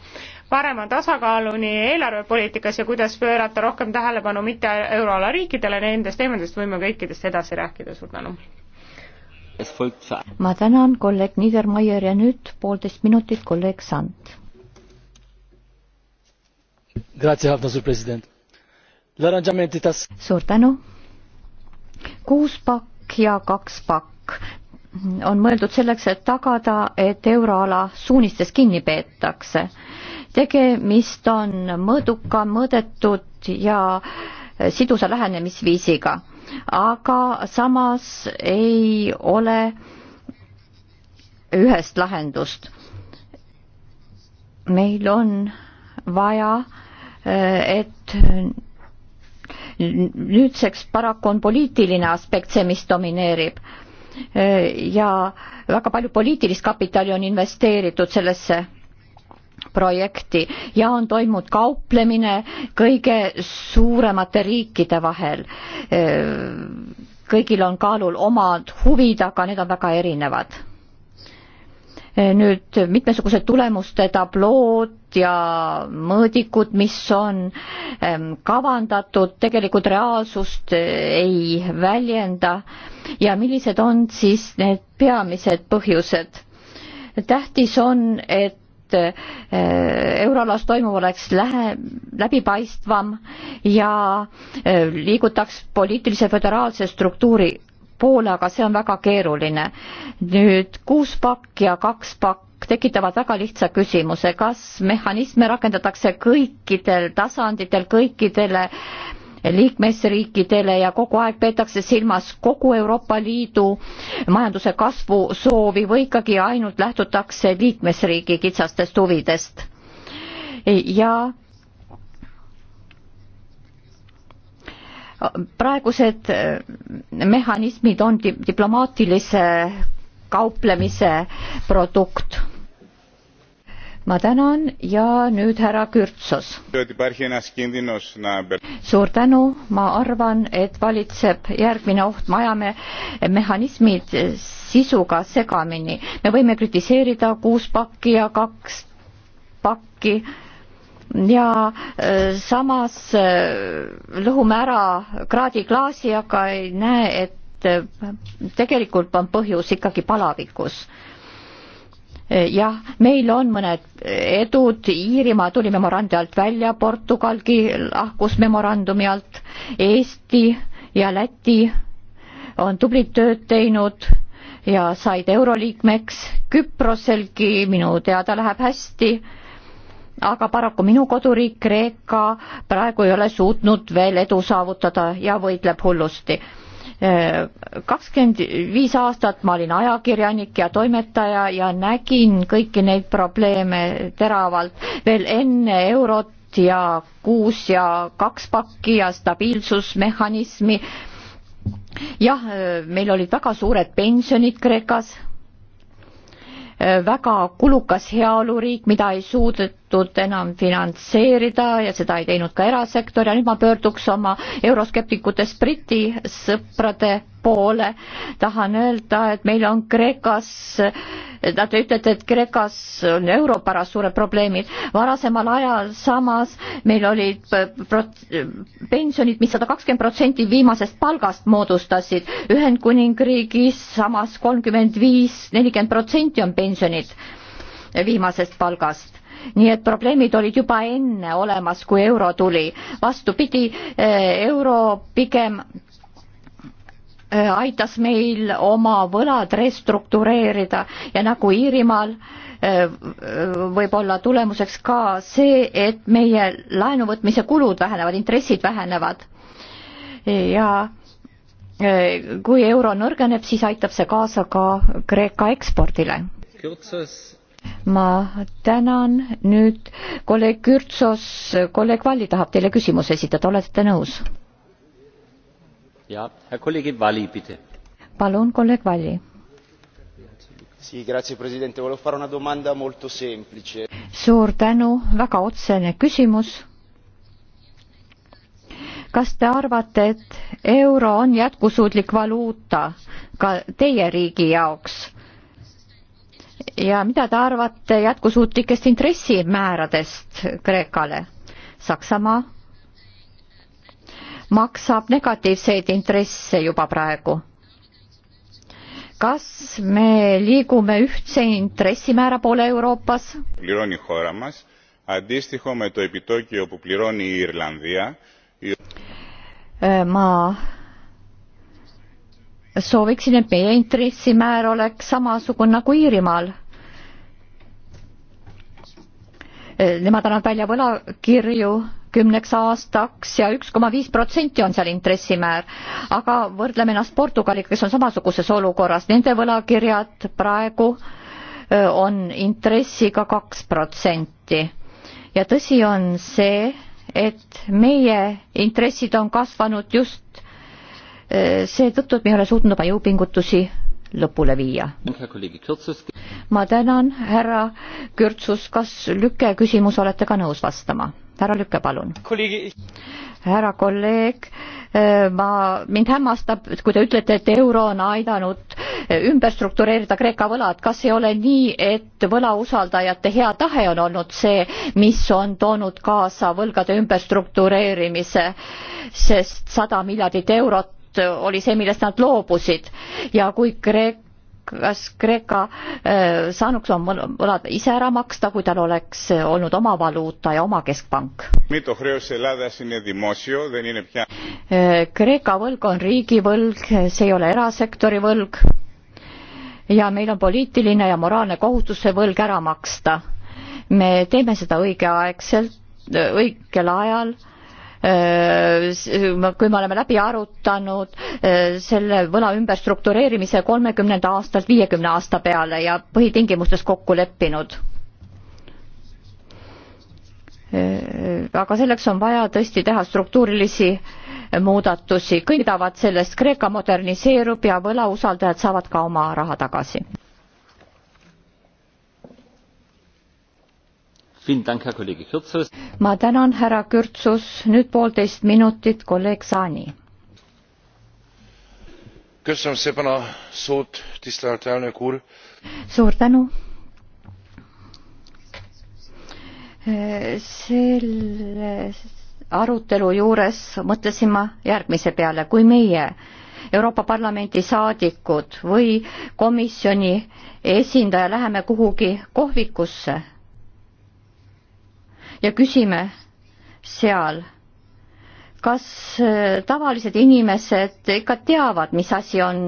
Speaker 3: parema tasakaaluni eelarvepoliitikas ja kuidas pöörata rohkem tähelepanu mitte euroala riikidele, nendest teemadest võime kõikidest edasi rääkida, suur tänu
Speaker 1: ma tänan kolleeg Niedermayer ja nüüd poolteist minutit kolleeg Sant.
Speaker 6: Grazie ħafna, Sur President. L-arranġamenti tas.
Speaker 1: suur tänu. kuus pakk ja kaks pakk on mõeldud selleks, et tagada, et euroala suunistest kinni peetakse. tegemist on mõõduka, mõõdetud ja sidusa lähenemisviisiga, aga samas ei ole ühest lahendust. meil on vaja äh, et nüüdseks paraku on poliitiline aspekt see, mis domineerib. ja väga palju poliitilist kapitali on investeeritud sellesse projekti ja on toimunud kauplemine kõige suuremate riikide vahel. kõigil on kaalul omad huvid, aga need on väga erinevad nüüd mitmesugused tulemuste tablood ja mõõdikud, mis on ehm, kavandatud, tegelikult reaalsust eh, ei väljenda ja millised on siis need peamised põhjused. tähtis on, et eh, euroalas toimuv oleks lähe, läbipaistvam ja eh, liigutaks poliitilise föderaalse struktuuri poole, aga see on väga keeruline. nüüd kuus pakk ja kaks pakk tekitavad väga lihtsa küsimuse, kas mehhanisme rakendatakse kõikidel tasanditel, kõikidele liikmesriikidele ja kogu aeg peetakse silmas kogu Euroopa Liidu majanduse kasvu soovi või ikkagi ainult lähtutakse liikmesriigi kitsastest huvidest. ja praegused äh, mehhanismid on diplomaatilise kauplemise produkt. ma tänan ja nüüd härra
Speaker 5: Kürtsos.
Speaker 1: suur tänu, ma arvan, et valitseb järgmine oht, me ajame mehhanismid sisuga segamini. me võime kritiseerida kuus pakki ja kaks pakki ja e, samas e, lõhume ära kraadiklaasi, aga ei näe, et e, tegelikult on põhjus ikkagi palavikus jah, meil on mõned edud, Iirimaa tuli memorandi alt välja, Portugalgi lahkus memorandumi alt, Eesti ja Läti on tublit tööd teinud ja said euroliikmeks, Küproselgi minu teada läheb hästi aga paraku minu koduriik Kreeka praegu ei ole suutnud veel edu saavutada ja võitleb hullusti. kakskümmend viis aastat ma olin ajakirjanik ja toimetaja ja nägin kõiki neid probleeme teravalt veel enne eurot ja kuus ja kaks pakki ja stabiilsusmehhanismi. jah, meil olid väga suured pensionid Kreekas väga kulukas heaoluriik, mida ei suudet, suudetud enam finantseerida ja seda ei teinud ka erasektor ja nüüd ma pöörduks oma euroskeptikutest Briti sõprade poole. tahan öelda, et meil on Kreekas, te ütlete, et Kreekas on euro pärast suured probleemid, varasemal ajal samas meil olid prot-, pensionid, mis sada kakskümmend protsenti viimasest palgast moodustasid, Ühendkuningriigis samas kolmkümmend viis, nelikümmend protsenti on pensionid viimasest palgast nii et probleemid olid juba enne olemas, kui euro tuli. vastupidi, eh, euro pigem eh, aitas meil oma võlad restruktureerida ja nagu Iirimaal eh, võib olla tulemuseks ka see, et meie laenuvõtmise kulud vähenevad, intressid vähenevad. ja kui euro nõrgeneb, siis aitab see kaasa ka Kreeka ekspordile ma tänan nüüd kolleeg Kürtsos, kolleeg Valli tahab teile küsimuse esitada, olete nõus? palun, kolleeg Valli. suur tänu, väga otsene küsimus. kas te arvate, et euro on jätkusuutlik valuuta ka teie riigi jaoks? ja mida te arvate jätkusuutlikest intressimääradest Kreekale? Saksamaa maksab negatiivseid intresse juba praegu. kas me liigume ühtse intressimäära poole Euroopas? ma sooviksin, et meie intressimäär oleks samasugune nagu Iirimaal. Nemad annavad välja võlakirju kümneks aastaks ja üks koma viis protsenti on seal intressimäär. aga võrdleme ennast Portugaliga, kes on samasuguses olukorras, nende võlakirjad praegu on intressiga kaks protsenti. ja tõsi on see, et meie intressid on kasvanud just seetõttu, et me ei ole suutnud oma jõupingutusi lõpule viia. ma tänan, härra Kürtsus, kas Lüke küsimus olete ka nõus vastama? härra Lüke, palun. härra kolleeg, eh, ma, mind hämmastab, kui te ütlete, et euro on aidanud eh, ümber struktureerida Kreeka võlad, kas ei ole nii, et võlausaldajate hea tahe on olnud see, mis on toonud kaasa võlgade ümberstruktureerimise, sest sada miljardit eurot oli see, millest nad loobusid ja kui Kreek kas Kreeka äh, saanuks on võlad ise ära maksta, kui tal oleks olnud oma valuuta ja oma keskpank? Äh, Kreeka võlg on riigivõlg, see ei ole erasektori võlg ja meil on poliitiline ja moraalne kohustus see võlg ära maksta. me teeme seda õigeaegselt, õigel ajal Äh, kui me oleme läbi arutanud äh, selle võla ümberstruktureerimise kolmekümnenda aastalt viiekümne aasta peale ja põhitingimustes kokku leppinud. Äh, aga selleks on vaja tõesti teha struktuurilisi muudatusi, kõik teavad sellest, Kreeka moderniseerub ja võlausaldajad saavad ka oma raha tagasi. ma tänan, härra Kürtsus, nüüd poolteist minutit, kolleeg Saani. suur tänu. selle arutelu juures mõtlesin ma järgmise peale, kui meie Euroopa Parlamendi saadikud või komisjoni esindaja läheme kuhugi kohvikusse ja küsime seal, kas äh, tavalised inimesed ikka teavad, mis asi on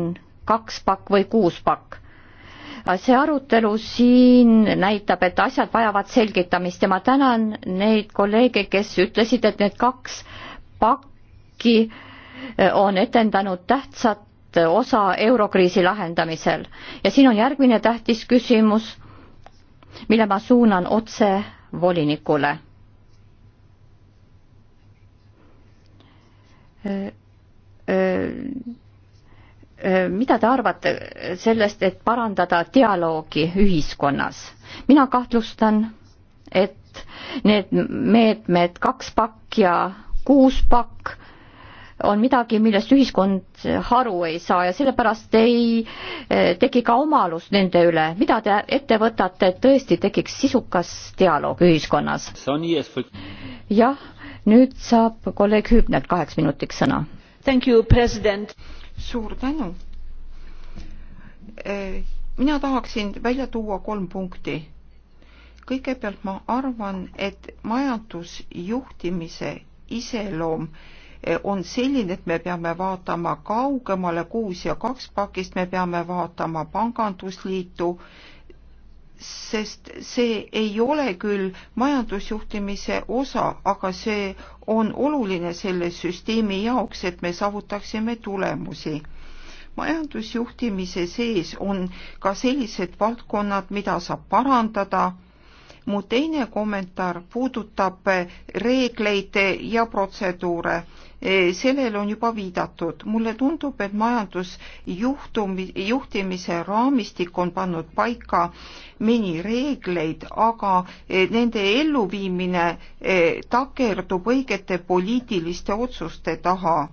Speaker 1: kaks pakk või kuus pakk. see arutelu siin näitab, et asjad vajavad selgitamist ja ma tänan neid kolleege, kes ütlesid, et need kaks pakki äh, on etendanud tähtsat osa eurokriisi lahendamisel ja siin on järgmine tähtis küsimus mille ma suunan otse volinikule. mida te arvate sellest, et parandada dialoogi ühiskonnas? mina kahtlustan, et need meetmed kaks pakk ja kuus pakk on midagi, millest ühiskond haru ei saa ja sellepärast ei eh, teki ka omalus nende üle. mida te ette võtate, et tõesti tekiks sisukas dialoog ühiskonnas? jah, nüüd saab kolleeg Hübner kaheks minutiks sõna.
Speaker 4: suur tänu. Eh, mina tahaksin välja tuua kolm punkti kõigepealt ma arvan, et majandusjuhtimise iseloom on selline, et me peame vaatama kaugemale kuus ja kaks pakist, me peame vaatama pangandusliitu, sest see ei ole küll majandusjuhtimise osa, aga see on oluline selle süsteemi jaoks, et me saavutaksime tulemusi majandusjuhtimise sees on ka sellised valdkonnad, mida saab parandada mu teine kommentaar puudutab eh, reegleid eh, ja protseduure. Eh, sellele on juba viidatud. mulle tundub, et majandusjuhtumi, juhtimise raamistik on pannud paika minireegleid, aga nende elluviimine takerdub õigete poliitiliste otsuste taha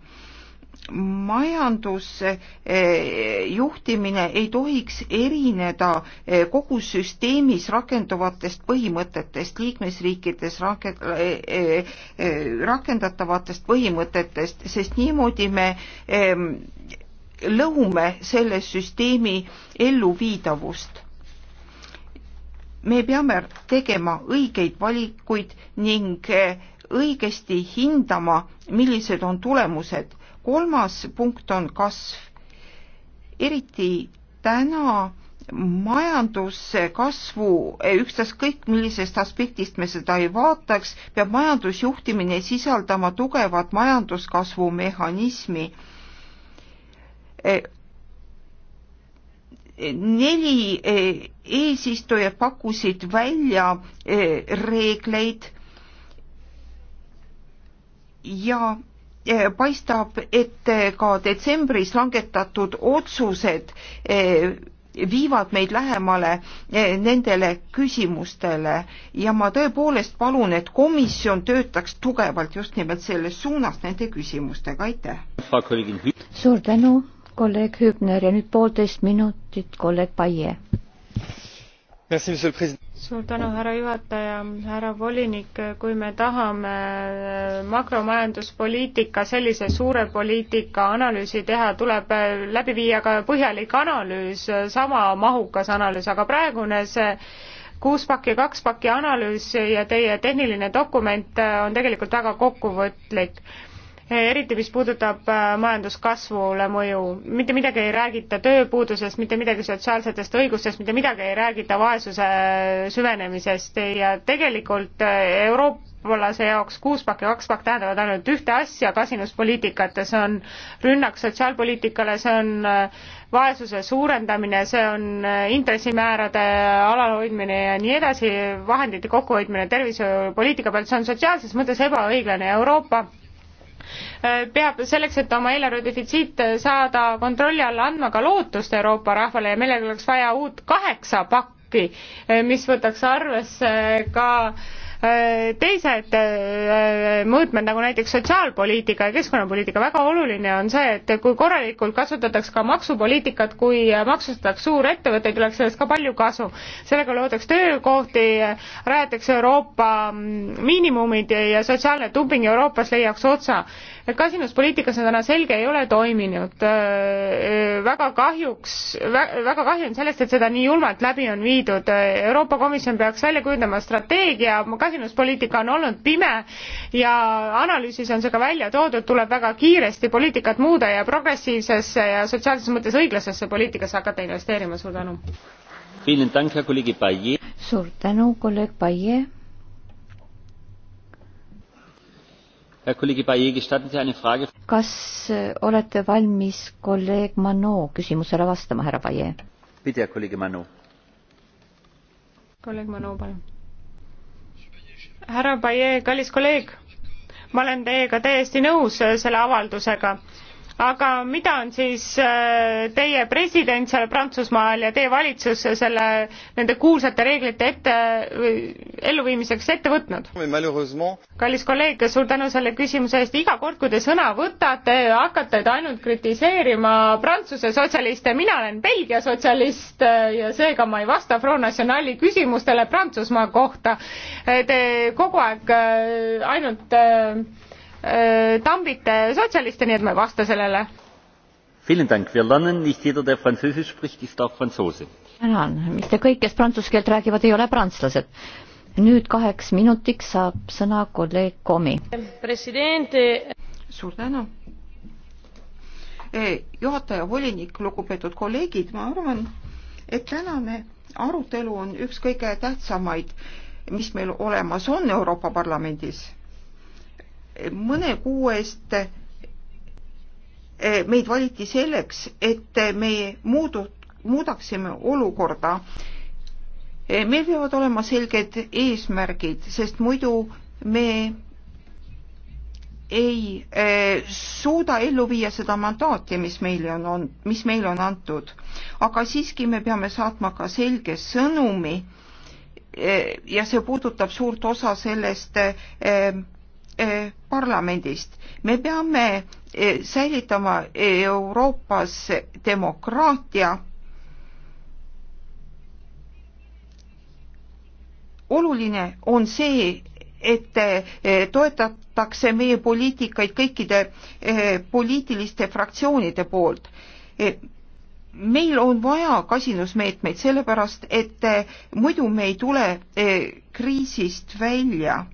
Speaker 4: majandusjuhtimine eh, ei tohiks erineda eh, kogu süsteemis rakenduvatest põhimõtetest, liikmesriikides eh, rakendatavatest põhimõtetest, sest niimoodi me ehm, lõhume selle süsteemi elluviidavust. me peame tegema õigeid valikuid ning õigesti hindama, millised on tulemused kolmas punkt on kasv. eriti täna majanduskasvu, eh, ükstaskõik millisest aspektist me seda ei vaataks, peab majandusjuhtimine sisaldama tugevat majanduskasvu mehhanismi. Eh, neli eh, eesistujat pakkusid välja reegleid ja Eh, paistab, et eh, ka detsembris langetatud otsused eh, viivad meid lähemale nendele küsimustele ja ma tõepoolest palun, et komisjon töötaks tugevalt just nimelt selles suunas
Speaker 1: nende küsimustega, aitäh. suur tänu, kolleeg Hübner ja nüüd poolteist minutit, kolleeg Paie
Speaker 3: suur tänu, härra juhataja, härra volinik, kui me tahame äh, makromajanduspoliitika, sellise suure poliitika analüüsi teha, tuleb äh, läbi viia ka põhjalik analüüs, sama mahukas analüüs, aga praegune see kuus pakki, kaks pakki analüüs ja teie tehniline dokument äh, on tegelikult väga kokkuvõtlik eriti mis puudutab äh, majanduskasvule mõju. mitte midagi ei räägita tööpuudusest, mitte midagi sotsiaalsetest õigustest, mitte midagi ei räägita vaesuse äh, süvenemisest ja tegelikult äh, eurooplase jaoks kuus pakk ja kaks pakk tähendavad ainult ühte asja, kasinuspoliitikat ja see on rünnak sotsiaalpoliitikale, see on vaesuse suurendamine, see on intressimäärade alalhoidmine ja nii edasi, vahendite kokkuhoidmine tervishoiupoliitika pealt, see on sotsiaalses mõttes ebaõiglane Euroopa Äh, peab selleks, et oma eelarve defitsiit äh, saada kontrolli alla, andma ka lootust Euroopa rahvale ja meil oleks vaja uut kaheksa pakki, äh, mis võtaks arvesse ka äh, Äh, teised äh, mõõtmed, nagu näiteks sotsiaalpoliitika ja keskkonnapoliitika, väga oluline on see, et kui korralikult kasutatakse ka maksupoliitikat, kui maksustatakse suurettevõtteid, oleks sellest ka palju kasu. sellega loodaks töökohti, rajatakse Euroopa mm, miinimumid ja sotsiaalne dumping Euroopas leiaks otsa kasinuspoliitikas on täna selge, ei ole toiminud. Äh, äh, väga kahjuks, väga kahju on sellest, et seda nii julmalt läbi on viidud. Äh, Euroopa Komisjon peaks välja kujundama strateegia, kasinuspoliitika on olnud pime ja analüüsis on see ka välja toodud, tuleb väga kiiresti poliitikat muuda ja progressiivsesse ja sotsiaalses mõttes õiglasesse poliitikasse hakata investeerima, suur tänu.
Speaker 6: suur tänu, kolleeg
Speaker 1: Paie. kas äh, olete valmis kolleeg Mano küsimusele vastama, härra Paie?
Speaker 6: kolleeg Mano,
Speaker 8: palun.
Speaker 3: härra Paie, kallis kolleeg, ma olen teiega täiesti nõus äh, selle avaldusega aga mida on siis äh, teie president seal Prantsusmaal ja teie valitsus selle, nende kuulsate reeglite ette, elluviimiseks ette võtnud? kallis kolleeg, suur tänu selle küsimuse eest, iga kord, kui te sõna võtate, hakkate te ainult kritiseerima Prantsuse sotsialiste, mina olen Belgia sotsialist äh, ja seega ma ei vasta Front Nationali küsimustele Prantsusmaa kohta. Äh, te kogu aeg ainult Äh, tambite
Speaker 1: sotsialiste, nii et ma ei vasta sellele. tänan, mitte kõik, kes prantsuse keelt räägivad, ei ole prantslased. nüüd kaheks minutiks saab sõna kolleeg Komi.
Speaker 4: suur tänu. Eh, juhataja, volinik, lugupeetud kolleegid, ma arvan, et tänane arutelu on üks kõige tähtsamaid, mis meil olemas on Euroopa Parlamendis mõne kuu eest eh, meid valiti selleks, et me muudu-, muudaksime olukorda. Eh, meil peavad olema selged eesmärgid, sest muidu me ei eh, suuda ellu viia seda mandaati, mis meile on, on, mis meile on antud. aga siiski me peame saatma ka selge sõnumi ja see puudutab suurt osa sellest Eh, parlamendist. me peame eh, säilitama Euroopas demokraatia. oluline on see, et eh, toetatakse meie poliitikaid kõikide poliitiliste fraktsioonide poolt meil on vaja kasinusmeetmeid, sellepärast et muidu me ei tule kriisist välja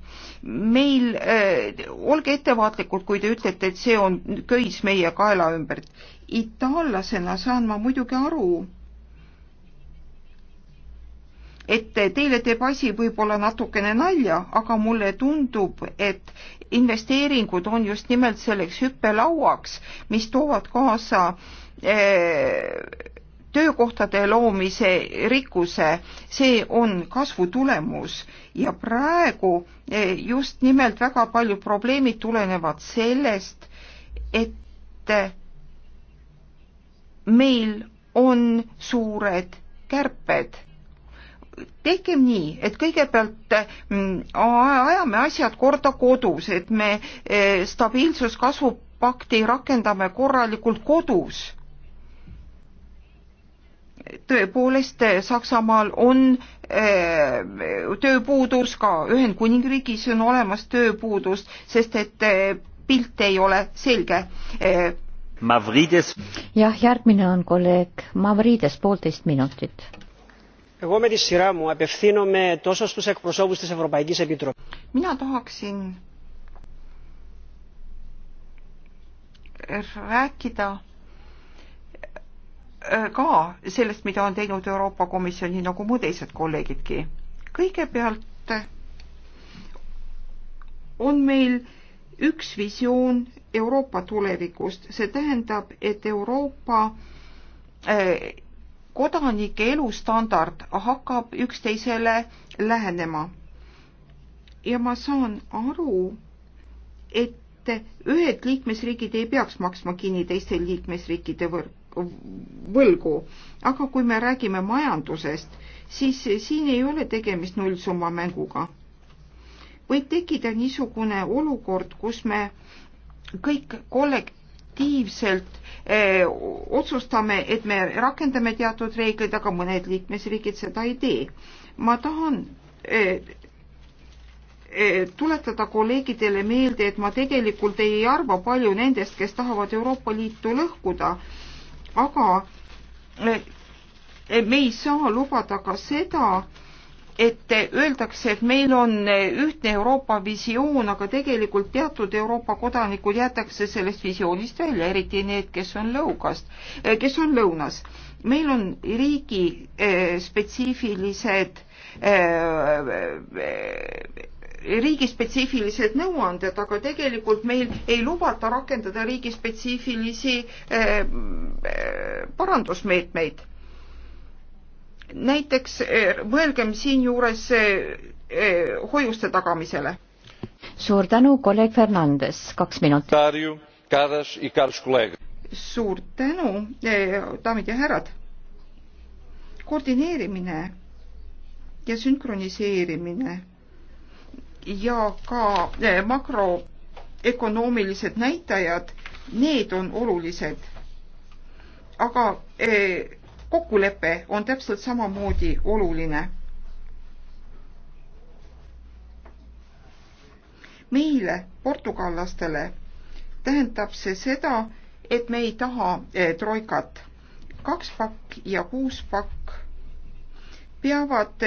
Speaker 4: meil äh,, olge ettevaatlikud, kui te ütlete, et see on köis meie kaela ümbert. itaallasena saan ma muidugi aru, et teile teeb asi võib-olla natukene nalja, aga mulle tundub, et investeeringud on just nimelt selleks hüppelauaks, mis toovad kaasa äh, töökohtade loomise rikkuse, see on kasvu tulemus ja praegu eh, just nimelt väga paljud probleemid tulenevad sellest, et eh, meil on suured kärped. tehkem nii, et kõigepealt eh, ajame asjad korda kodus, et me stabiilsuskasvupakti rakendame korralikult kodus tõepoolest eh, Saksamaal on eh, tööpuudus, ka Ühendkuningriigis on olemas tööpuudus, sest et eh, pilt ei ole selge.
Speaker 6: Mavrides.
Speaker 1: jah, järgmine on kolleeg Mavrides, poolteist minutit.
Speaker 4: mina tahaksin rääkida Äh, ka sellest, mida on teinud Euroopa Komisjon, nii nagu mu teised kolleegidki. kõigepealt äh, on meil üks visioon Euroopa tulevikust, see tähendab, et Euroopa äh, kodanike elustandard hakkab üksteisele lähenema. ja ma saan aru, et ühed liikmesriigid ei peaks maksma kinni teiste liikmesriikide võrk võlgu. aga kui me räägime majandusest, siis siin ei ole tegemist nullsumma mänguga. võib tekkida niisugune olukord, kus me kõik kollektiivselt öö, eh, otsustame, et me rakendame teatud reegleid, aga mõned liikmesriigid seda ei tee. ma tahan öö, eh, eh, tuletada kolleegidele meelde, et ma tegelikult ei arva palju nendest, kes tahavad Euroopa Liitu lõhkuda aga eh, me ei saa lubada ka seda, et öeldakse, et meil on eh, ühtne Euroopa visioon, aga tegelikult teatud Euroopa kodanikud jäetakse sellest visioonist välja, eriti need, kes on lõugast, eh, kes on lõunas. meil on riigi spetsiifilised riigispetsiifilised nõuanded, aga tegelikult meil ei lubata rakendada riigispetsiifilisi eh, parandusmeetmeid. näiteks eh, mõelgem siinjuures eh, hoiuste tagamisele.
Speaker 1: suur tänu, kolleeg Fernandes, kaks minutit.
Speaker 4: suur tänu, daamid ja härrad. koordineerimine ja sünkroniseerimine ja ka eh, makroökonoomilised näitajad, need on olulised. aga eh, kokkulepe on täpselt samamoodi oluline. meile, portugallastele, tähendab see seda, et me ei taha eh, troikat. kaks pakk ja kuus pakk peavad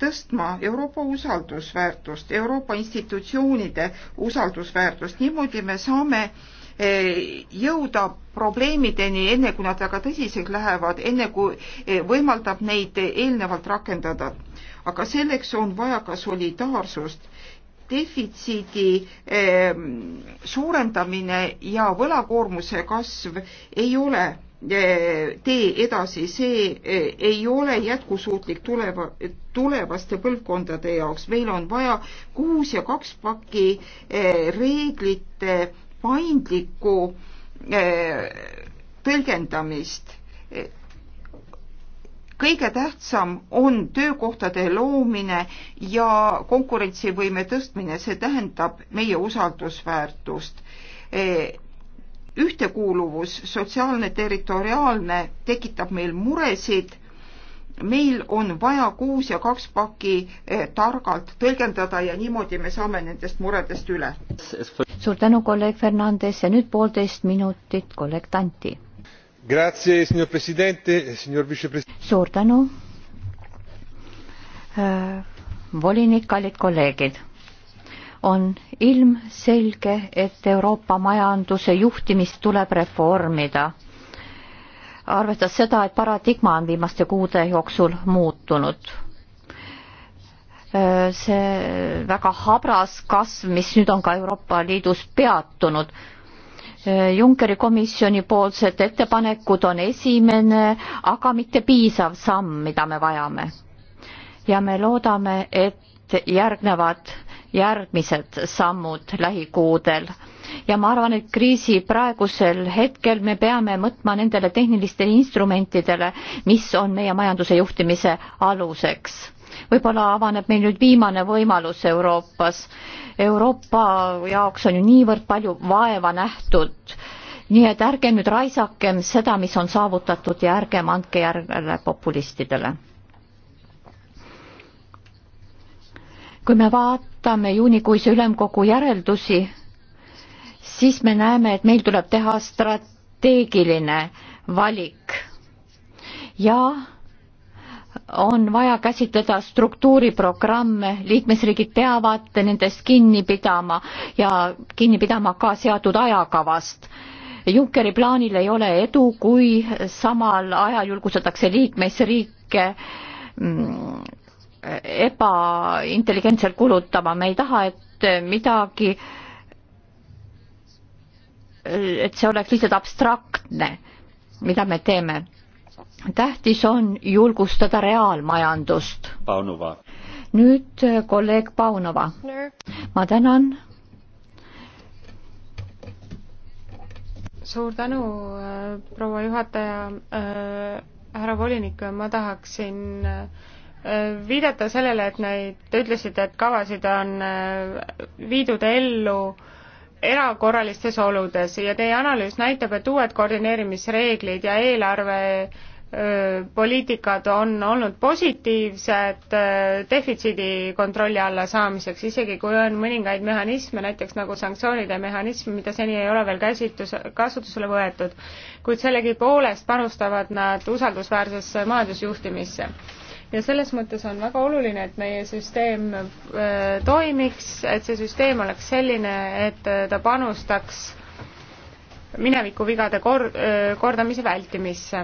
Speaker 4: tõstma Euroopa usaldusväärtust, Euroopa institutsioonide usaldusväärtust, niimoodi me saame eh, jõuda probleemideni enne, kui nad väga tõsiselt lähevad, enne kui eh, võimaldab neid eelnevalt rakendada. aga selleks on vaja ka solidaarsust defitsiidi eh, suurendamine ja võlakoormuse kasv ei ole Eh, tee edasi, see eh, ei ole jätkusuutlik tuleva, tulevaste põlvkondade jaoks. meil on vaja kuus ja kaks pakki eh, reeglite paindlikku tõlgendamist kõige tähtsam on töökohtade loomine ja konkurentsivõime tõstmine, see tähendab meie usaldusväärtust ühtekuuluvus, sotsiaalne, territoriaalne tekitab meil muresid. meil on vaja kuus ja kaks pakki eh, targalt tõlgendada ja niimoodi me saame nendest muredest üle.
Speaker 1: suur tänu, kolleeg Fernandes ja nüüd poolteist minutit kolleeg Tanti. suur tänu äh,. volinik, kallid kolleegid on ilmselge, et Euroopa majanduse juhtimist tuleb reformida. arvestades seda, et paradigma on viimaste kuude jooksul muutunud. see väga habras kasv, mis nüüd on ka Euroopa Liidus peatunud, Junckeri komisjoni poolsed ettepanekud on esimene, aga mitte piisav samm, mida me vajame. ja me loodame, et järgnevad järgmised sammud lähikuudel ja ma arvan, et kriisi praegusel hetkel me peame mõtma nendele tehnilistele instrumentidele, mis on meie majanduse juhtimise aluseks. võib-olla avaneb meil nüüd viimane võimalus Euroopas. Euroopa jaoks on ju niivõrd palju vaeva nähtud, nii et ärgem nüüd raisakem seda, mis on saavutatud ja ärgem andke järgele populistidele kui me vaatame juunikuise ülemkogu järeldusi, siis me näeme, et meil tuleb teha strateegiline valik ja on vaja käsitleda struktuuriprogramme, liikmesriigid peavad nendest kinni pidama ja kinni pidama ka seatud ajakavast. Junckeri plaanil ei ole edu, kui samal ajal julgustatakse liikmesriike mm, ebaintelligentselt kulutama, me ei taha, et midagi, et see oleks lihtsalt abstraktne, mida me teeme. tähtis on julgustada reaalmajandust. nüüd äh, kolleeg Paunova. ma tänan
Speaker 3: suur tänu, äh, proua juhataja äh,, härra volinik, ma tahaksin äh, viidata sellele, et neid, te ütlesite, et kavasid on äh, viidud ellu erakorralistes oludes ja teie analüüs näitab, et uued koordineerimisreeglid ja eelarve äh, poliitikad on olnud positiivsed äh, defitsiidi kontrolli alla saamiseks, isegi kui on mõningaid mehhanisme, näiteks nagu sanktsioonide mehhanism, mida seni ei ole veel käsitlus, kasutusele võetud, kuid sellegipoolest panustavad nad usaldusväärsesse majandusjuhtimisse ja selles mõttes on väga oluline, et meie süsteem äh, toimiks, et see süsteem oleks selline, et äh, ta panustaks minevikuvigade kor-, äh, kordamise vältimisse.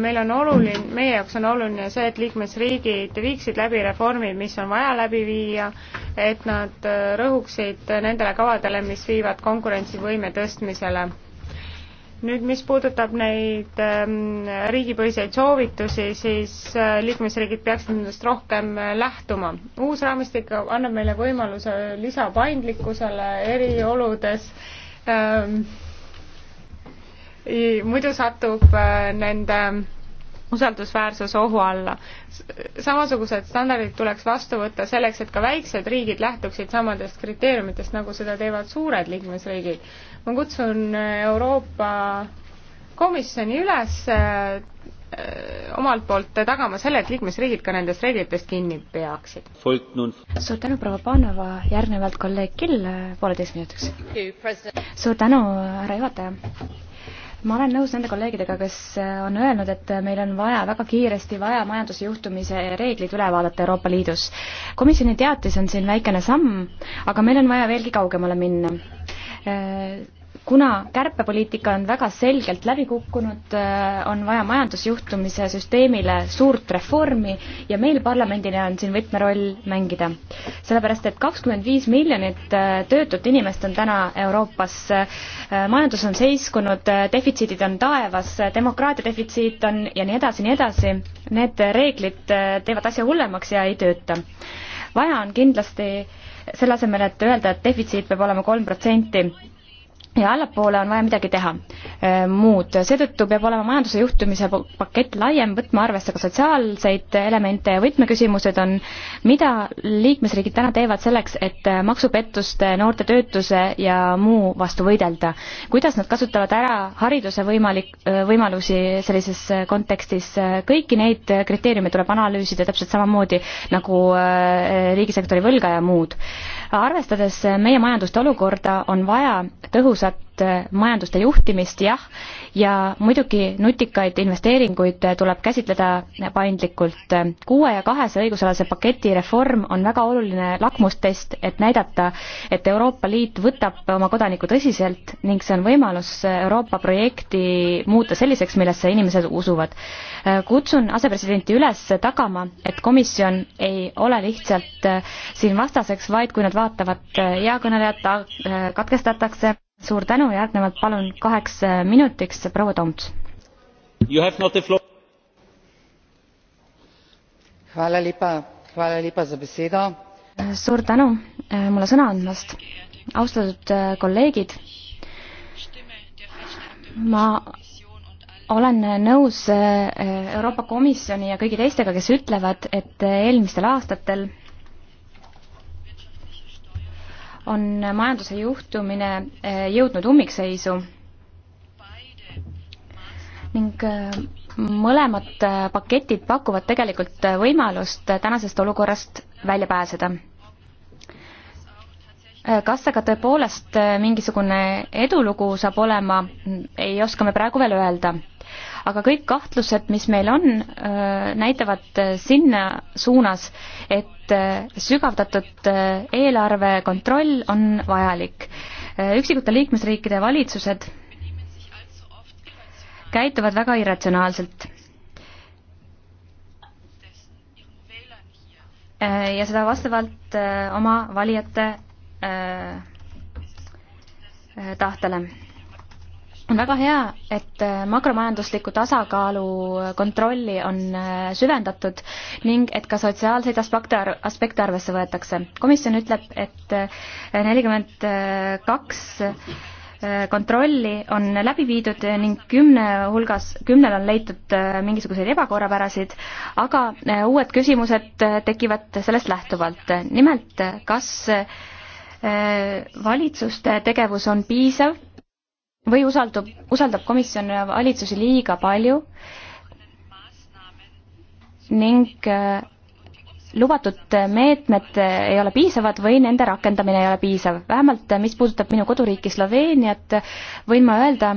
Speaker 3: meil on oluline, meie jaoks on oluline see, et liikmesriigid viiksid läbi reformid, mis on vaja läbi viia, et nad rõhuksid nendele kavadele, mis viivad konkurentsivõime tõstmisele nüüd, mis puudutab neid ähm, riigipõhiseid soovitusi, siis äh, liikmesriigid peaksid nendest rohkem äh, lähtuma. uus raamistik annab meile võimaluse lisapaindlikkusele erioludes ähm,. muidu satub äh, nende usaldusväärsus ohu alla. samasugused standardid tuleks vastu võtta selleks, et ka väiksed riigid lähtuksid samadest kriteeriumitest, nagu seda teevad suured liikmesriigid ma kutsun äh, Euroopa Komisjoni üles äh, äh, omalt poolt tagama selle, et liikmesriigid ka nendest reeglitest kinni peaksid.
Speaker 6: suur
Speaker 8: tänu, proua Panova, järgnevalt kolleeg Kill pooleteist minutiks. suur tänu, härra juhataja ma olen nõus nende kolleegidega, kes äh, on öelnud, et äh, meil on vaja väga kiiresti vaja majandusjuhtumise reeglid üle vaadata Euroopa Liidus. komisjoni teatis on siin väikene samm, aga meil on vaja veelgi kaugemale minna äh, kuna kärpepoliitika on väga selgelt läbi kukkunud, äh, on vaja majandusjuhtimise süsteemile suurt reformi ja meil parlamendina on siin võtmeroll mängida. sellepärast, et kakskümmend viis miljonit äh, töötut inimest on täna Euroopas, äh, majandus on seiskunud, defitsiidid on taevas, demokraatia defitsiit on ja nii edasi, nii edasi, need reeglid teevad asja hullemaks ja ei tööta. vaja on kindlasti selle asemel, et öelda, et defitsiit peab olema kolm protsenti, ja allapoole on vaja midagi teha äh, muud. seetõttu peab olema majanduse juhtimise pakett laiem, võtma arvesse ka sotsiaalseid elemente ja võtmeküsimused on, mida liikmesriigid täna teevad selleks, et äh, maksupettuste, noorte töötuse ja muu vastu võidelda. kuidas nad kasutavad ära hariduse võimalik, äh, võimalusi sellises kontekstis, kõiki neid kriteeriume tuleb analüüsida täpselt samamoodi nagu riigisektori võlga ja muud arvestades meie majanduste olukorda, on vaja tõhusat eh, majanduste juhtimist, jah, ja muidugi nutikaid investeeringuid tuleb käsitleda paindlikult. kuue ja kahese õigusalase paketi reform on väga oluline lakmustest, et näidata, et Euroopa Liit võtab oma kodanikku tõsiselt ning see on võimalus Euroopa projekti muuta selliseks, millesse inimesed usuvad. kutsun asepresidenti üles tagama, et komisjon ei ole lihtsalt siin vastaseks, vaid kui nad vaatavad äh, hea kõnelejat, äh, katkestatakse suur tänu, järgnevalt palun kaheks äh, minutiks proua Toms. suur tänu äh, mulle sõna andmast, austatud äh, kolleegid. ma olen nõus Euroopa Komisjoni ja kõigi teistega, kes ütlevad, et eelmistel aastatel on majanduse juhtumine eh, jõudnud ummikseisu ning eh, mõlemad eh, paketid pakuvad tegelikult võimalust tänasest olukorrast välja pääseda. kas aga tõepoolest mingisugune edulugu saab olema, mm, ei oska me praegu veel öelda aga kõik kahtlused, mis meil on, äh, näitavad äh, sinna suunas, et äh, sügavdatud eelarvekontroll on vajalik. üksikute liikmesriikide valitsused käituvad väga irratsionaalselt. ja seda vastavalt oma valijate tahtele on väga hea, et äh, makromajandusliku tasakaalu äh, kontrolli on äh, süvendatud ning et ka sotsiaalseid aspekte, aspekte arvesse võetakse. komisjon ütleb, et nelikümmend kaks kontrolli on läbi viidud ning kümne hulgas, kümnel on leitud mingisuguseid ebakorrapärasid, aga uued küsimused tekivad sellest lähtuvalt. nimelt, kas valitsuste tegevus on piisav või usaldub, usaldab komisjon valitsusi liiga palju ning äh, lubatud meetmed ei ole piisavad või nende rakendamine ei ole piisav. vähemalt äh, mis puudutab minu koduriiki Sloveeniat, võin ma öelda,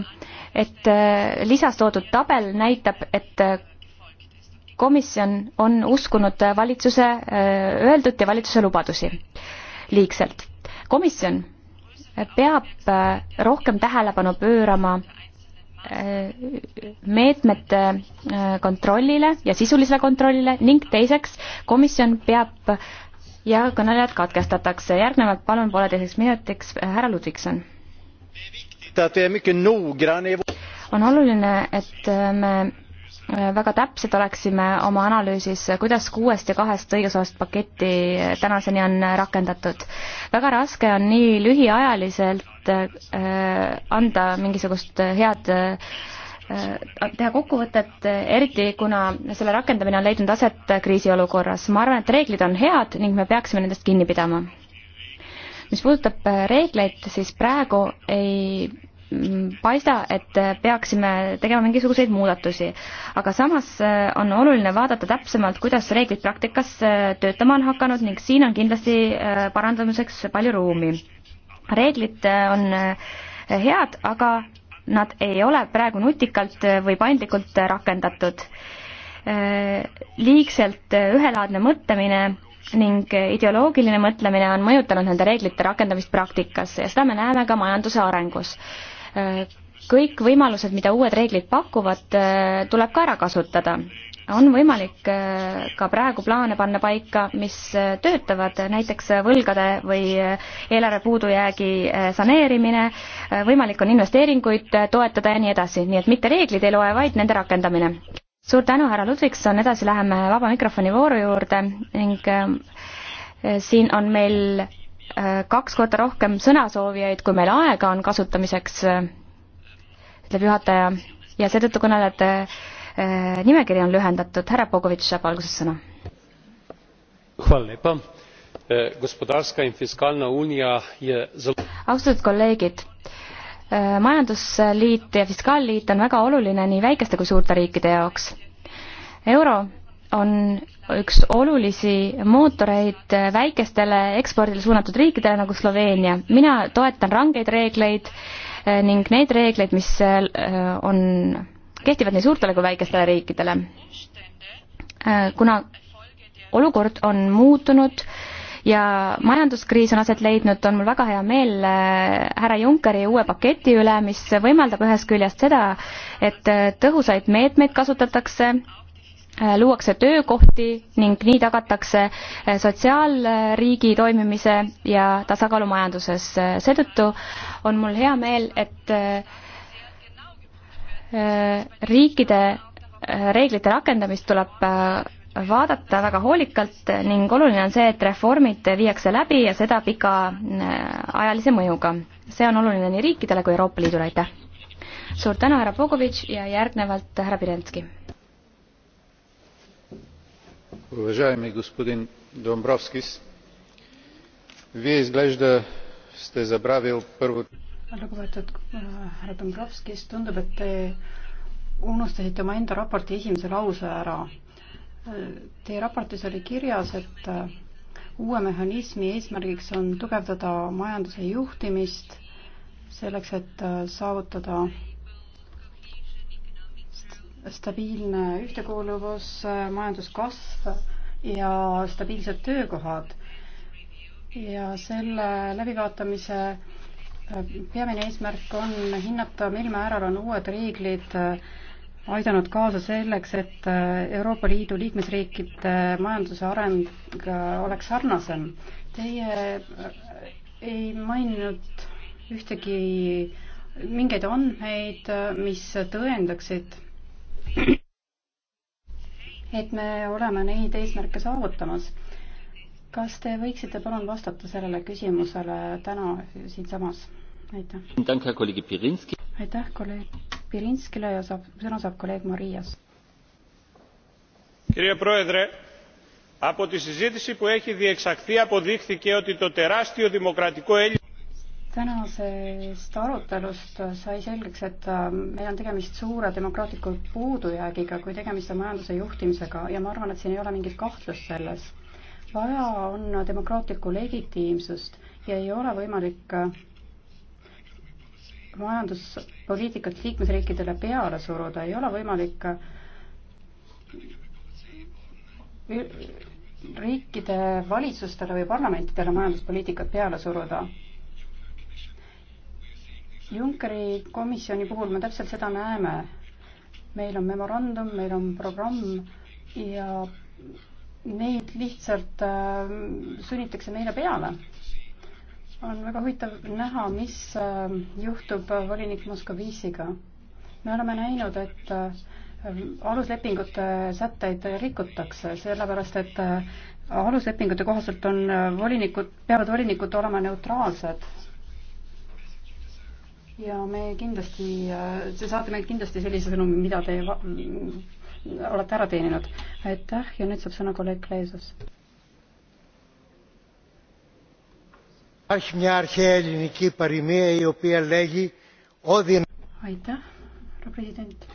Speaker 8: et äh, lisas toodud tabel näitab, et komisjon on uskunud valitsuse öeldut ja valitsuse lubadusi liigselt. komisjon peab äh, rohkem tähelepanu pöörama äh, meetmete äh, kontrollile ja sisulisele kontrollile ning teiseks, komisjon peab ja kõnelejad katkestatakse. järgnevalt palun pooleteiseks minutiks härra Ludvigson. on oluline, et me Äh, väga täpsed oleksime oma analüüsis, kuidas kuuest ja kahest õigusosast paketti tänaseni on rakendatud. väga raske on nii lühiajaliselt äh, anda mingisugust head äh, teha kokkuvõtet, eriti kuna selle rakendamine on leidnud aset kriisiolukorras. ma arvan, et reeglid on head ning me peaksime nendest kinni pidama. mis puudutab reegleid, siis praegu ei paista, et peaksime tegema mingisuguseid muudatusi. aga samas eh, on oluline vaadata täpsemalt, kuidas reeglid praktikas eh, töötama on hakanud ning siin on kindlasti eh, parandamiseks palju ruumi. reeglid on head, aga nad ei ole praegu nutikalt või paindlikult rakendatud. liigselt ühelaadne mõtlemine ning ideoloogiline mõtlemine on mõjutanud nende reeglite rakendamist praktikas ja seda me näeme ka majanduse arengus kõik võimalused, mida uued reeglid pakuvad, tuleb ka ära kasutada. on võimalik äh, ka praegu plaane panna paika, mis äh, töötavad, näiteks äh, võlgade või eelarve puudujäägi saneerimine, võimalik on investeeringuid toetada ja nii edasi, nii et mitte reeglid ei loe, vaid nende rakendamine. suur tänu, härra Ludvigson, edasi läheme vaba mikrofoni vooru juurde ning ähm, siin on meil Äh, kaks korda rohkem sõnasoovijaid, kui meil aega on kasutamiseks, äh, ütleb juhataja ja seetõttu kõnelejate äh, nimekiri on lühendatud. härra Pogovitš saab alguses sõna.
Speaker 6: Äh,
Speaker 8: austatud kolleegid, majandusliit ja fiskaalliit on väga oluline nii väikeste kui suurte riikide jaoks. euro on üks olulisi mootoreid väikestele ekspordile suunatud riikidele nagu Sloveenia. mina toetan rangeid reegleid eh, ning neid reegleid, mis eh, on, kehtivad nii suurtele kui väikestele riikidele. Eh, kuna olukord on muutunud ja majanduskriis on aset leidnud, on mul väga hea meel härra Junckeri uue paketi üle, mis võimaldab ühest küljest seda, et tõhusaid meetmeid kasutatakse Äh, luuakse töökohti ning nii tagatakse äh, sotsiaalriigi toimimise ja tasakaalu majanduses. Äh, seetõttu on mul hea meel, et riikide reeglite rakendamist tuleb vaadata väga hoolikalt ning oluline on see, et reformid viiakse läbi ja seda pikaajalise mõjuga. see on oluline nii riikidele kui Euroopa Liidule, aitäh! suur tänu, härra Pogovitš ja järgnevalt härra Pirenski
Speaker 5: уважаеми господин домбровскис вие изглежда сте забравил първото
Speaker 7: lugupeetud äh, härra Dombrovskis, tundub, et te unustasite omaenda raporti esimese lause ära. Äh, teie raportis oli kirjas, et äh, uue mehhanismi eesmärgiks on tugevdada majanduse juhtimist selleks, et saavutada stabiilne ühtekuuluvus, majanduskasv ja stabiilsed töökohad. ja selle läbivaatamise äh, peamine eesmärk on hinnata, mil määral on uued reeglid äh, aidanud kaasa selleks, et äh, Euroopa Liidu liikmesriikide majanduse areng oleks sarnasem. Teie ei maininud ühtegi mingeid andmeid, mis tõendaksid et me oleme neid eesmärke saavutamas. kas te võiksite palun vastata sellele küsimusele täna siinsamas? aitäh. aitäh kolleeg Pirinskile ja saab, sõna saab kolleeg Marias.
Speaker 5: Κύριε Πρόεδρε, από τη συζήτηση που έχει διεξαχθεί αποδείχθηκε ότι το τεράστιο δημοκρατικό έλλειμμα
Speaker 7: tänasest arutelust sai selgeks, et äh, meil on tegemist suure demokraatliku puudujäägiga, kui tegemist on majanduse juhtimisega ja ma arvan, et siin ei ole mingit kahtlust selles. vaja on demokraatlikku legitiimsust ja ei ole võimalik äh, majanduspoliitikat liikmesriikidele peale suruda, ei ole võimalik äh, riikide valitsustele või parlamentidele majanduspoliitikat peale suruda Junckeri komisjoni puhul me täpselt seda näeme. meil on memorandum, meil on programm ja neid lihtsalt äh, sunnitakse meile peale. on väga huvitav näha, mis äh, juhtub volinik Moskoviisiga. me oleme näinud, et äh, aluslepingute sätteid rikutakse, sellepärast et äh, aluslepingute kohaselt on äh, volinikud, peavad volinikud olema neutraalsed ja me kindlasti, te saate meilt kindlasti sellise sõnumi, mida te olete ära teeninud. aitäh ja nüüd saab sõna kolleeg Kleesas. aitäh, härra president.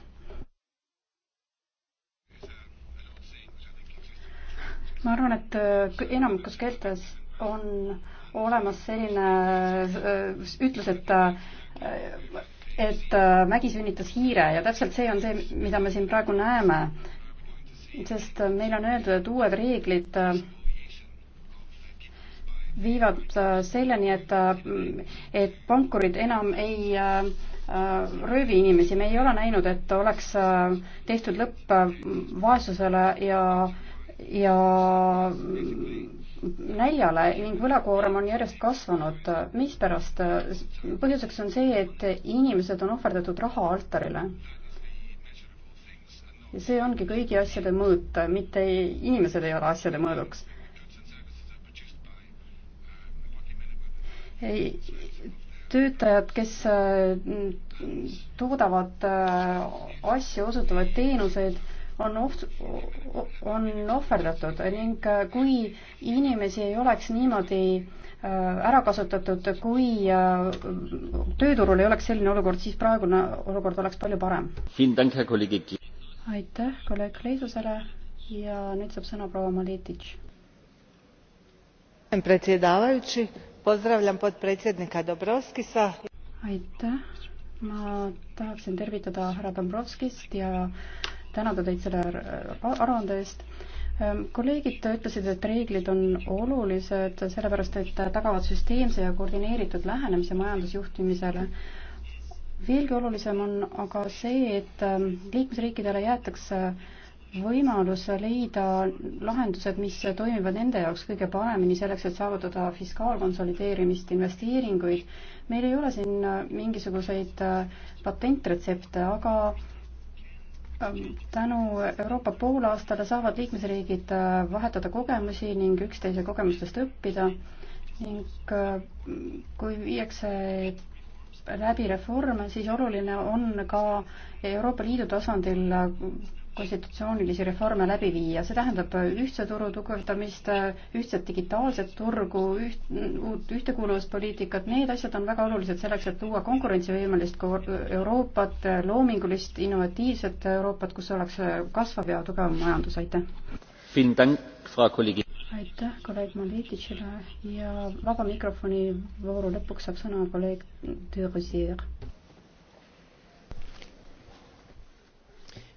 Speaker 7: ma arvan, et äh, enamikus keeltes on olemas selline äh, ütlus, et äh, et äh, mägi sünnitas hiire ja täpselt see on see, mida me siin praegu näeme. sest äh, meile on öeldud, et uued reeglid äh, viivad selleni, et, et pankurid enam ei röövi inimesi, me ei ole näinud, et oleks tehtud lõpp vaesusele ja, ja näljale ning võlakoorem on järjest kasvanud. mispärast? põhjuseks on see, et inimesed on ohverdatud raha altarile. ja see ongi kõigi asjade mõõt, mitte inimesed ei ole asjade mõõduks. töötajad, kes äh, toodavad äh, asju, osutavad teenuseid on oht-, on ohverdatud ning äh, kui inimesi ei oleks niimoodi äh, ära kasutatud, kui äh, tööturul ei oleks selline olukord, siis praegune olukord oleks palju parem. aitäh kolleeg Kleisusele ja nüüd saab sõna proua Malititš. aitäh, ma tahaksin tervitada härra Dombrovskist ja tänada teid selle aruande eest. Ehm, kolleegid ütlesid, et reeglid on olulised sellepärast, et tagavad süsteemse ja koordineeritud lähenemise majandusjuhtimisele. veelgi olulisem on aga see, et ehm, liikmesriikidele jäetakse võimalus leida lahendused, mis toimivad nende jaoks kõige paremini selleks, et saavutada fiskaalkonsolideerimist, investeeringuid. meil ei ole siin ehm, mingisuguseid patentretsepte, aga Ehm, tänu Euroopa poolaastale saavad liikmesriigid äh, vahetada kogemusi ning üksteise kogemustest õppida ning äh, kui viiakse läbi reforme, siis oluline on ka Euroopa Liidu tasandil äh, konstitutsioonilisi reforme läbi viia, see tähendab ühtse turu tugevdamist, ühtset digitaalset turgu, üht, uut ühtekuuluvuspoliitikat, need asjad on väga olulised selleks, et luua konkurentsivõimelist Euroopat, loomingulist, innovatiivset Euroopat, kus oleks kasvav ja tugevam majandus, aitäh! aitäh kolleeg Malititšile ja vaba mikrofoni vooru lõpuks saab sõna kolleeg Tüüri Siir.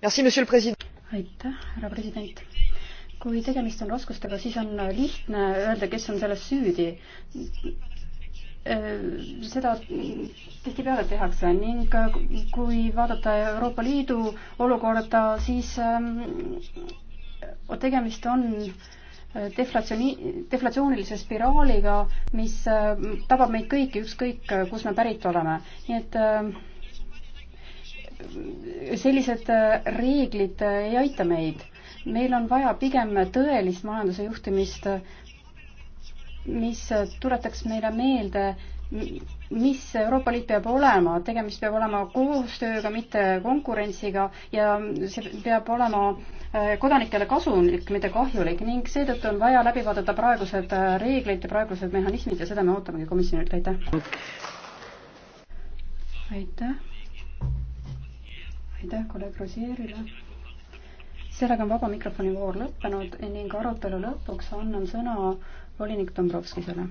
Speaker 7: aitäh, härra president kui tegemist on raskustega, siis on lihtne öelda, kes on selles süüdi. Äh, seda tihtipeale tehakse ning äh, kui vaadata Euroopa Liidu olukorda, siis ähm, tegemist on äh, deflatsiooni, deflatsioonilise spiraaliga, mis tabab meid kõiki, ükskõik kust me pärit oleme. nii et äh, sellised äh, reeglid äh, ei aita meid. meil on vaja pigem tõelist majanduse juhtimist, mis äh, tuletaks meile meelde, mis Euroopa Liit peab olema, tegemist peab olema koostööga, mitte konkurentsiga ja see peab olema kodanikele kasulik, mitte kahjulik ning seetõttu on vaja läbi vaadata praegused reeglid ja praegused mehhanismid ja seda me ootamegi komisjonilt, aitäh. aitäh aitäh kolleeg Rosierile. sellega on vaba mikrofoni voor lõppenud ning arutelu lõpuks annan sõna volinik Dombrovskisele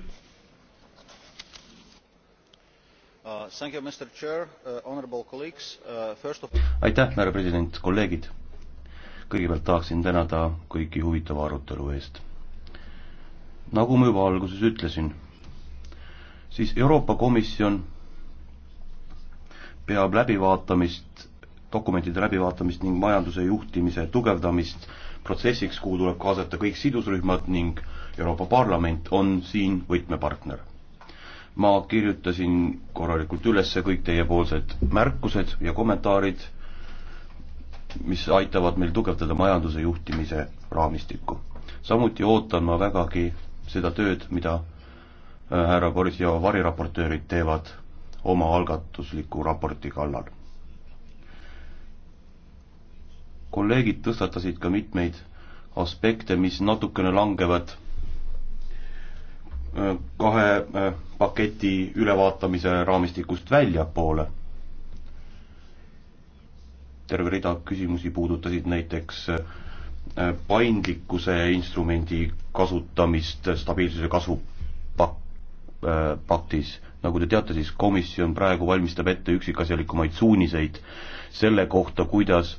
Speaker 5: uh,. Uh, uh of... aitäh, härra president, kolleegid. kõigepealt tahaksin tänada kõiki huvitava arutelu eest. nagu ma juba alguses ütlesin, siis Euroopa Komisjon peab läbivaatamist dokumentide läbivaatamist ning majanduse juhtimise tugevdamist protsessiks, kuhu tuleb kaasata kõik sidusrühmad ning Euroopa Parlament on siin võtmepartner. ma kirjutasin korralikult üles kõik teiepoolsed märkused ja kommentaarid, mis aitavad meil tugevdada majanduse juhtimise raamistikku. samuti ootan ma vägagi seda tööd, mida äh, härra Boris ja variraportöörid teevad oma algatusliku raporti kallal kolleegid tõstatasid ka mitmeid aspekte, mis natukene langevad äh, kahe äh, paketi ülevaatamise raamistikust väljapoole. terve rida küsimusi puudutasid näiteks äh, paindlikkuse instrumendi kasutamist stabiilsuse kasvu pak-, paktis. nagu te teate, siis komisjon praegu valmistab ette üksikasjalikumaid suuniseid selle kohta, kuidas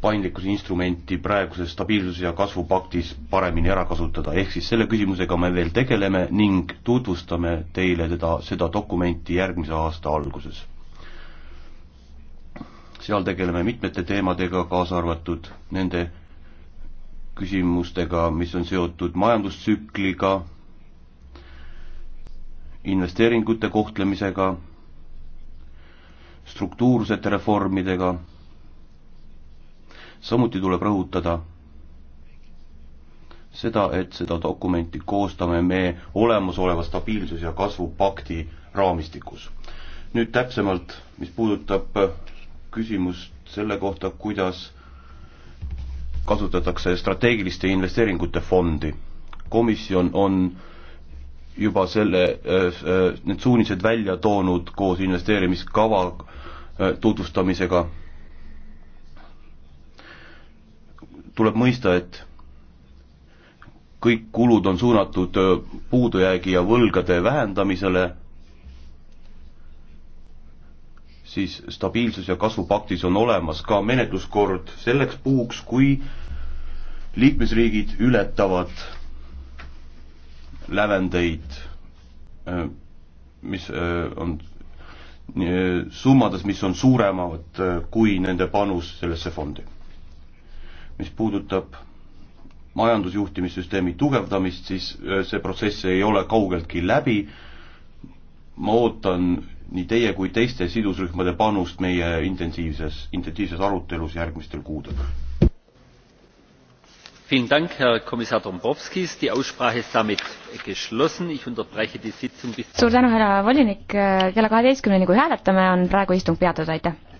Speaker 5: paindlikkusinstrumenti praeguses stabiilsus- ja kasvupaktis paremini ära kasutada, ehk siis selle küsimusega me veel tegeleme ning tutvustame teile teda, seda dokumenti järgmise aasta alguses. seal tegeleme mitmete teemadega, kaasa arvatud nende küsimustega, mis on seotud majandustsükliga, investeeringute kohtlemisega, struktuursete reformidega samuti tuleb rõhutada seda, et seda dokumenti koostame me olemasoleva stabiilsus- ja kasvupakti raamistikus. nüüd täpsemalt, mis puudutab küsimust selle kohta, kuidas kasutatakse strateegiliste investeeringute fondi. komisjon on juba selle, äh, äh, need suunised välja toonud koos investeerimiskava äh, tutvustamisega tuleb mõista, et kõik kulud on suunatud äh, puudujäägi ja võlgade vähendamisele, siis stabiilsus- ja kasvupaktis on olemas ka menetluskord selleks puhuks, kui liikmesriigid ületavad lävendeid, äh, mis äh, on summades, mis on suuremad kui nende panus sellesse fondi mis puudutab majandusjuhtimissüsteemi tugevdamist, siis äh, see protsess ei ole kaugeltki läbi. ma ootan nii teie kui teiste sidusrühmade panust meie intensiivses, intensiivses arutelus järgmistel kuudel.
Speaker 6: Vielen Dank, Herr Kommissar Dombrovskis. Die Aussprache ist damit geschlossen. Ich unterbreche die Sitzung bis. suur
Speaker 8: tänu, härra volinik. Äh, kella kaheteistkümneni, kui hääletame, on praegu istung peatatud, aitäh.